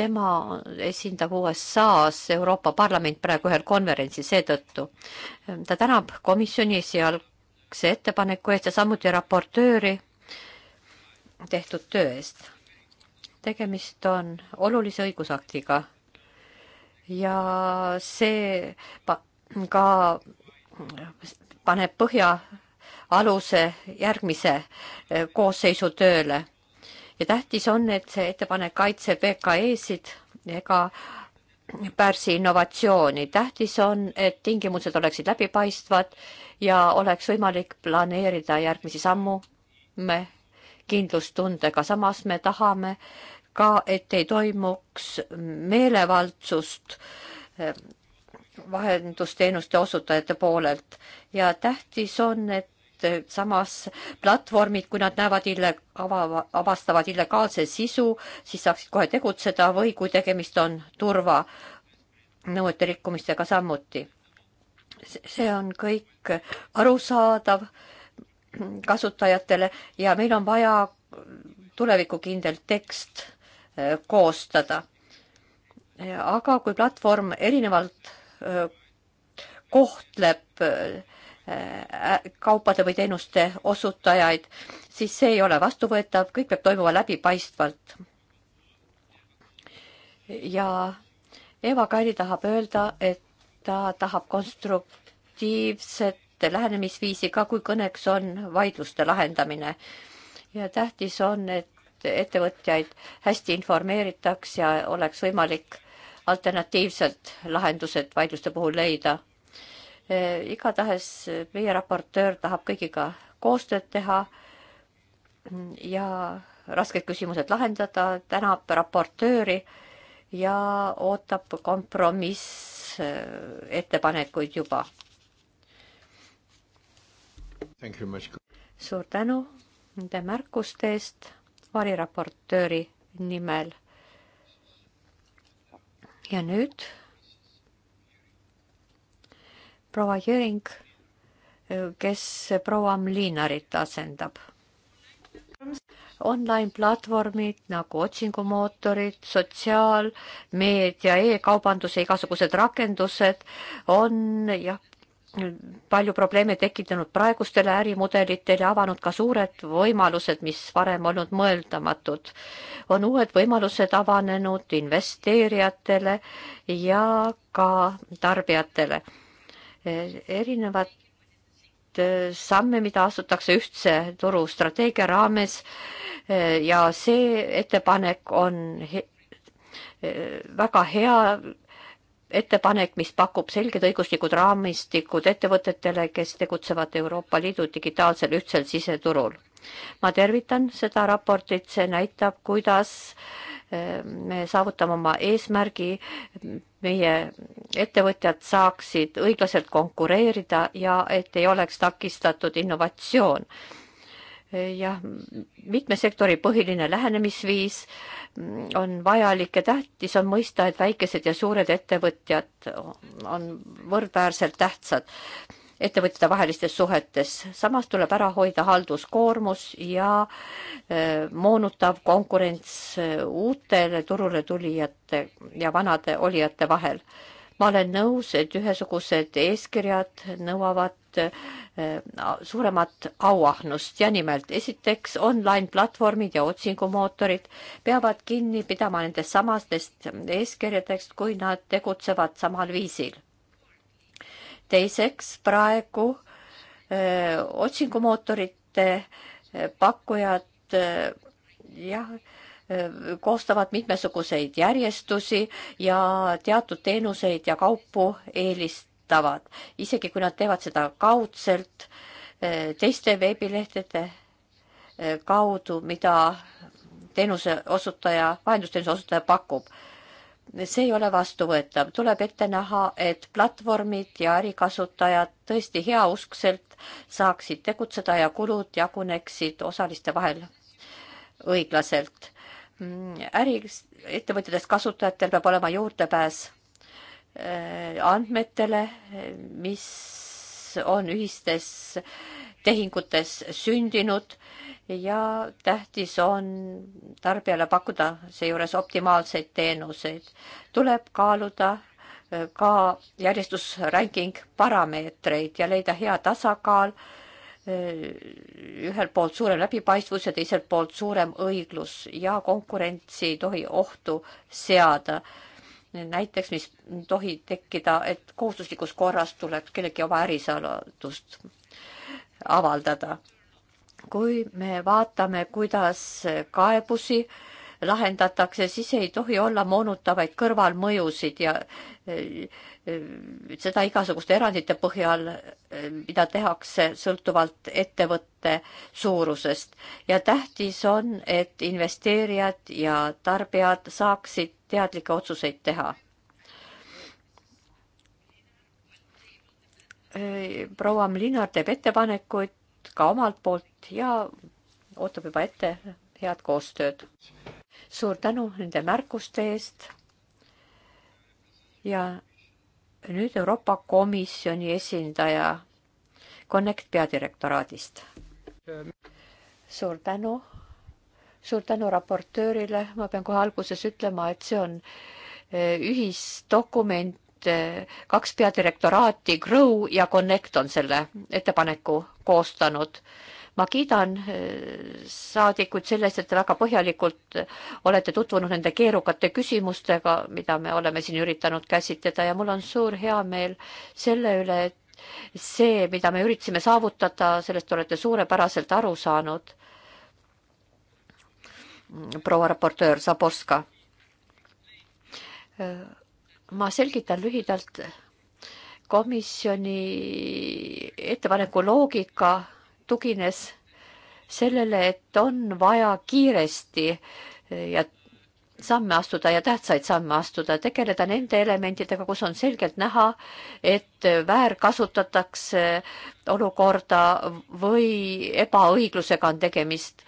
tema esindab USA-s Euroopa Parlament praegu ühel konverentsil, seetõttu ta tänab komisjoni esialgse ettepaneku eest ja samuti raportööri tehtud töö eest. tegemist on olulise õigusaktiga ja see pa ka paneb põhja aluse järgmise koosseisu tööle ja tähtis on, et see ettepanek kaitseb VKE-sid ega pärsi innovatsiooni. tähtis on, et tingimused oleksid läbipaistvad ja oleks võimalik planeerida järgmisi sammume kindlustundega. samas me tahame ka, et ei toimuks meelevaldsust eh, vahendusteenuste osutajate poolelt ja tähtis on, et samas platvormid, kui nad näevad ille-, ava-, avastavad illegaalse sisu, siis saaksid kohe tegutseda või kui tegemist on turvanõuete rikkumistega samuti. see on kõik arusaadav kasutajatele ja meil on vaja tulevikukindel tekst eh, koostada. aga kui platvorm erinevalt eh, kohtleb eh, Äh, äh, kaupade või teenuste osutajaid, siis see ei ole vastuvõetav, kõik peab toimuma läbipaistvalt. ja Eva Kaili tahab öelda, et ta tahab konstruktiivset lähenemisviisi ka, kui kõneks on vaidluste lahendamine. ja tähtis on, et ettevõtjaid hästi informeeritaks ja oleks võimalik alternatiivselt lahendused vaidluste puhul leida Eh, igatahes meie raportöör tahab kõigiga koostööd teha ja rasked küsimused lahendada, tänab raportööri ja ootab kompromissettepanekuid eh, juba. suur tänu nende märkuste eest variraportööri nimel. ja nüüd proua Jüring, kes proua Mlinarit asendab. Online platvormid nagu otsingumootorid, sotsiaalmeedia e, e-kaubandus ja igasugused rakendused on jah, palju probleeme tekitanud praegustele ärimudelitele, avanud ka suured võimalused, mis varem olnud mõeldamatud. on uued võimalused avanenud investeerijatele ja ka tarbijatele erinevad äh, samme, mida astutakse ühtse turu strateegia raames äh, ja see ettepanek on he äh, väga hea ettepanek, mis pakub selged õiguslikud raamistikud ettevõtetele, kes tegutsevad Euroopa Liidu digitaalsel ühtsel siseturul. ma tervitan seda raportit, see näitab, kuidas me saavutame oma eesmärgi meie ettevõtjad saaksid õiglaselt konkureerida ja et ei oleks takistatud innovatsioon. jah, mitme sektori põhiline lähenemisviis on vajalik ja tähtis on mõista, et väikesed ja suured ettevõtjad on võrdväärselt tähtsad ettevõtjate vahelistes suhetes. samas tuleb ära hoida halduskoormus ja äh, moonutav konkurents äh, uutele turule tulijate ja vanade olijate vahel. ma olen nõus, et ühesugused eeskirjad nõuavad äh, suuremat auahnust ja nimelt esiteks online platvormid ja otsingumootorid peavad kinni pidama nendest samastest eeskirjadest, kui nad tegutsevad samal viisil teiseks, praegu öö, eh, otsingumootorite eh, pakkujad eh, jah, koostavad mitmesuguseid järjestusi ja teatud teenuseid ja kaupu eelistavad, isegi kui nad teevad seda kaudselt teiste veebilehtede kaudu, mida teenuse osutaja, vahendusteenuse osutaja pakub see ei ole vastuvõetav, tuleb ette näha, et platvormid ja ärikasutajad tõesti heauskselt saaksid tegutseda ja kulud jaguneksid osaliste vahel õiglaselt. Mm, äriettevõtjatest kasutajatel peab olema juurdepääs äh, andmetele, mis on ühistes tehingutes sündinud ja tähtis on tarbijale pakkuda seejuures optimaalseid teenuseid. tuleb kaaluda äh, ka järjestusranking parameetreid ja leida hea tasakaal äh, ühelt poolt suurem läbipaistvus ja teiselt poolt suurem õiglus ja konkurentsi ei tohi ohtu seada. näiteks, mis tohi tekkida, et kohustuslikus korras tuleb kellegi oma ärisaladust avaldada kui me vaatame, kuidas kaebusi lahendatakse, siis ei tohi olla moonutavaid kõrvalmõjusid ja eh, eh, seda igasuguste erandite põhjal, eh, mida tehakse sõltuvalt ettevõtte suurusest. ja tähtis on, et investeerijad ja tarbijad saaksid teadlikke otsuseid teha. proua Mlinar teeb ettepanekuid ka omalt poolt ja ootab juba ette head koostööd. suur tänu nende märkuste eest. ja nüüd Euroopa Komisjoni esindaja Connect peadirektoraadist. suur tänu. suur tänu raportöörile, ma pean kohe alguses ütlema, et see on eh, ühisdokument Eh, kaks peadirektoraati, Grow ja Connect on selle ettepaneku koostanud. ma kiidan eh, saadikuid sellest, et te väga põhjalikult olete tutvunud nende keerukate küsimustega, mida me oleme siin üritanud käsitleda ja mul on suur heameel selle üle, et see, mida me üritasime saavutada, sellest olete suurepäraselt aru saanud. proua raportöör Zaborska eh, ma selgitan lühidalt komisjoni ettepaneku loogika tugines sellele, et on vaja kiiresti ja samme astuda ja tähtsaid samme astuda, tegeleda nende elementidega, kus on selgelt näha, et väärkasutatakse olukorda või ebaõiglusega on tegemist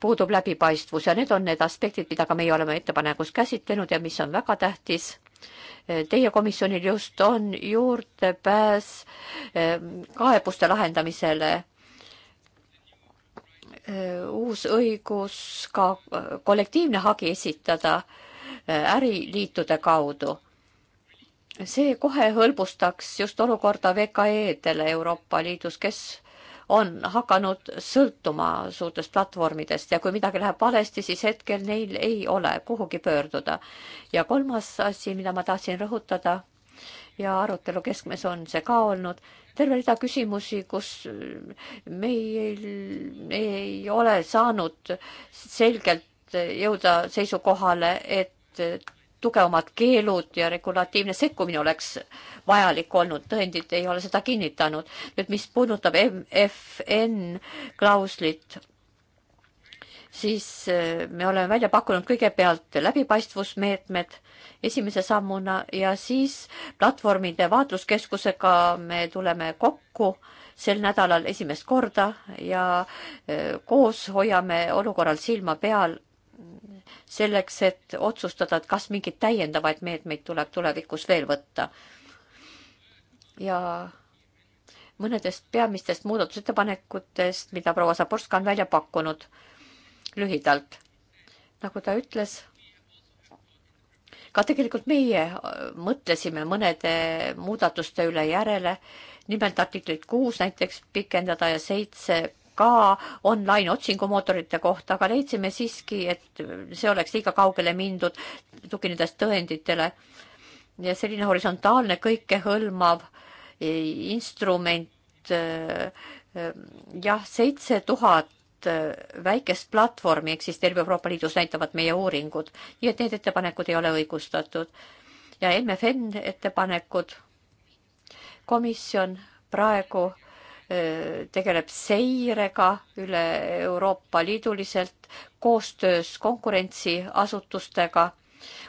puudub läbipaistvus ja need on need aspektid, mida ka meie oleme ettepanekus käsitlenud ja mis on väga tähtis Teie komisjonil just on juurdepääs ehm, kaebuste lahendamisele ehm, uus õigus ka ehm, kollektiivne hagi esitada äriliitude kaudu. see kohe hõlbustaks just olukorda VKE-dele Euroopa Liidus, kes on hakanud sõltuma suurtest platvormidest ja kui midagi läheb valesti, siis hetkel neil ei ole kuhugi pöörduda. ja kolmas asi, mida ma tahtsin rõhutada ja arutelu keskmes on see ka olnud, terve rida küsimusi, kus meil ei, ei ole saanud selgelt jõuda seisukohale, et tugevamad keelud ja regulatiivne sekkumine oleks vajalik olnud, tõendid ei ole seda kinnitanud. nüüd, mis puudutab MFN klauslit, siis äh, me oleme välja pakkunud kõigepealt läbipaistvusmeetmed esimese sammuna ja siis platvormide vaatluskeskusega me tuleme kokku sel nädalal esimest korda ja äh, koos hoiame olukorral silma peal selleks, et otsustada, et kas mingeid täiendavaid meetmeid tuleb tulevikus veel võtta. ja mõnedest peamistest muudatusettepanekutest, mida proua Zaborska on välja pakkunud lühidalt. nagu ta ütles, ka tegelikult meie äh, mõtlesime mõnede muudatuste üle järele, nimelt artiklit kuus näiteks pikendada ja seitse ka online otsingumootorite kohta, aga leidsime siiski, et see oleks liiga kaugele mindud, tuginedes tõenditele. ja selline horisontaalne kõikehõlmav instrument, äh, jah, seitse tuhat äh, väikest platvormi eksisteerib Euroopa Liidus, näitavad meie uuringud, nii et need ettepanekud ei ole õigustatud. ja MFN ettepanekud, komisjon praegu tegeleb seirega üle Euroopa Liiduliselt koostöös konkurentsiasutustega,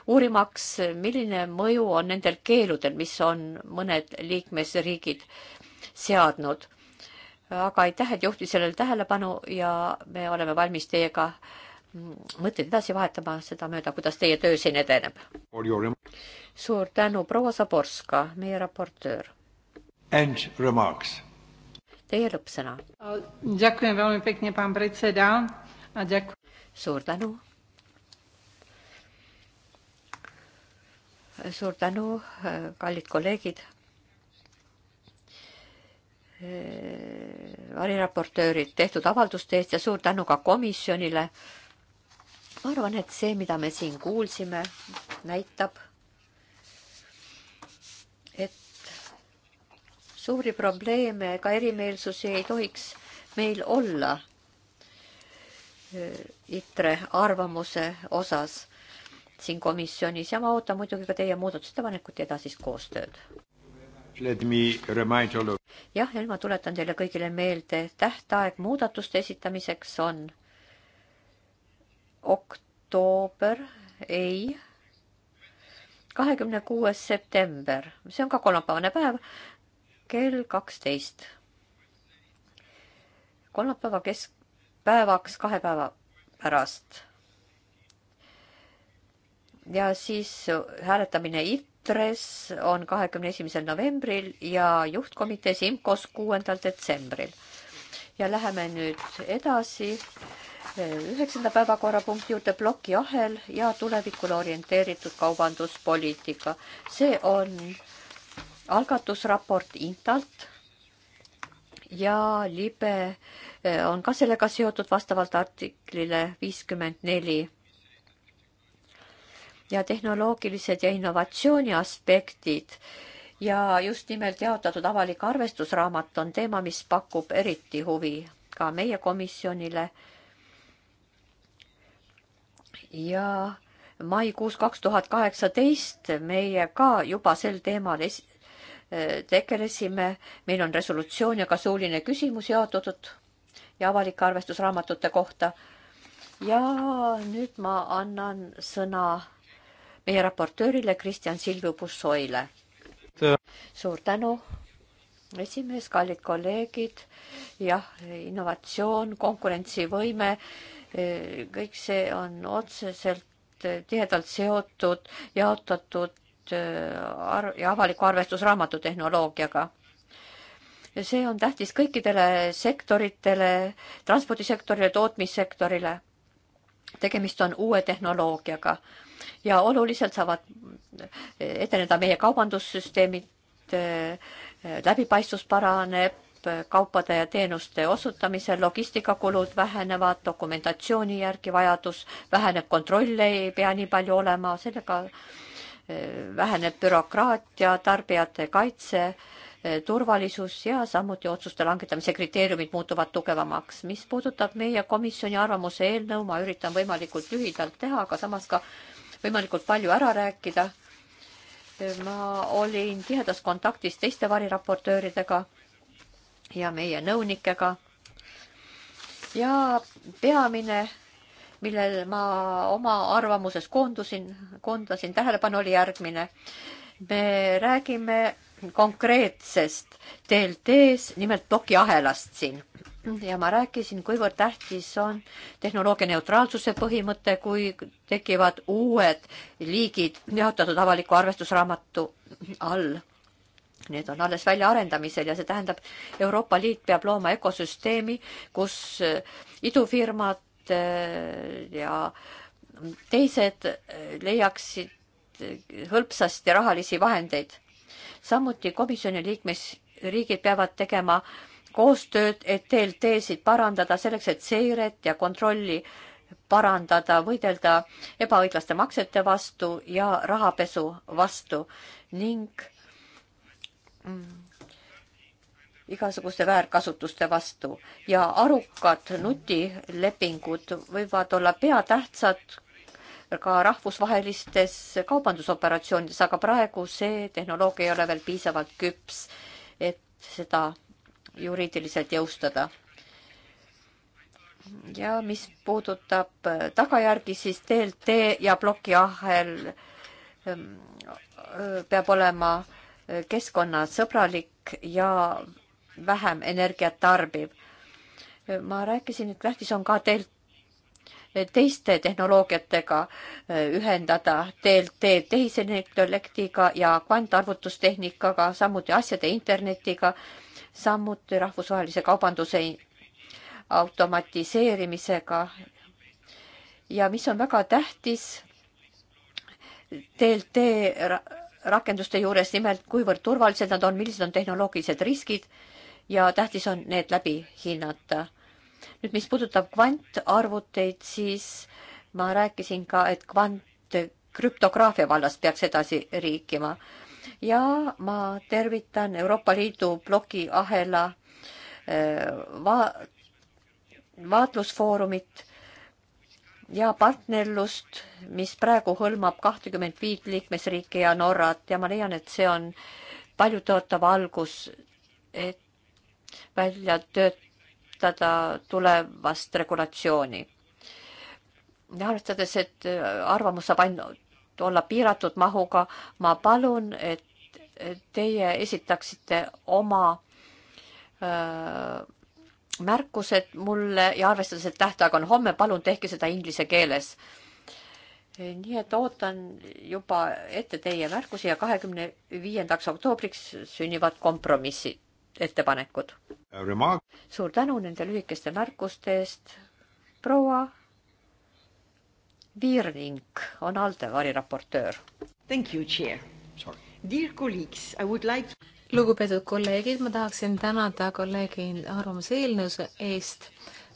uurimaks, milline mõju on nendel keeludel, mis on mõned liikmesriigid seadnud. aga aitäh, et juhtis sellele tähelepanu ja me oleme valmis teiega mm, mõtteid edasi vahetama sedamööda, kuidas teie töö siin edeneb. suur tänu, proua Zaborska, meie raportöör.
And remarks
teie lõppsõna. suur tänu. suur tänu, kallid kolleegid. variraportöörid tehtud avalduste eest ja suur tänu ka komisjonile. ma arvan, et see, mida me siin kuulsime, näitab, et suuri probleeme ega erimeelsusi ei tohiks meil olla ITRE arvamuse osas siin komisjonis ja ma ootan muidugi ka teie muudatusettepanekut ja edasist koostööd. jah, nüüd ma tuletan teile kõigile meelde, tähtaeg muudatuste esitamiseks on oktoober, ei, kahekümne kuues september, see on ka kolmapäevane päev, kell kaksteist. kolmapäeva keskpäevaks kahe päeva pärast. ja siis hääletamine ITRES on kahekümne esimesel novembril ja juhtkomitees IMKOS kuuendal detsembril. ja läheme nüüd edasi eh, üheksanda päevakorrapunkti juurde plokiahel ja tulevikule orienteeritud kaubanduspoliitika. see on algatusraport Intalt ja libe eh, on ka sellega seotud vastavalt artiklile viiskümmend neli. ja tehnoloogilised ja innovatsiooni aspektid ja just nimelt jaotatud avalik arvestusraamat on teema, mis pakub eriti huvi ka meie komisjonile. ja maikuus kaks tuhat kaheksateist meie ka juba sel teemal es-, Äh, tegelesime. meil on resolutsioon ja ka suuline küsimus jaotatud ja avalike arvestusraamatute kohta. ja nüüd ma annan sõna meie raportöörile Kristjan Silviu Pussoile. suur tänu, esimees, kallid kolleegid. jah, innovatsioon, konkurentsivõime, äh, kõik see on otseselt äh, tihedalt seotud jaotatud Äh, arv ja avaliku arvestusraamatu tehnoloogiaga. see on tähtis kõikidele sektoritele, transpordisektorile, tootmissektorile. tegemist on uue tehnoloogiaga ja oluliselt saavad edeneda meie kaubandussüsteemid, äh, läbipaistvus paraneb, kaupade ja teenuste osutamisel logistikakulud vähenevad, dokumentatsiooni järgi vajadus väheneb, kontrolle ei pea nii palju olema, sellega väheneb bürokraatia, tarbijate kaitse, turvalisus ja samuti otsuste langetamise kriteeriumid muutuvad tugevamaks. mis puudutab meie komisjoni arvamuse eelnõu, ma üritan võimalikult lühidalt teha, aga samas ka võimalikult palju ära rääkida. ma olin tihedas kontaktis teiste variraportööridega ja meie nõunikega. ja peamine millel ma oma arvamuses koondusin, koondasin tähelepanu, oli järgmine. me räägime konkreetsest DLT-s, nimelt plokiahelast siin ja ma rääkisin, kuivõrd tähtis on tehnoloogia neutraalsuse põhimõte, kui tekivad uued liigid jaotatud avaliku arvestusraamatu all. Need on alles väljaarendamisel ja see tähendab, Euroopa Liit peab looma ökosüsteemi, kus idufirmad Äh, ja teised äh, leiaksid äh, hõlpsasti rahalisi vahendeid. samuti komisjoni liikmesriigid peavad tegema koostööd, et TLT-sid parandada selleks, et seiret ja kontrolli parandada, võidelda ebaõiglaste maksete vastu ja rahapesu vastu ning mm, igasuguste väärkasutuste vastu ja arukad nutilepingud võivad olla peatähtsad ka rahvusvahelistes kaubandusoperatsioonides, aga praegu see tehnoloogia ei ole veel piisavalt küps, et seda juriidiliselt jõustada. ja mis puudutab tagajärgi, siis DLT ja plokiahel ähm, peab olema keskkonnasõbralik ja vähem energiat tarbiv. ma rääkisin, et tähtis on ka teil teiste tehnoloogiatega e, ühendada DLT-d tehisintellektiga ja kvantarvutustehnikaga, samuti asjade internetiga, samuti rahvusvahelise kaubanduse automatiseerimisega. ja mis on väga tähtis DLT rakenduste juures, nimelt kuivõrd turvalised nad on, millised on tehnoloogilised riskid ja tähtis on need läbi hinnata. nüüd, mis puudutab kvantarvuteid, siis ma rääkisin ka, et kvant krüptograafia vallas peaks edasi riikima ja ma tervitan Euroopa Liidu blokiahela äh, va-, vaatlusfoorumit ja partnerlust, mis praegu hõlmab kahtekümmet viit liikmesriiki ja Norrat ja ma leian, et see on paljutõotav algus, et välja töötada tulevast regulatsiooni. arvestades, et äh, arvamus saab ainult olla piiratud mahuga, ma palun, et teie esitaksite oma öö, äh, märkused mulle ja arvestades, et tähtaeg on homme, palun tehke seda inglise keeles. nii et ootan juba ette teie märkusi ja kahekümne viiendaks oktoobriks sünnivad kompromissid ettepanekud. suur tänu nende lühikeste märkuste eest. proua Viirning on ALDE variraportöör. Thank you, chair.
Dear colleagues, I would like to lugupeetud kolleegid, ma tahaksin tänada kolleegi arvamuse eelnõus eest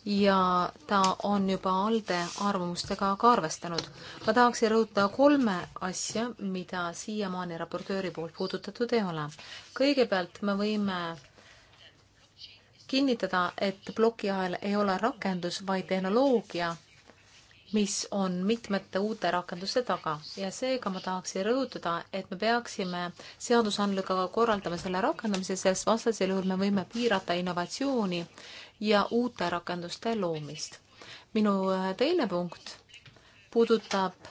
ja ta on juba ALDE arvamustega ka arvestanud. ma tahaksin rõhutada kolme asja, mida siiamaani raportööri poolt puudutatud ei ole. kõigepealt me võime kinnitada, et plokiahel ei ole rakendus, vaid tehnoloogia, mis on mitmete uute rakenduste taga ja seega ma tahaksin rõhutada, et me peaksime seadusandlusega korraldama selle rakendamise, sest vastasel juhul me võime piirata innovatsiooni ja uute rakenduste loomist. minu äh, teine punkt puudutab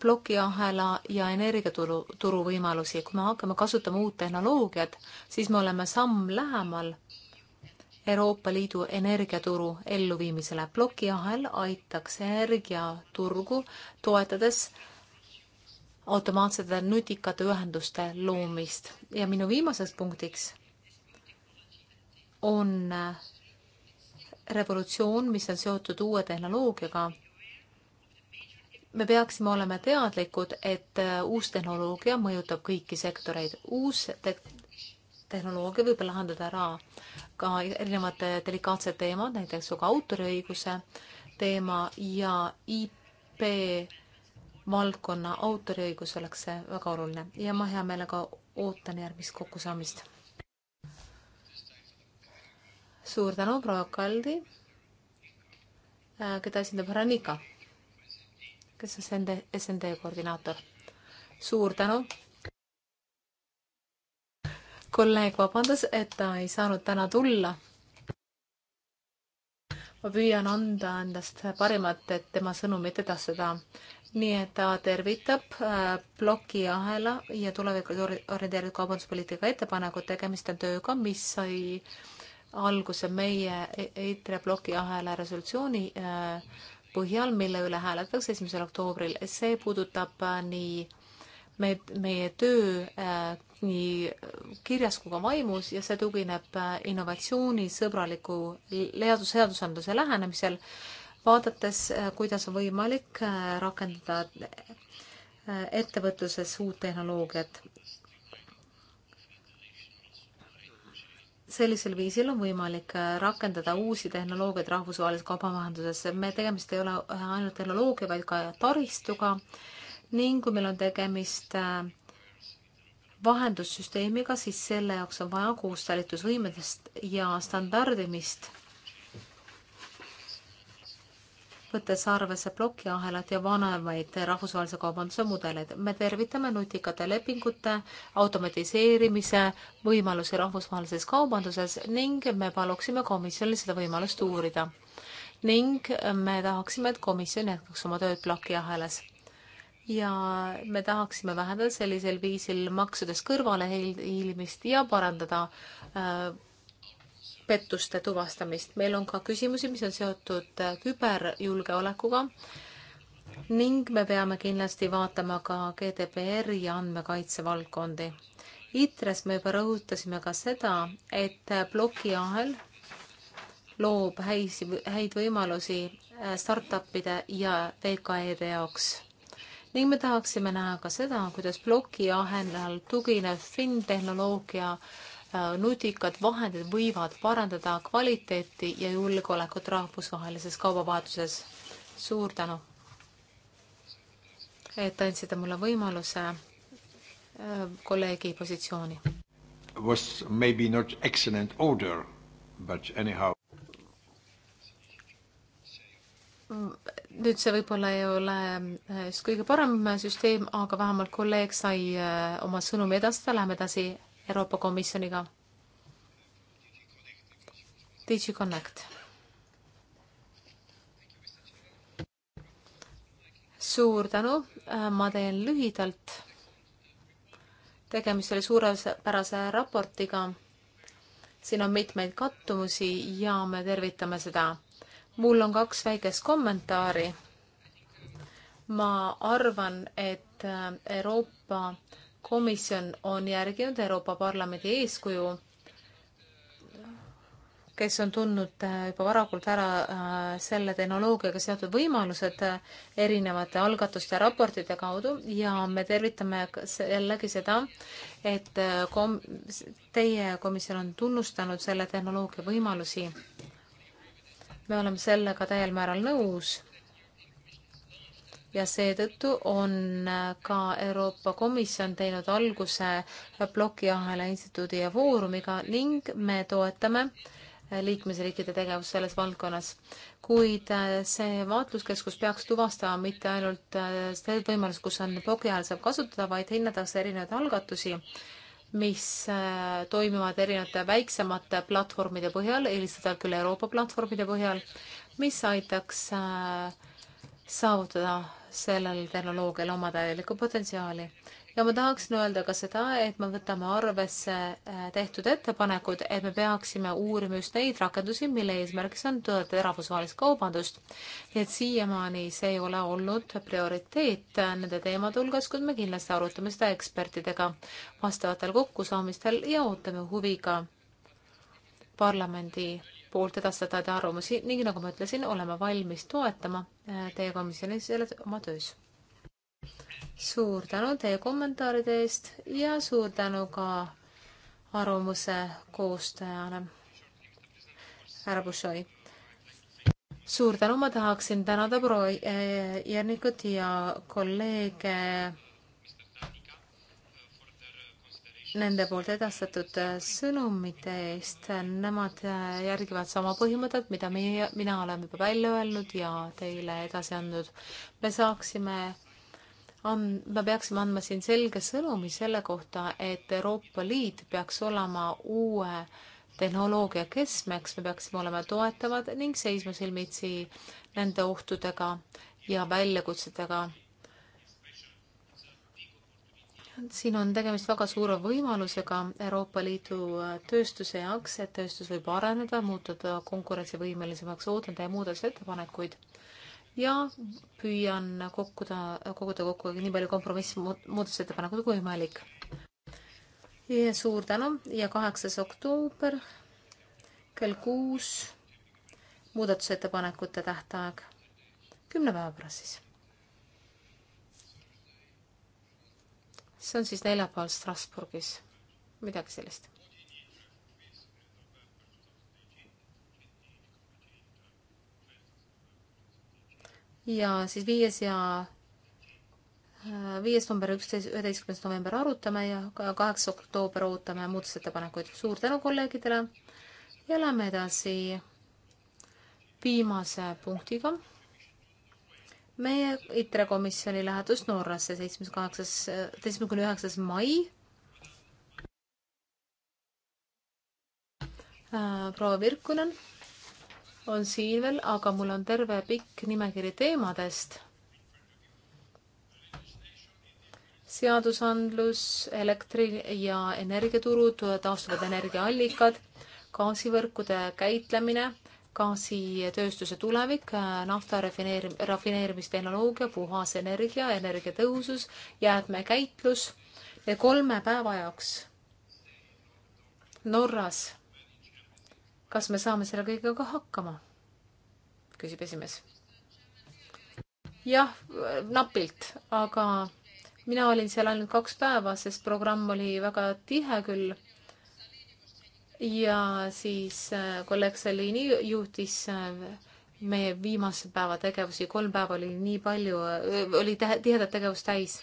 plokiahela ja energiaturu, turu võimalusi. kui me hakkame kasutama uut tehnoloogiat, siis me oleme samm lähemal Euroopa Liidu energiaturu elluviimisele. plokiahel aitaks energiaturgu toetades automaatsete nutikate ühenduste loomist. ja minu viimaseks punktiks on revolutsioon, mis on seotud uue tehnoloogiaga me peaksime olema teadlikud, et äh, uus tehnoloogia mõjutab kõiki sektoreid. uus te tehnoloogia võib lahendada ära ka erinevad delikaatsed teemad, näiteks ka autoriõiguse teema ja IP valdkonna autoriõigus oleks see väga oluline ja ma hea meelega ootan järgmist kokkusaamist. suur tänu, proua Kaldi, äh, keda esindab härra Nika kes on SND, SND koordinaator. suur tänu. kolleeg vabandas, et ta ei saanud täna tulla. ma püüan anda endast parimat, et tema sõnumit edastada. nii et ta tervitab äh, plokiahela ja tuleviku orienteeritud kaubanduspoliitika ettepaneku tegemist on tööga, mis sai alguse meie EITRE plokiahela resolutsiooni äh, põhjal, mille üle hääletatakse esimesel oktoobril. see puudutab äh, nii me, meie töö äh, nii kirjas kui ka vaimus ja see tugineb äh, innovatsioonisõbraliku leadus, seadusandluse lähenemisel, vaadates, äh, kuidas on võimalik rakendada ettevõtluses uut tehnoloogiat. sellisel viisil on võimalik äh, rakendada uusi tehnoloogiaid rahvusvahelises kaubavahenduses. me tegemist ei ole äh, ainult tehnoloogia, vaid ka taristuga ning kui meil on tegemist äh, vahendussüsteemiga, siis selle jaoks on vaja koostalitusvõimedest ja standardimist võttes arvesse plokiahelat ja vanemaid rahvusvahelise kaubanduse mudeleid. me tervitame nutikate lepingute automatiseerimise võimalusi rahvusvahelises kaubanduses ning me paluksime komisjonil seda võimalust uurida. ning me tahaksime, et komisjon jätkaks oma tööd plokiahelas ja me tahaksime vähendada sellisel viisil maksudest kõrvalehiilimist ja parandada äh, pettuste tuvastamist. meil on ka küsimusi, mis on seotud äh, küberjulgeolekuga ning me peame kindlasti vaatama ka GDPR ja andmekaitse valdkondi. ITRES me juba rõhutasime ka seda, et äh, plokiahel loob häid, häid võimalusi äh, startupide ja VKE-de jaoks ning me tahaksime näha ka seda, kuidas plokiahelal tuginev finntehnoloogia äh, Äh, nutikad vahendid võivad parandada kvaliteeti ja julgeolekut rahvusvahelises kaubavahetuses. suur tänu, et andsite mulle võimaluse äh, kolleegi positsiooni.
Was maybe not excellent order, but anyhow.
Mm, nüüd see võib-olla ei ole just äh, kõige parem süsteem, aga vähemalt kolleeg sai oma sõnumi edastada, läheme edasi Euroopa Komisjoniga. DigiConnect. suur tänu, äh, ma teen lühidalt. tegemist oli suurepärase raportiga. siin on mitmeid kattumusi ja me tervitame seda. mul on kaks väikest kommentaari. ma arvan, et äh, Euroopa komisjon on järginud Euroopa Parlamendi eeskuju, kes on tundnud äh, juba varakult ära äh, selle tehnoloogiaga seotud võimalused äh, erinevate algatuste ja raportide kaudu ja me tervitame jällegi seda, et kom-, teie komisjon on tunnustanud selle tehnoloogia võimalusi. me oleme sellega täiel määral nõus ja seetõttu on äh, ka Euroopa Komisjon teinud alguse äh, plokiahela instituudi ja foorumiga ning me toetame äh, liikmesriikide tegevust selles valdkonnas. kuid see vaatluskeskus peaks tuvastama mitte ainult seda võimalust, kus on plokiahel saab kasutada, vaid hinnatakse erinevaid algatusi, mis toimivad erinevate väiksemate platvormide põhjal, eelistatavalt küll Euroopa platvormide põhjal, mis aitaks äh, saavutada sellel tehnoloogial oma täielikku potentsiaali. ja ma tahaksin öelda ka seda, et me võtame arvesse äh, tehtud ettepanekud, et me peaksime uurima just neid rakendusi, mille eesmärgiks on toetada rahvusvahelist kaubandust. nii et siiamaani see ei ole olnud prioriteet äh, nende teemade hulgas, kuid me kindlasti arutame seda ekspertidega vastavatel kokkusaamistel ja ootame huviga parlamendi poolt edastada teie arvamusi ning nagu ma ütlesin, oleme valmis toetama äh, teie komisjoni selles oma töös. suur tänu teie kommentaaride eest ja suur tänu ka arvamuse koostajale, härra Bushoi suur tänu, ma tahaksin tänada proua äh, Jernikut ja kolleege nende poolt edastatud äh, sõnumite eest. Nemad äh, järgivad sama põhimõtet, mida meie, mina olen juba välja öelnud ja teile edasi andnud. me saaksime on, me peaksime andma siin selge sõnumi selle kohta, et Euroopa Liit peaks olema uue tehnoloogia keskmeks, me peaksime olema toetavad ning seisma silmitsi nende ohtudega ja väljakutsetega siin on tegemist väga suure võimalusega Euroopa Liidu äh, tööstuse jaoks, et tööstus võib areneda, muutuda konkurentsivõimelisemaks, ootan teie muudatusettepanekuid ja püüan kokkuda, koguda kokku nii palju kompromissmuudatusettepanekuid kui võimalik. suur tänu ja kaheksas oktoober kell kuus muudatusettepanekute tähtaeg kümne päeva pärast siis see on siis neljapäeval Strasbourgis, midagi sellist. ja siis viies ja äh, viies number üksteist, üheteistkümnes november arutame ja kaheksa oktoober ootame muudatusettepanekuid. suur tänu kolleegidele ja lähme edasi viimase punktiga meie ITRE komisjoni lähedust Norrasse seitsmes, kaheksas, seitsmekümne üheksas mai. Äh, proua Virkunen on siin veel, aga mul on terve pikk nimekiri teemadest. seadusandlus, elektri- ja energiaturud, taastuvad energiaallikad, gaasivõrkude käitlemine gaasitööstuse tulevik, nafta rafineerim-, rafineerimistehnoloogia, puhas energia, energiatõhusus, jäätmekäitlus. kolme päeva jaoks Norras. kas me saame selle kõigega ka hakkama? küsib esimees. jah, napilt, aga mina olin seal ainult kaks päeva, sest programm oli väga tihe küll ja siis äh, kolleeg Salini juhtis äh, meie viimase päeva tegevusi, kolm päeva oli nii palju, äh, oli tihedat tegevust täis.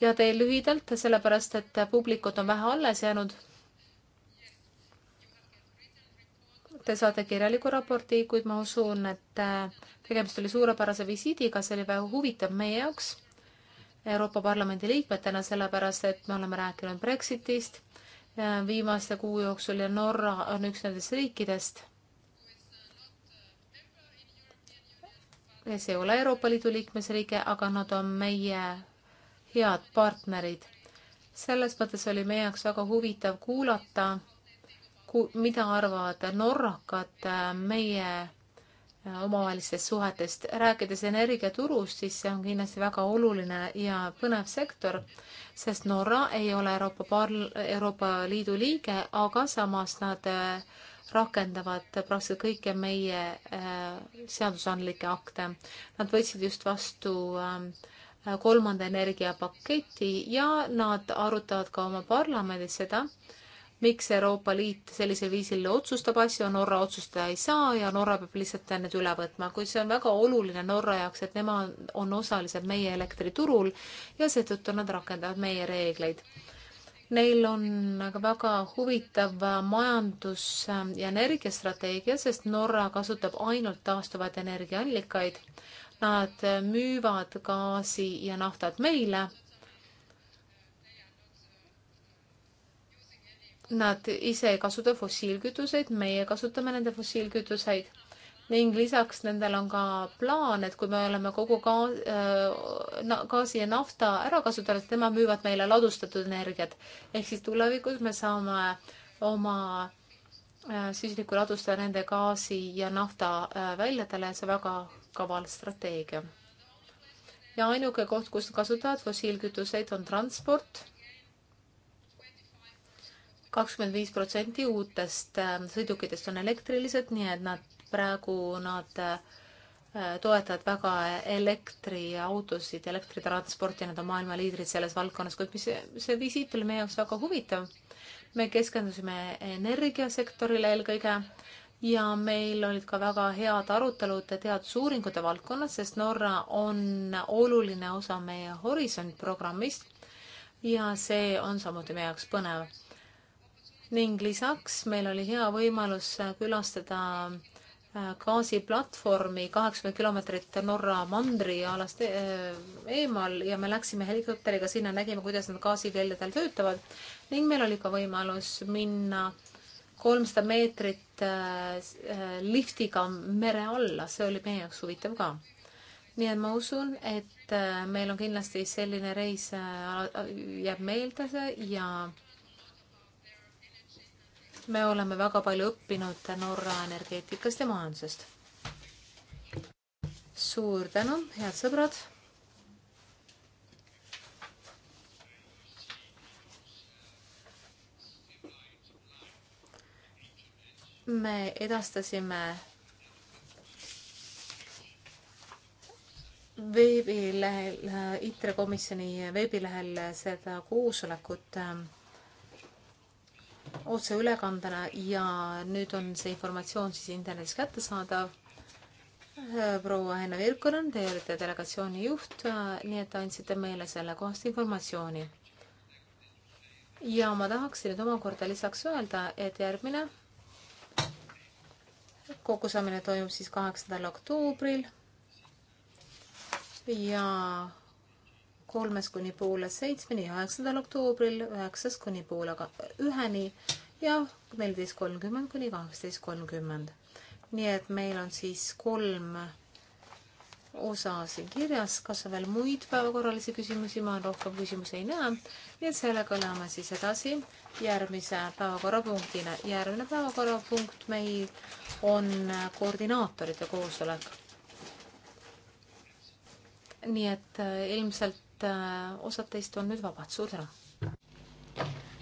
ja teen lühidalt, sellepärast et publikut on vähe alles jäänud. Te saate kirjaliku raporti, kuid ma usun, et tegemist oli suurepärase visiidiga, see oli väga huvitav meie jaoks Euroopa Parlamendi liikmetena, sellepärast et me oleme rääkinud Brexitist viimaste kuu jooksul ja Norra on üks nendest riikidest. see ei ole Euroopa Liidu liikmesriige, aga nad on meie head partnerid. selles mõttes oli meie jaoks väga huvitav kuulata, mida arvavad norrakad äh, meie omavahelistest suhetest. rääkides energiaturust, siis see on kindlasti väga oluline ja põnev sektor, sest Norra ei ole Euroopa par-, Euroopa Liidu liige, aga samas nad äh, rakendavad praktiliselt kõiki meie äh, seadusandlikke akte. Nad võtsid just vastu äh, kolmanda energiapaketi ja nad arutavad ka oma parlamendis seda, miks Euroopa Liit sellisel viisil otsustab asju, Norra otsustada ei saa ja Norra peab lihtsalt need üle võtma, kuid see on väga oluline Norra jaoks, et nemad on osalised meie elektriturul ja seetõttu nad rakendavad meie reegleid. Neil on aga väga huvitav majandus- ja energiastrateegia, sest Norra kasutab ainult taastuvaid energiaallikaid. Nad müüvad gaasi ja naftat meile Nad ise ei kasuta fossiilkütuseid, meie kasutame nende fossiilkütuseid ning lisaks nendel on ka plaan, et kui me oleme kogu gaas, äh, gaasi ja nafta ära kasutanud, tema müüvad meile ladustatud energiat. ehk siis tulevikus me saame oma äh, süsinikku ladustada nende gaasi ja nafta äh, väljadele, see väga kaval strateegia. ja ainuke koht, kus kasutavad fossiilkütuseid, on transport kakskümmend viis protsenti uutest äh, sõidukitest on elektrilised, nii et nad praegu nad äh, toetavad väga elektriautosid, elektritransporti, nad on maailma liidrid selles valdkonnas, kuid mis see visiit oli meie jaoks väga huvitav. me keskendusime energiasektorile eelkõige ja meil olid ka väga head arutelud teadusuuringute valdkonnas, sest Norra on oluline osa meie Horisont programmist ja see on samuti meie jaoks põnev ning lisaks meil oli hea võimalus äh, külastada äh, gaasiplatvormi kaheksakümmend kilomeetrit Norra mandrialast äh, eemal ja me läksime helikopteriga sinna, nägime, kuidas nad gaasikeldadel töötavad ning meil oli ka võimalus minna kolmsada meetrit liftiga mere alla, see oli meie jaoks huvitav ka. nii et ma usun, et meil on kindlasti selline reis, jääb meelde see ja me oleme väga palju õppinud Norra energeetikast ja majandusest. suur tänu, head sõbrad. me edastasime veebilehel, äh, ITRE komisjoni veebilehel seda koosolekut ähm, otseülekandena ja nüüd on see informatsioon siis internetis kättesaadav. proua Henna Virkonen, teie olete delegatsiooni juht, nii et andsite meile sellekohast informatsiooni. ja ma tahaksin nüüd omakorda lisaks öelda, et järgmine kokkusaamine toimub siis kaheksandal oktoobril ja kolmest kuni poole seitsmeni ja üheksandal oktoobril üheksast kuni poole üheni ja neliteist kolmkümmend kuni kaksteist kolmkümmend. nii et meil on siis kolm osa siin kirjas, kas on veel muid päevakorralisi küsimusi, ma rohkem küsimusi ei näe. nii et sellega läheme siis edasi järgmise päevakorrapunktile. järgmine päevakorrapunkt meil on koordinaatorite koosolek nii et äh, ilmselt Äh, osad teist on nüüd vabad. suur tänu!